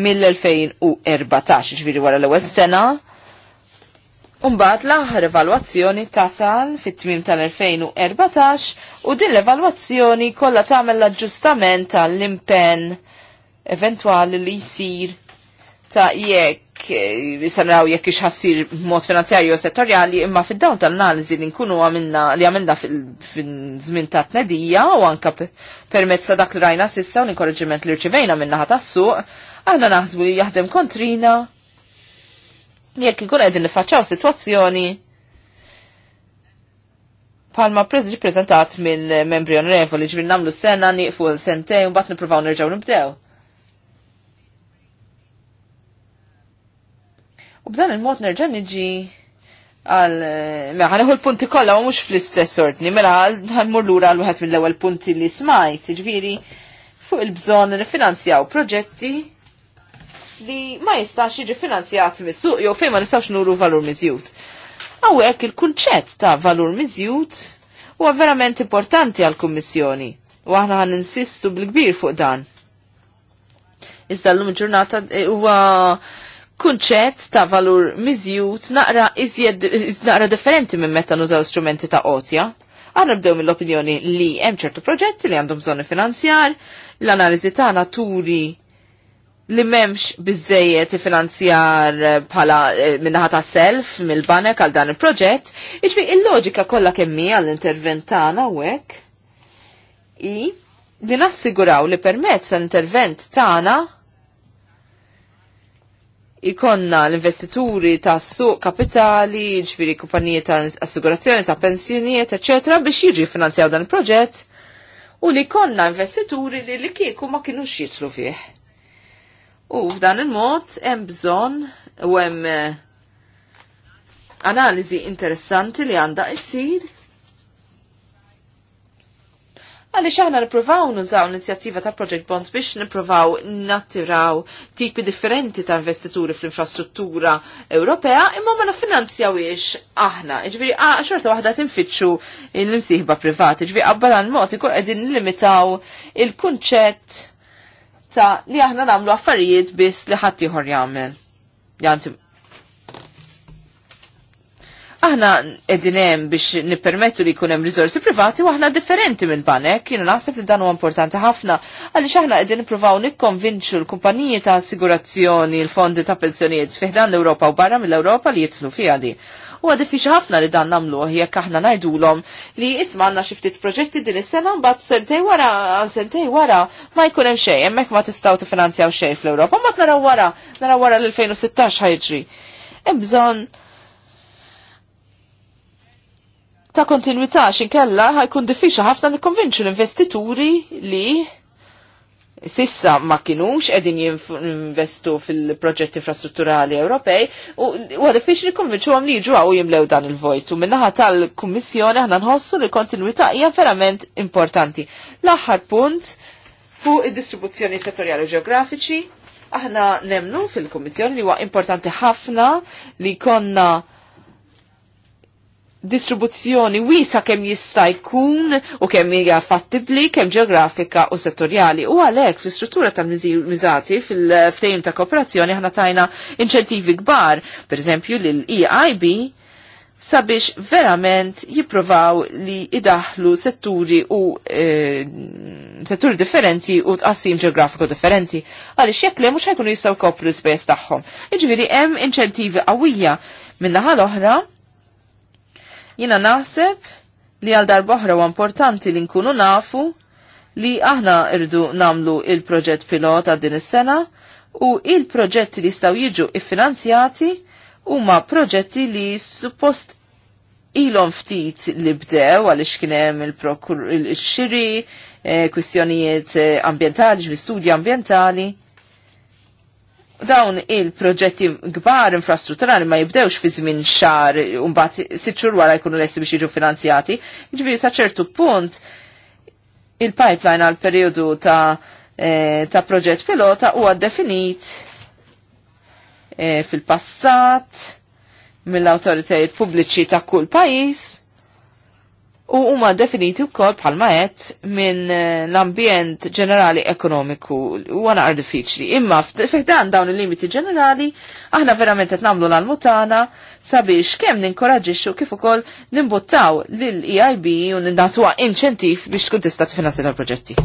mill-2014, ġviri wara l-ewwel sena. Umbat l-aħħar evalwazzjoni tasal fit-tmim tal-2014 u din l-evalwazzjoni kollha tagħmel l-aġġustament tal-impenn eventwali li jsir ta' jekk jisanaw eh, jekk ixħassir mod finanzjarju u settorjali imma fid-dawn tal-analizi li nkunu għamilna li għamilna fil-żmien ta' tnedija u anka permezz ta' dak li rajna sissa u l-inkorreġiment li rċivejna minna suq aħna naħsbu li jaħdem kontrina jekk ikun qegħdin nifaċċaw sitwazzjoni palma prez prezentat minn membri onorevoli ġbir namlu s-sena niqfu l-sentej u bat niprofaw nerġaw nibdew U b'dan il-mod nerġa' niġi għal meħan mela, l-punti kollha u mhux fl-istess ordni, mela ħanmur lura għal wieħed mill-ewwel punti li smajt, jiġifieri fuq il-bżonn nifinanzjaw proġetti li ma jistax jiġi finanzjat mis-suq jew fejn ma nistax nuru valur miżjud. Hawnhekk il-kunċett ta' valur miżjud huwa verament importanti għall-Kummissjoni u aħna ħan insistu bil-kbir fuq dan. Iżda l-lum ġurnata eh, huwa kunċett ta' valur miżjut naqra iżjed naqra differenti minn meta nużaw strumenti ta' qotja. Għanna bdew mill-opinjoni li hemm ċertu proġetti li għandhom bżonn finanzjar, l-analiżi tagħna turi li memx bizzejiet finanzjar bħala eh, minnaħat ta' self mill-banek għal dan il-proġett, iġvi il-loġika kollha kemmi għall-intervent tagħna hekk i li nassiguraw li permezz tal-intervent tagħna ikonna l-investituri ta' suq kapitali, ġviri kumpanijiet ta' assigurazzjoni, ta' pensjonijiet, ecc. biex jiġi finanzjaw dan il-proġett u li konna investituri li li kieku ma kienu xitlu fih. U f'dan il-mod hemm bżonn u hemm eh, analiżi interessanti li għandha issir għaliex aħna nippruvaw nużaw l-inizjattiva ta' Project Bonds biex nippruvaw nattiraw tipi differenti ta' investituri fl-infrastruttura Ewropea imma ma nafinanzjawiex aħna. Ġifieri xorta waħda tinfittxu l-imsieħba privati, ġifieri qabbal mod ikun qegħdin limitaw il-kunċett ta' li aħna nagħmlu affarijiet biss li ħadd ieħor jagħmel. Janzi, Aħna qegħdin hemm biex nippermettu li jkun hemm privati u aħna differenti minn banek, kienu naħseb li dan huwa importanti ħafna għaliex aħna qegħdin nippruvaw nikkonvinċu l-kumpaniji ta' assigurazzjoni, l-fondi ta' pensjonijiet fiħdan dan l-Ewropa u barra mill-Ewropa li jitlu fija di u għadifiċ ħafna li dan namlu jekk aħna najdulom li jismanna xiftit proġetti din is-sena mbagħad sentej wara għal sentej wara ma jkun hemm xejn hemmhekk ma tistgħu tifinanzjaw xejn fl-Ewropa, mbagħad naraw wara naraw wara l-2016 ħajġri. Hemm bżonn ta' kontinuità kella ħajkun diffiċa ħafna nikkonvinċu l-investituri li sissa ma kienux edin jinvestu fil-proġetti infrastrutturali Ewropej u għad diffiċ li konvinċu għam li ġuwa għaw jimlew dan il-vojtu. Minnaħa tal-Kummissjoni ħna nħossu li kontinuità hija verament importanti. L-aħħar punt fuq id-distribuzzjoni settorjali ġeografiċi aħna nemnu fil-Kummissjoni li huwa importanti ħafna li konna distribuzzjoni wisa kemm jista' jkun u kemm hija fattibbli, kemm ġeografika u settorjali. U għalhekk fl struttura tal-miżati fil-ftehim ta' kooperazzjoni ħana tajna inċentivi kbar, pereżempju l EIB sabiex verament jipprovaw li idaħlu setturi u e, setturi differenti u tqassim ġeografiku differenti. Għaliex jekk le mhux ħajkunu jistgħu koplu l-ispejjeż tagħhom. Jiġifieri hemm inċentivi qawwija minnaħa l-oħra Jina naħseb li għal darboħra u importanti li nkunu nafu li aħna irdu namlu il-proġett pilota din is-sena u il-proġetti li staw jiġu iffinanzjati huma proġetti li suppost ilhom ftit li bdew għaliex kien hemm il-xiri, eh, kwistjonijiet eh, ambientali, ġvi studji ambientali dawn il-proġetti gbar infrastrutturali ma jibdewx fi żmien xar mbagħad sitt xhur wara jkunu lesti biex jiġu finanzjati. Jiġifieri sa ċertu punt il-pipeline għal periodu ta' eh, ta' proġett pilota huwa definit eh, fil-passat mill-awtoritajiet pubbliċi ta' kull pajjiż u huma definiti wkoll bħalma qed minn eh, l-ambjent ġenerali ekonomiku u għana għar diffiċli. Imma dan dawn il-limiti ġenerali aħna verament qed nagħmlu l-almutana sabiex kemm ninkoraġixxu kif ukoll nimbuttaw lill EIB u nindatuha inċentiv biex tkun tista' tfinanzja l-proġetti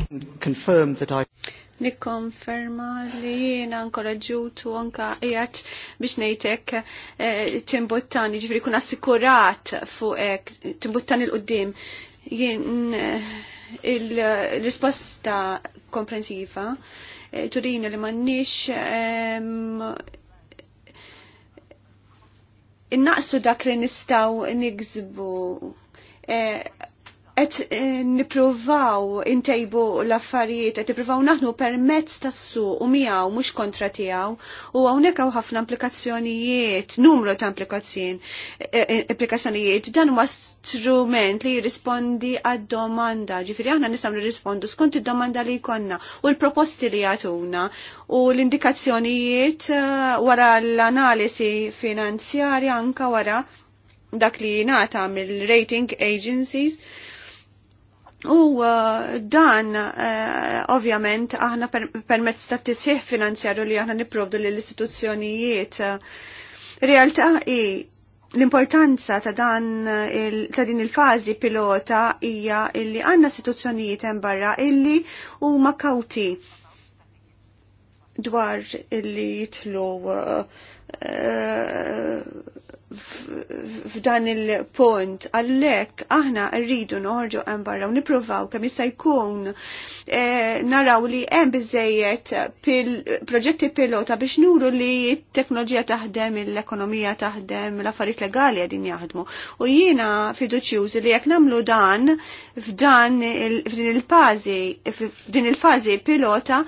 nikkonferma li jiena nkoraġġut u anka qiegħed biex ngħidlek eh, timbuttani, ġifieri kun assikurat fuq hekk, timbuttani l-qudiem. Jien eh, il-risposta komprensiva eh, turina li m'għandniex ehm, innaqsu dak li nistgħu nigżbu et eh, niprovaw intejbu l-affarijiet, et niprovaw naħnu permezz tassu u miaw, mux kontra tijaw, u għawnek għaw ħafna implikazzjonijiet, numru ta' eh, eh, implikazzjonijiet, dan huwa strument li jirrispondi għad domanda, ġifiri aħna nisam rispondu skont id-domanda li jkonna, u l-proposti li għatuna u l-indikazzjonijiet wara l-analisi finanzjarja anka wara dak li jnata mill-rating agencies, U uh, dan, uh, ovvjament, aħna permezz ta' tisħiħ finanzjarju li aħna niprovdu l istituzzjonijiet uh, Realtà i l-importanza ta' dan ta' din il-fazi pilota hija illi għandna istituzzjonijiet hemm barra illi huma kawti dwar illi jitlu uh, uh, f'dan il-punt għallek aħna rridu noħorġu hemm barra u nippruvaw kemm jista' jkun eh, naraw li hemm biżejjed proġetti pilota biex nuru li t-teknoloġija taħdem, l-ekonomija taħdem, l-affarijiet legali għadin jaħdmu. U jiena fiduċjużi li jekk nagħmlu dan f'dan il-fażi f'din il-fażi pilota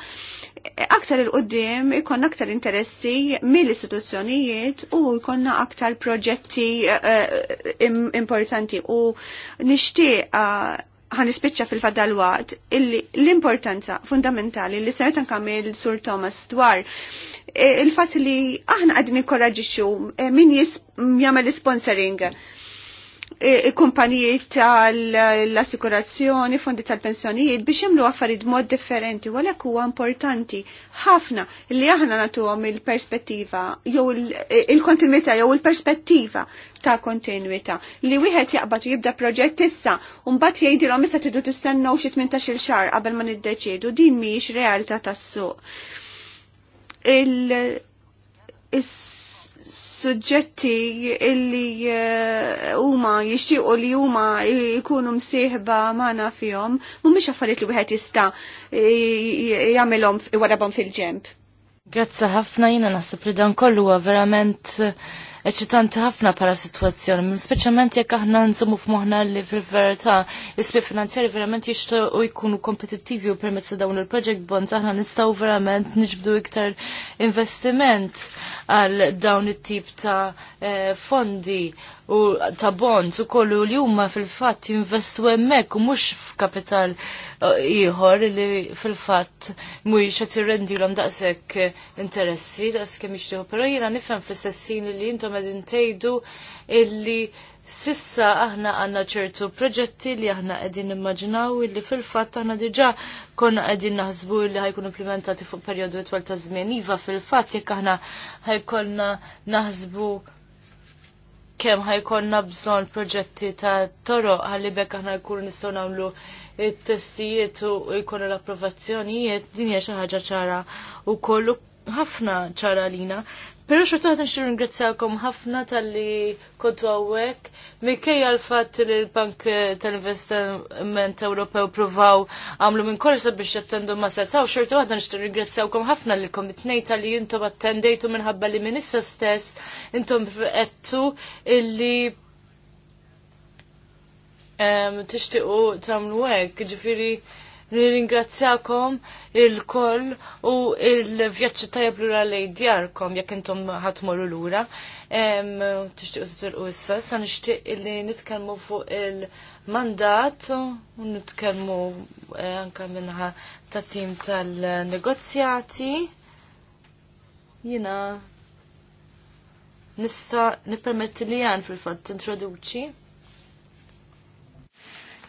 aktar il-qoddim ikon aktar interessi mill-istituzzjonijiet u ikonna aktar proġetti eh, eh, importanti u nishtiq eh, ħanispiċċa fil-fadalwat l-importanza fundamentali li sejt ankam il-Sur Thomas dwar il-fat li aħna għadni korraġiċu min jis jagħmel sponsoring E, e, kumpaniji tal-assikurazzjoni, fondi tal-pensjonijiet biex jimlu affarijiet mod differenti u għalhekk huwa importanti ħafna li aħna nagħtuhom il-perspettiva jew e, il-kontinuità jew il-perspettiva ta' kontinuità li wieħed jaqbad u jibda proġett issa u mbagħad jgħidilhom issa tidu tistennew xi tmintax-il xahar qabel ma niddeċiedu din mhijiex realtà tas-suq. il suġġetti illi eh, huma jixtiequ li huma jkunu msieħba magħna fihom mhumiex affarijiet li wieħed jista' jagħmilhom warabhom fil-ġemp. Grazzi ħafna jiena naħseb li dan kollu huwa verament eċitanti ħafna pala situazzjoni, speċjalment jekk aħna nżommu f'moħħna li fil-verità l-ispi finanzjari verament jixtiequ jkunu kompetittivi u permezz ta' dawn il-project bonds aħna nistgħu verament niġbdu iktar investiment għal dawn it-tip ta' eh, fondi u ta' bonds u kollu li huma fil-fatt jinvestu hemmhekk u mhux f'kapital ieħor li fil-fatt mhuwiex qed om daqshekk interessi daqsek miċtiħu, però jina nifhem fl sessin li intom qegħdin tgħidu illi Sissa aħna għanna ċertu proġetti li aħna għedin immaġinaw li fil-fat aħna diġa konna għedin naħsbu li ħajkun implementati fuq periodu itwal ta' żmien. Iva fil-fat jekk aħna ħajkonna naħsbu kemm ħajkonna bżonn proġetti ta' toro ħalli bekk aħna jkunu nistgħu nagħmlu it-testijiet u jkunu l-approvazzjonijiet din hija xi ħaġa ċara u kollu ħafna ċara lina. Pero xortu għadin xir ringrazzjakom ħafna tal-li kontu għawek, mikkej għal-fat li l-Bank tal-Investiment Ewropew provaw għamlu minn korsa biex jattendu ma setaw, xortu għadin xir ringrazzjakom ħafna li kom bitnejta li jintom attendejtu minnħabba li minn issa stess, jintom għettu illi tamlu tagħmlu hekk, nir jiġifieri nirringrazzjakom il-koll u il-vjaċċi tajjeb lura lej djarkom jekk intom ħatmorru lura. Tixtiqu titilqu issa, sa nixtieq illi nitkellmu fuq il-mandat u nitkellmu eh, anke minnaħa ta' tim tal-negozjati. Jina nista' nipermetti li jan fil-fatt introduċi.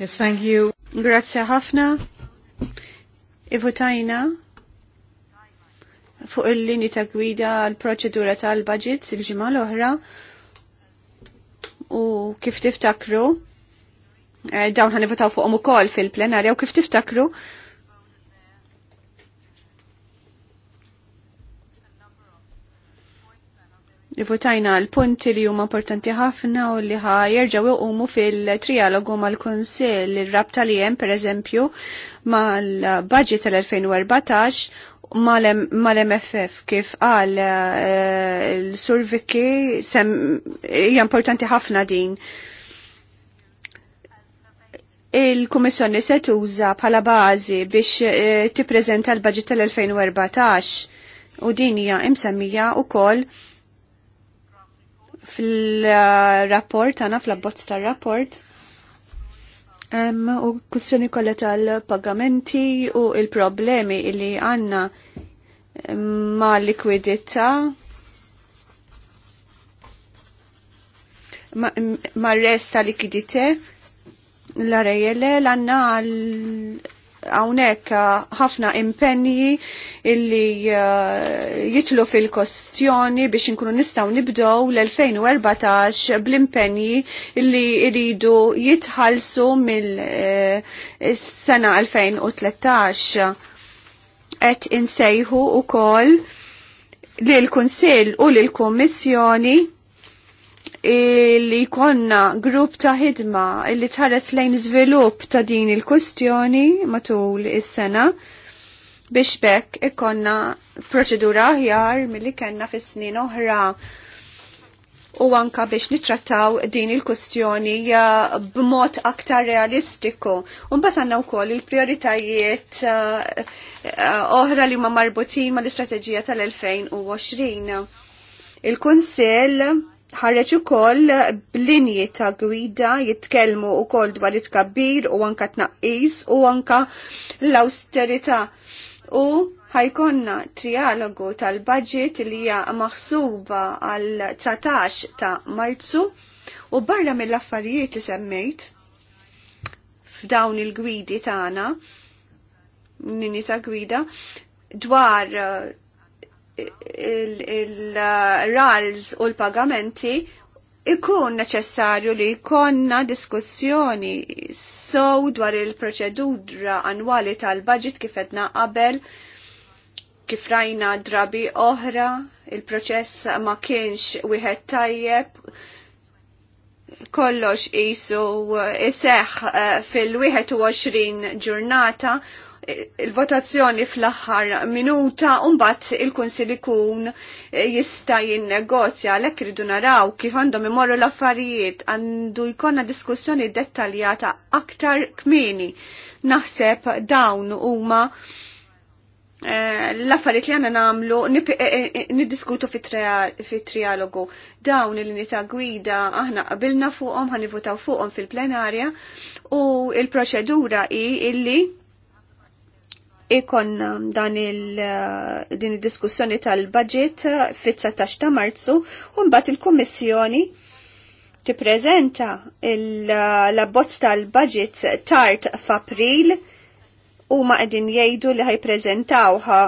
Yes, thank you. Grazie ħafna. Ivotajna fuq il-lini ta' gwida l-proċedura tal-budgets il-ġimgħa l-oħra u kif tiftakru eh, dawn ħanivotaw fuqhom ukoll fil-plenarja u kif tiftakru votajna l-punti li huma importanti ħafna u li ħa jerġaw iqumu fil-trialogu mal-Kunsill ir-rabta li hemm pereżempju mal-budget tal-2014 mal-MFF kif qal eh, l-surviki hija importanti ħafna din. Il-Kummissjoni se tuża bħala bażi biex eh, tippreżenta l-budget tal-2014 u din hija imsemmija wkoll fil-rapport, għana fl-abbozz tal-rapport, u kussjoni kollha tal-pagamenti u il-problemi li għanna ma likwidità ma resta likwidità e l rejele l-għanna hawnhekk ħafna impenji illi uh, jitlu fil-kostjoni biex inkunu nistgħu nibdew l-2014 bl-impenji illi jridu jitħallsu mill-sena 2013 qed insejħu ukoll l kunsill u l kummissjoni li konna grupp ta' ħidma li tħares lejn żvilupp ta' din il-kustjoni matul is-sena biex bekk ikonna proċedura aħjar milli kellna fis-snin oħra u anka biex nitrattaw din il-kustjoni b'mod aktar realistiku. Unbat għanna wkoll il-prioritajiet uh, uh, oħra li ma marbutin ma l-istrateġija tal-2020. Il-Kunsill u ukoll b'linji ta' gwida jitkellmu ukoll dwar it-kabbir u anka tnaqqis u anka l austerita U ħajkonna trialogu tal-budget li hija maħsuba għal 13 ta' Marzu u barra mill-affarijiet li semmejt f'dawn il-gwidi tagħna nini ta' gwida dwar il-rals u l-pagamenti ikun neċessarju li konna diskussjoni sow dwar il-proċedura annwali tal-budget kifetna qabel kif rajna drabi oħra, il-proċess ma kienx wieħed tajjeb, kollox isu iseħ eh, eh, fil-21 ġurnata il-votazzjoni fl-aħħar minuta umbat il-Kunsil ikun eh, jista' jinnegozja għalhekk irridu naraw kif għandhom imorru l-affarijiet għandu jkollna diskussjoni dettaljata aktar kmini. Naħseb dawn huma eh, l-affarijiet li għanna namlu eh, niddiskutu fit-trialogu. Dawn il ta' gwida aħna qabilna fuqhom ħanivutaw fuqhom fil-plenarja u il-proċedura hi illi ikonna dan il, eh, din il-diskussjoni tal-budget eh, fit-19 ta' marzu u mbagħad il-Kummissjoni tippreżenta eh, l-abbozz tal-budget tard f'April u ma qegħdin jgħidu li ħajpreżentawha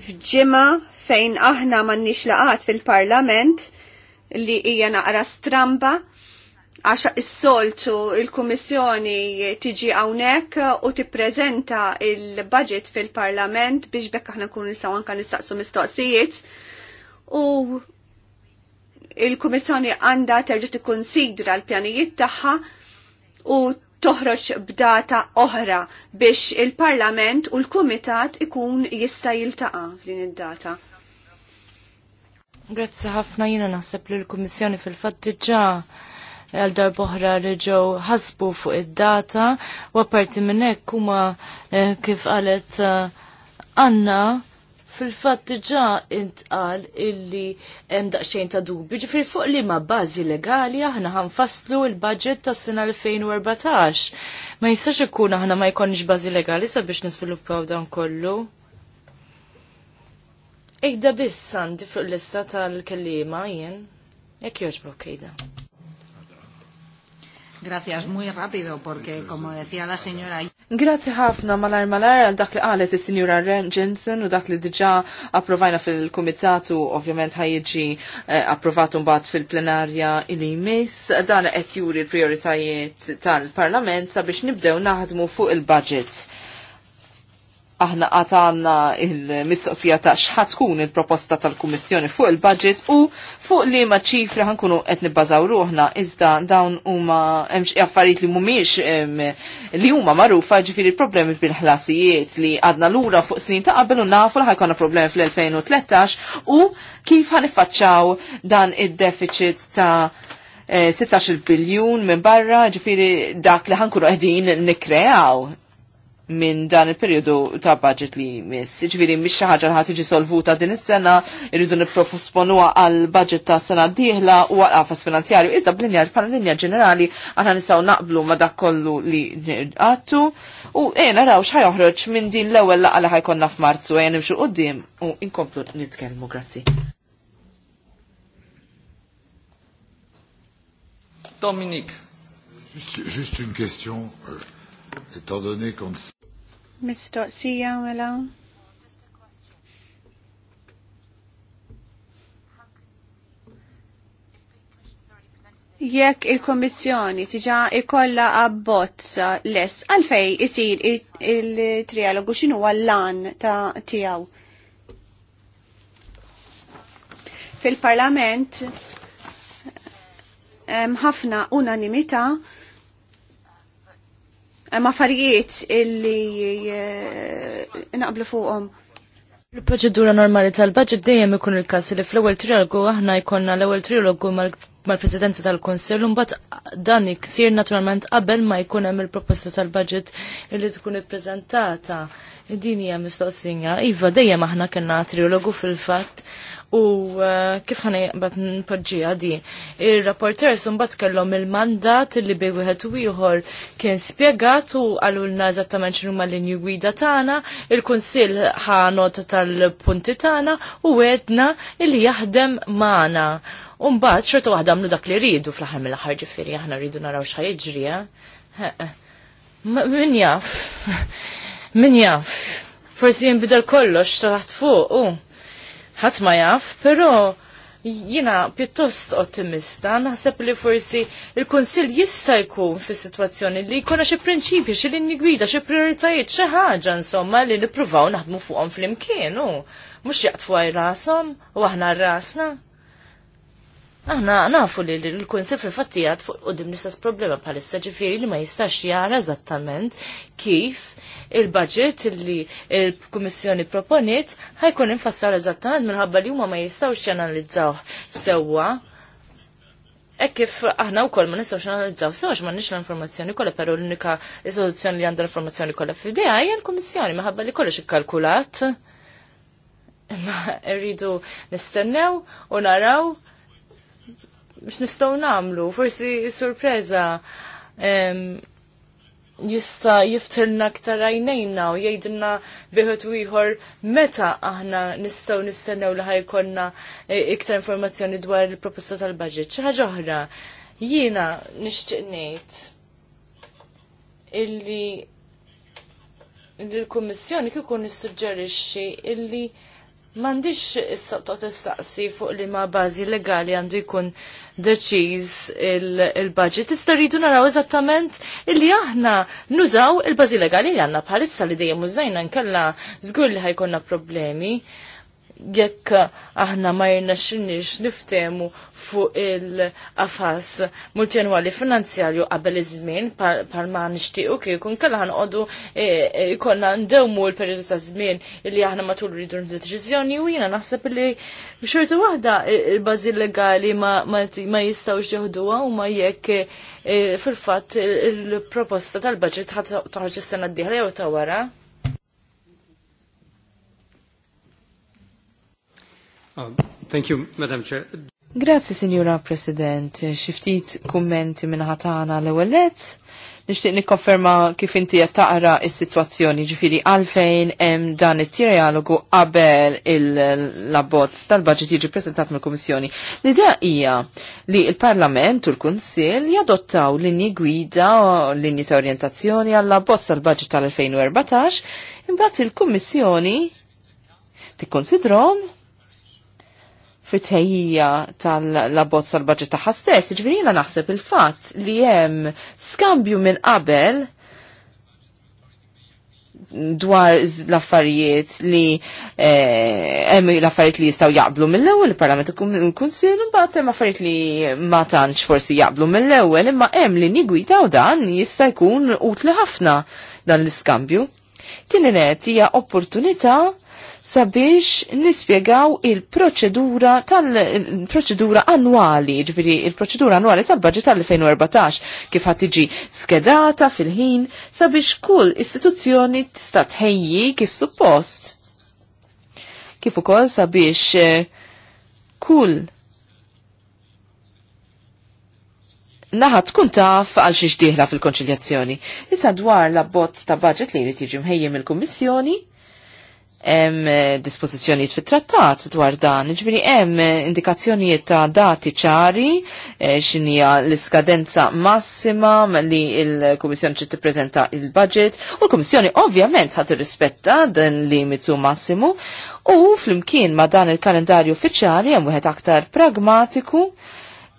f'ġimgħa fejn aħna m'għandniex laqat fil-Parlament li hija naqra stramba għax is-soltu il-Kummissjoni tiġi hawnhekk u tippreżenta il-budget fil-Parlament biex bekk aħna nkunu nistgħu anke nistaqsu mistoqsijiet u il-Kummissjoni għandha terġa' tikkunsidra l-pjanijiet tagħha u toħroġ b'data oħra biex il-Parlament u l-Kumitat ikun jista' jiltaqa' f'din id-data. Grazzi ħafna jiena naħseb li l-Kummissjoni fil-fatt ġa' għal darboħra reġgħu ħasbu fuq id-data u apparti minn hekk huma eh, kif qalet eh, Anna fil-fatt diġà intqal illi hemm daqsxejn ta' dubju, ġifieri fuq li ma' bażi legali aħna ħanfasslu l-budget tas-sena 2014. Ma jistax ikun aħna ma jkollniex bażi legali sabiex niżviluppaw dan kollu. Ejda biss għandi fuq l-lista tal-kellima jien. Jekk jogħġbok ejda. Gracias, muy rápido, porque como decía la señora... Grazie ħafna malar malar għal dak li qalet is sinjura Ren Jensen u dak li diġa approvajna fil-komitatu ovvjament ħajġi eh, approvatu mbagħad fil-plenarja ili jmiss dan qed juri l-prioritajiet tal-Parlament sabiex nibdew naħdmu fuq il-budget aħna għatanna il-mistoqsija ta' xħat tkun il-proposta tal-Kummissjoni fuq il-budget u fuq li ma' ċifri ħankunu qed nibbażaw ruħna iżda dawn huma hemm affarijiet li mhumiex li huma magħrufa ġifieri problemi bil-ħlasijiet li għadna lura fuq snin ta' qabel u nafu li ħajkonna problemi fl-2013 u kif ħanifaċċaw dan id-deficit ta' 16 eh, biljun minn barra ġifiri dak li ħankunu qegħdin nikkreaw minn dan il-periodu ta' budget li jmiss. Iġviri, miex ħaġa ħat iġi solvuta din is-sena, irridu niprofusponuha għal budget ta' sena d-dieħla u għafas finanzjarju. Iżda b'linja bħala linja ġenerali aħna nistgħu naqblu ma dak kollu li għattu u eh naraw x'ħajoħroġ minn din l-ewwel la' li ħajkonna f'Marzu ejja eh, nimxu quddiem u inkomplu nitkellmu grazzi. Dominik. Juste, une question. Euh... Étant donné qu'on ne Mistoqsija mela. Jekk il-Komissjoni tiġa ikolla abbozza less għalfej isir il-trialogu x'inhu l lan ta' tiegħu. Fil-Parlament hemm ħafna unanimità ma affarijiet illi eh, naqblu fuqhom. Il-proċedura normali tal-budget dejjem ikun il-każ li fl-ewwel trialogu aħna jkollna l-ewwel trialogu mal-Presidenza tal-Kunsell u mbagħad dan iksir naturalment qabel ma jkun hemm il-proposta tal-budget li tkun ippreżentata. Din hija mistoqsija. Iva dejjem aħna kellna triologu fil-fatt u eh, kif ħana n npoġġija di. Il-rapporter sumbat kellhom il-mandat li bej wieħed u ieħor kien spjegat u għalulna eżattament x'inhu l inju gwida tagħna, il-kunsill ħa tal-punti tagħna u għedna li jaħdem magħna. Umbagħad xortu għahda għamlu dak li rridu fl-aħħar mill-aħħar ġifieri aħna rridu naraw x'ħajġri. Eh? Eh. Min jaf? Min jaf? Forsi jinbidel kollox taħt fuq, u ħadd ma jaf, però jina pjuttost ottimista, naħseb li forsi il-Konsil jista' jkun fi situazzjoni li jkollna xi prinċipji, xi linji gwida, xi prioritajiet, xi ħaġa insomma li nippruvaw naħdmu fuqhom flimkien u mhux jaqtfu għaj rashom u aħna rasna. Aħna nafu li l-Konsil fil-fattijat fuq qudiem l-istess problema bħalissa ġifieri li ma jistax jara eżattament kif il-budget li il-Kummissjoni proponiet ħajkun infassar eżattament minħabba li huma ma jistgħux janalizzaw sewwa. E kif aħna u koll ma nistawx nanalizzaw sewx ma nix l-informazzjoni kollha, però l-unika soluzzjoni li għandha l-informazzjoni kollha f'idea hija l-Kummissjoni minħabba li kollox ikkalkulat. Ma rridu nistennew u naraw biex nistgħu nagħmlu, forsi sorpresa jista jiftilna aktar għajnejna u jgħidilna biħot u ieħor meta aħna nistgħu nistennew li ħajkonna eh, iktar informazzjoni dwar il-proposta tal-budget. Xi ħaġa oħra, jiena nixtieq ngħid illi l-Kummissjoni kieku nissuġġerixxi illi m'għandix sattot toqgħod issaqsi fuq li ma bażi legali għandu jkun deċiż il-budget. Tista' rridu naraw eżattament illi aħna nużaw il-bażi legali li għandna bħalissa li dejjem użajna nkella żgur li ħajkonna problemi jekk aħna ma jirnaxinix niftemu fuq il-qafas multjanwali finanzjarju qabel iż-żmien par ma nixtiequ kieku nkella ħanqodu jkollna e, e, ndewmu l-perjodu ta' żmien li aħna matul rridu n deċiżjoni u jiena naħseb li xorta waħda il-bażi legali ma jistgħux jieħduha u ma jekk e, fil-fatt il-proposta tal-baġit ħadd toħroġ is-sena d-dieħla jew ta' wara. Oh, thank you, Madam Chair. Grazzi, Signora President. Xiftit kummenti minna ħatana l-ewellet nishtiq nikkonferma kif inti qed taqra s-sitwazzjoni ġifiri għalfejn hemm dan it-trialogu qabel il-abbozz tal-baġit jiġi preżentat mill-Kummissjoni. L-idea hija li l-Parlament u l-Kunsill jadottaw linji gwida linji ta' orjentazzjoni għall-abbozz tal-baġit tal-2014 imbagħad il-Kummissjoni tikkonsidrom fit-tejjija tal-abbozz tal-budget taħħa stess, ġvinina jiġifieri naħseb il-fat li jem skambju minn qabel dwar l-affarijiet li eh, hemm eh, l-affarijiet li jistgħu jaqblu mill-ewwel il-Parlament il-Kunsill imbagħad hemm affarijiet li ma tantx forsi jaqblu mill-ewwel imma hemm li nigwitaw dan jista' jkun utli ħafna dan l-iskambju. Tieni hija opportunità sabiex nispiegaw il-proċedura tal-proċedura annwali, ġviri il-proċedura annwali tal-budget tal-2014 kif ħat tiġi skedata fil-ħin sabiex kull istituzzjoni tista' tħejji kif suppost. Kif ukoll sabiex eh, kull naħat tkun taf għal xiex diħla fil-konċiljazzjoni. Issa dwar la bozz ta' budget li jrid jiġi mħejjem il-Kummissjoni, hemm eh, dispożizzjonijiet fit-trattat dwar dan, ġifieri hemm eh, indikazzjonijiet ta' dati ċari eh, x'inhija l-iskadenza massima li l-Kummissjoni trid tippreżenta il-budget u l-Kummissjoni ovvjament ħadd irrispetta dan limitu massimu u flimkien ma' dan il-kalendarju uffiċjali hemm wieħed aktar pragmatiku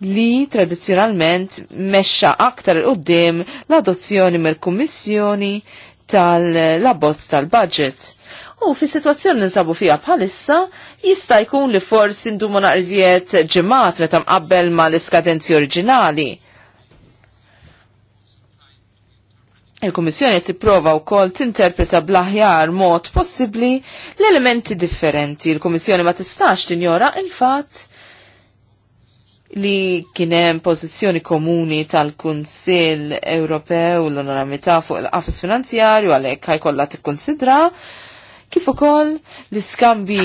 li tradizzjonalment mexxa aktar il-qoddim l-adozzjoni mill-Kummissjoni tal-abbozz tal-budget u fi situazzjoni nsabu fija bħalissa jista' jkun li forsi ndumu naqriżiet ġimgħat meta mqabbel ma l-iskadenzi oriġinali. Il-Kummissjoni tipprova wkoll tinterpreta bl-aħjar mod possibbli l-elementi differenti. Il-Kummissjoni ma tistax tinjora il-fatt li kienem pozizjoni komuni tal-Kunsil Ewropew l-onoramità fuq l-qafis finanzjarju għalek ħajkolla tikkonsidra kif ukoll l-iskambi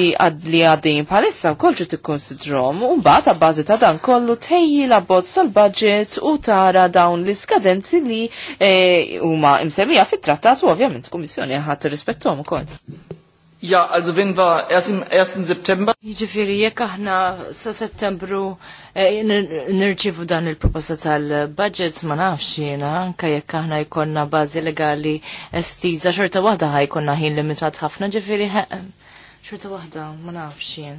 li għaddin bħalissa wkoll ġiet ikkonsidrom u mbagħad bażi ta' dan kollu tejji la bot tal-budget u tara dawn l-iskadenzi li eh, huma e, imsemmija fit-trattat u ovvjament kummissjoni ħadd irrispettom ukoll. Ja, also wenn wir erst im 1. September. Jiġifieri jekk aħna sa Settembru eh, nirċivu dan il-proposta tal-budget ma nafx jiena, anke jekk aħna jkollna bażi legali estiża xorta waħda ħajkonna ħin limitat ħafna, ġifieri xorta waħda ma nafx jien.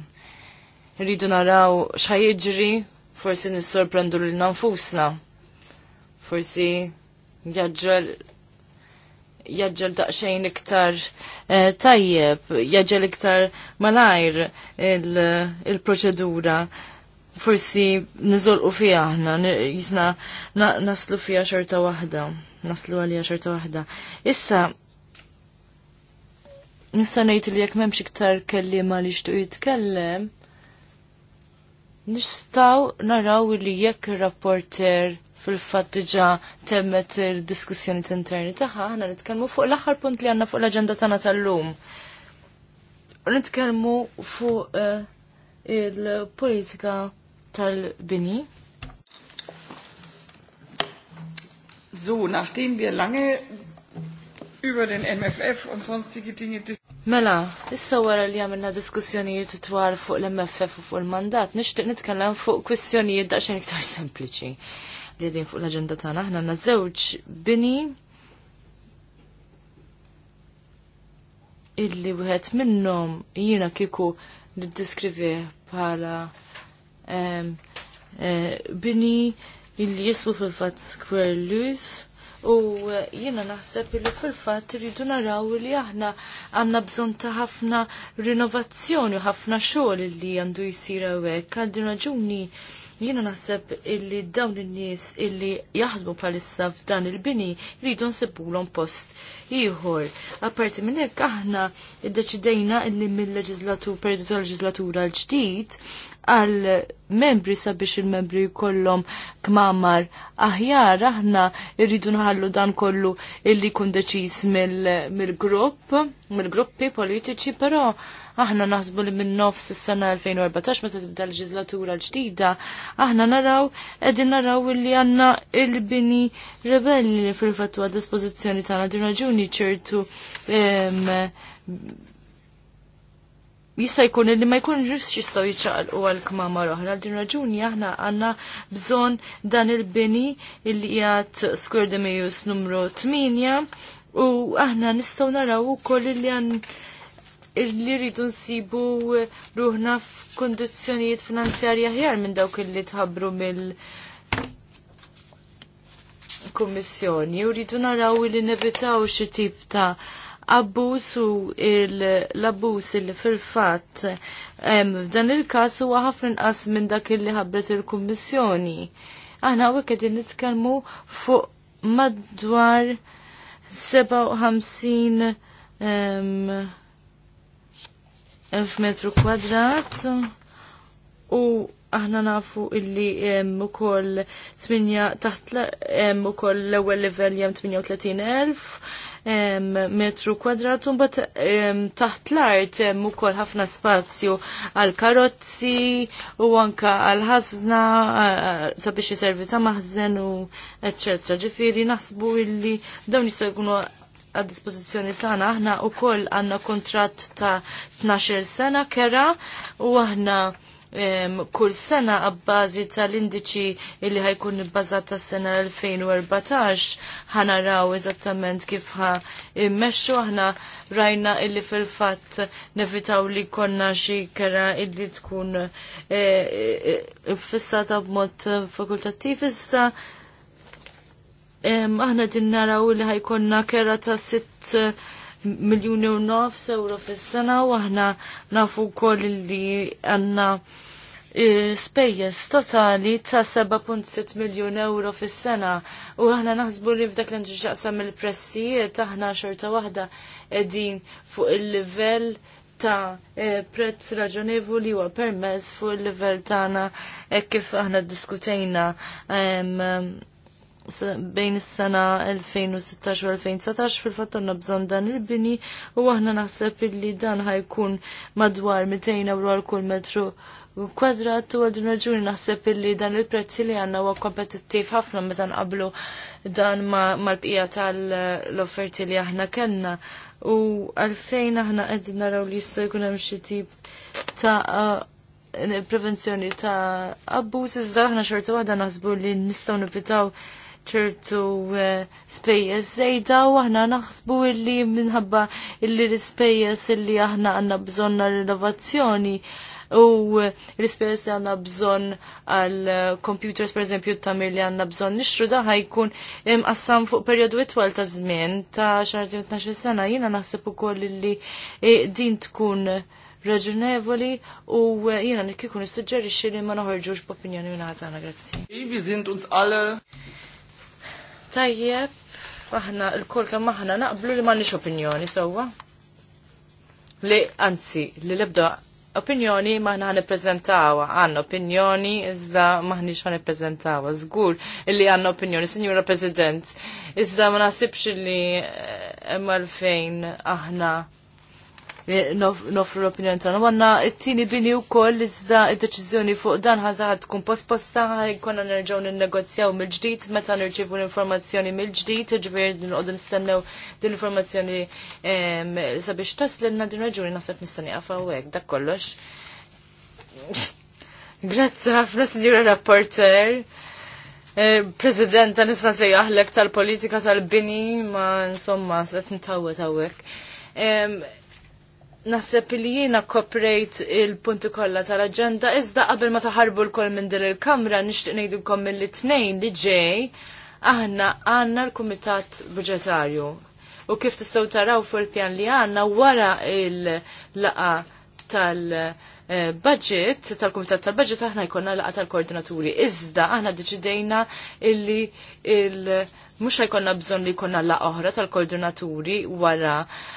Rridu naraw x'ha jiġri, forsi nissorprendu lil nfusna. Forsi jaġġel jaġġel daqsxejn iktar Eh, tajjeb jaġel iktar malajr il-proċedura forsi nizolqu fija aħna, jisna naslu fija xorta wahda, naslu għalija xorta wahda. Issa, nissa nejt li jek memx iktar ma li xtu jitkellem, nistaw naraw li jekk rapporter fil-fatt diġà temmet il-diskussjoni interni tagħha, aħna nitkellmu fuq l-aħħar punt li għandna fuq l-aġenda tagħna tal-lum. Nitkellmu fuq eh, il-politika tal-bini. So, nachdem wir lange über den MFF und sonstige Dinge Mela, issa wara li għamilna diskussjonijiet dwar fuq l-MFF u fuq il-mandat, nixtieq nitkellem fuq kwistjonijiet daqsxejn iktar sempliċi li din fuq l-agenda tagħna. Aħna għanna żewġ bini illi wieħed minnhom jiena kieku niddiskrivi bħala eh, bini illi jiswu fil-fatt square loose U eh, jiena naħseb li fil-fatt rridu naraw li aħna għandna bżonn ta' ħafna rinnovazzjoni u ħafna xogħol li għandu jsir hawnhekk. Għandi raġuni Jiena naħseb illi dawn in-nies illi jaħdmu bħalissa f'dan il-bini jridu l post ieħor. Apparti minn hekk aħna iddeċidejna illi mill-leġislatur periodu tal-leġislatura l-ġdid għal membri sabiex il-membri kollom kmamar aħjar aħna irridu nħallu dan kollu illi kun deċis mill-grupp, mill-gruppi politiċi, però aħna naħsbu li minn nofs s sena 2014 meta tibda l-ġizlatura l-ġdida, aħna naraw qegħdin naraw li għandna il-bini rebelli li fil għad dispożizzjoni tagħna din raġuni ċertu jista' jkun li ma jkunx jċaqal jiċċaqalqu għal kmama oħra. Din raġuni aħna għandna bżonn dan il-bini li jgħat skurde numru 8 u aħna nistgħu naraw ukoll li għan li rridu nsibu ruħna f'kondizzjonijiet finanzjarji aħjar minn dawk li tħabbru mill kummissjoni u rridu naraw li nevitaw xi tip ta' abbuż u l abbuż il fil fatt f'dan il każ huwa ħafna inqas minn dak li ħabbret il-kummissjoni. Aħna hawnhekk qegħdin nitkellmu fuq madwar 57 metru kwadrat u aħna nafu illi hemm ukoll taħt u koll l-ewwel livell hemm 38,000 metru kwadrat un mbagħad taħt l-art hemm ukoll ħafna spazju għal karozzi u anka għal ta' eh, sabiex jiservi ta' maħzen u eċċetra. Ġifieri naħsbu illi dawn jistgħu għad dispożizzjoni tagħna aħna wkoll għandna kontratt ta' 12 sena kera u aħna um, kull sena għabbażi tal-indiċi illi ħajkun ibbażat ta' sena 2014 ħanaraw eżattament kif ħa immexxu aħna rajna illi fil-fatt nevitaw li konna xi kera illi tkun e, e, fissata b'mod fakultattiv issa aħna din naraw li ħajkonna kera ta' 6 eh, miljoni u nofs euro fis-sena u aħna nafu wkoll li għandna eh, spejjeż totali ta' 7.6 miljun euro fis-sena u aħna naħsbu li f'dak li ġaqsam il-pressijiet aħna xorta waħda qegħdin fuq il-livell ta' eh, prezz raġonevoli u permess fuq il-livell tagħna kif aħna ddiskutejna bejn is-sena 2016 u 2019 fil-fatt għandna bżonn dan il-bini u aħna naħseb illi dan ħajkun madwar 200 euro għal kull metru kwadrat u għadun raġuni naħseb illi dan il-prezzi li għanna huwa kompetittiv ħafna meta nqablu dan mal-bqija tal-offerti li aħna kellna. U għalfejn aħna qegħdin naraw li jista' jkun hemm xi tip ta' prevenzjoni ta' abbuż iżda aħna xorta waħda naħsbu li nistgħu nipitaw ċertu eh, spejjeż żejda u aħna naħsbu illi minħabba illi l ispejjeż illi aħna għandna bżonn l-innovazzjoni u l-ispejjeż li għandna bżonn għal computers per eżempju tamir li għandna bżonn nixtru da ħajkun imqassam fuq perjodu itwal ta' żmien ta' xar 12 sena jiena naħseb ukoll li eh, din tkun raġunevoli u eh, jiena nikki kun nissuġġerixxi li ma noħorġux b'opinjoni minn ħadd grazzi. Ivi uns alle. Tajjeb, aħna l-kol kemm aħna naqblu li m'għandniex opinjoni sewwa. Li anzi, li lebda opinjoni maħna ħanippreżentawa, għandna opinjoni iżda maħniex ħanippreżentawa. Żgur li għandna opinjoni, Sinjura President, iżda ma naħsibx li eh, hemm għalfejn aħna Eh, nofru l-opinjoni tagħna. Wanna t-tieni bini wkoll iżda d-deċiżjoni fuq dan ħadd tkun posposta jkollna nerġgħu ninnegozjaw mill-ġdid meta nirċievu l-informazzjoni mill-ġdid, ġifier nqogħdu nistennew din l-informazzjoni ehm, sabiex taslilna din raġuni naħseb nistenni qafa hekk dak kollox. Grazzi ħafna Sinjura Rapporter. Eh, President, nisna sejjaħlek tal-politika tal-bini, ma insomma, s-għet nitawet għawek. Naħseb li jiena koprejt il-punti kollha tal-aġenda, iżda qabel ma taħarbu l koll minn din il-kamra nixtieq ngħidilkom mill-tnejn li ġej aħna għandna l-Kumitat Budġetarju. U kif tistgħu taraw fuq il-pjan li għandna wara il-laqa tal-budget tal-Kumitat tal-Budget aħna jkollna laqa tal-koordinaturi. Iżda aħna deċidejna illi il-, -il mux ħajkonna bżon li konna la oħra tal-koordinaturi wara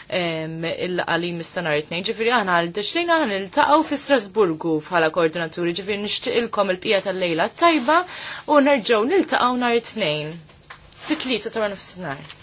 il-għali mistanar it-nej. Ġifiri għana għal-deċlina għan il-taqaw fi Strasburgu bħala koordinaturi. Ġifiri nishtiqilkom il-pija tal-lejla tajba u nerġaw nil-taqaw nar it-nejn. Fit-tlieta ta' għan f-sinar.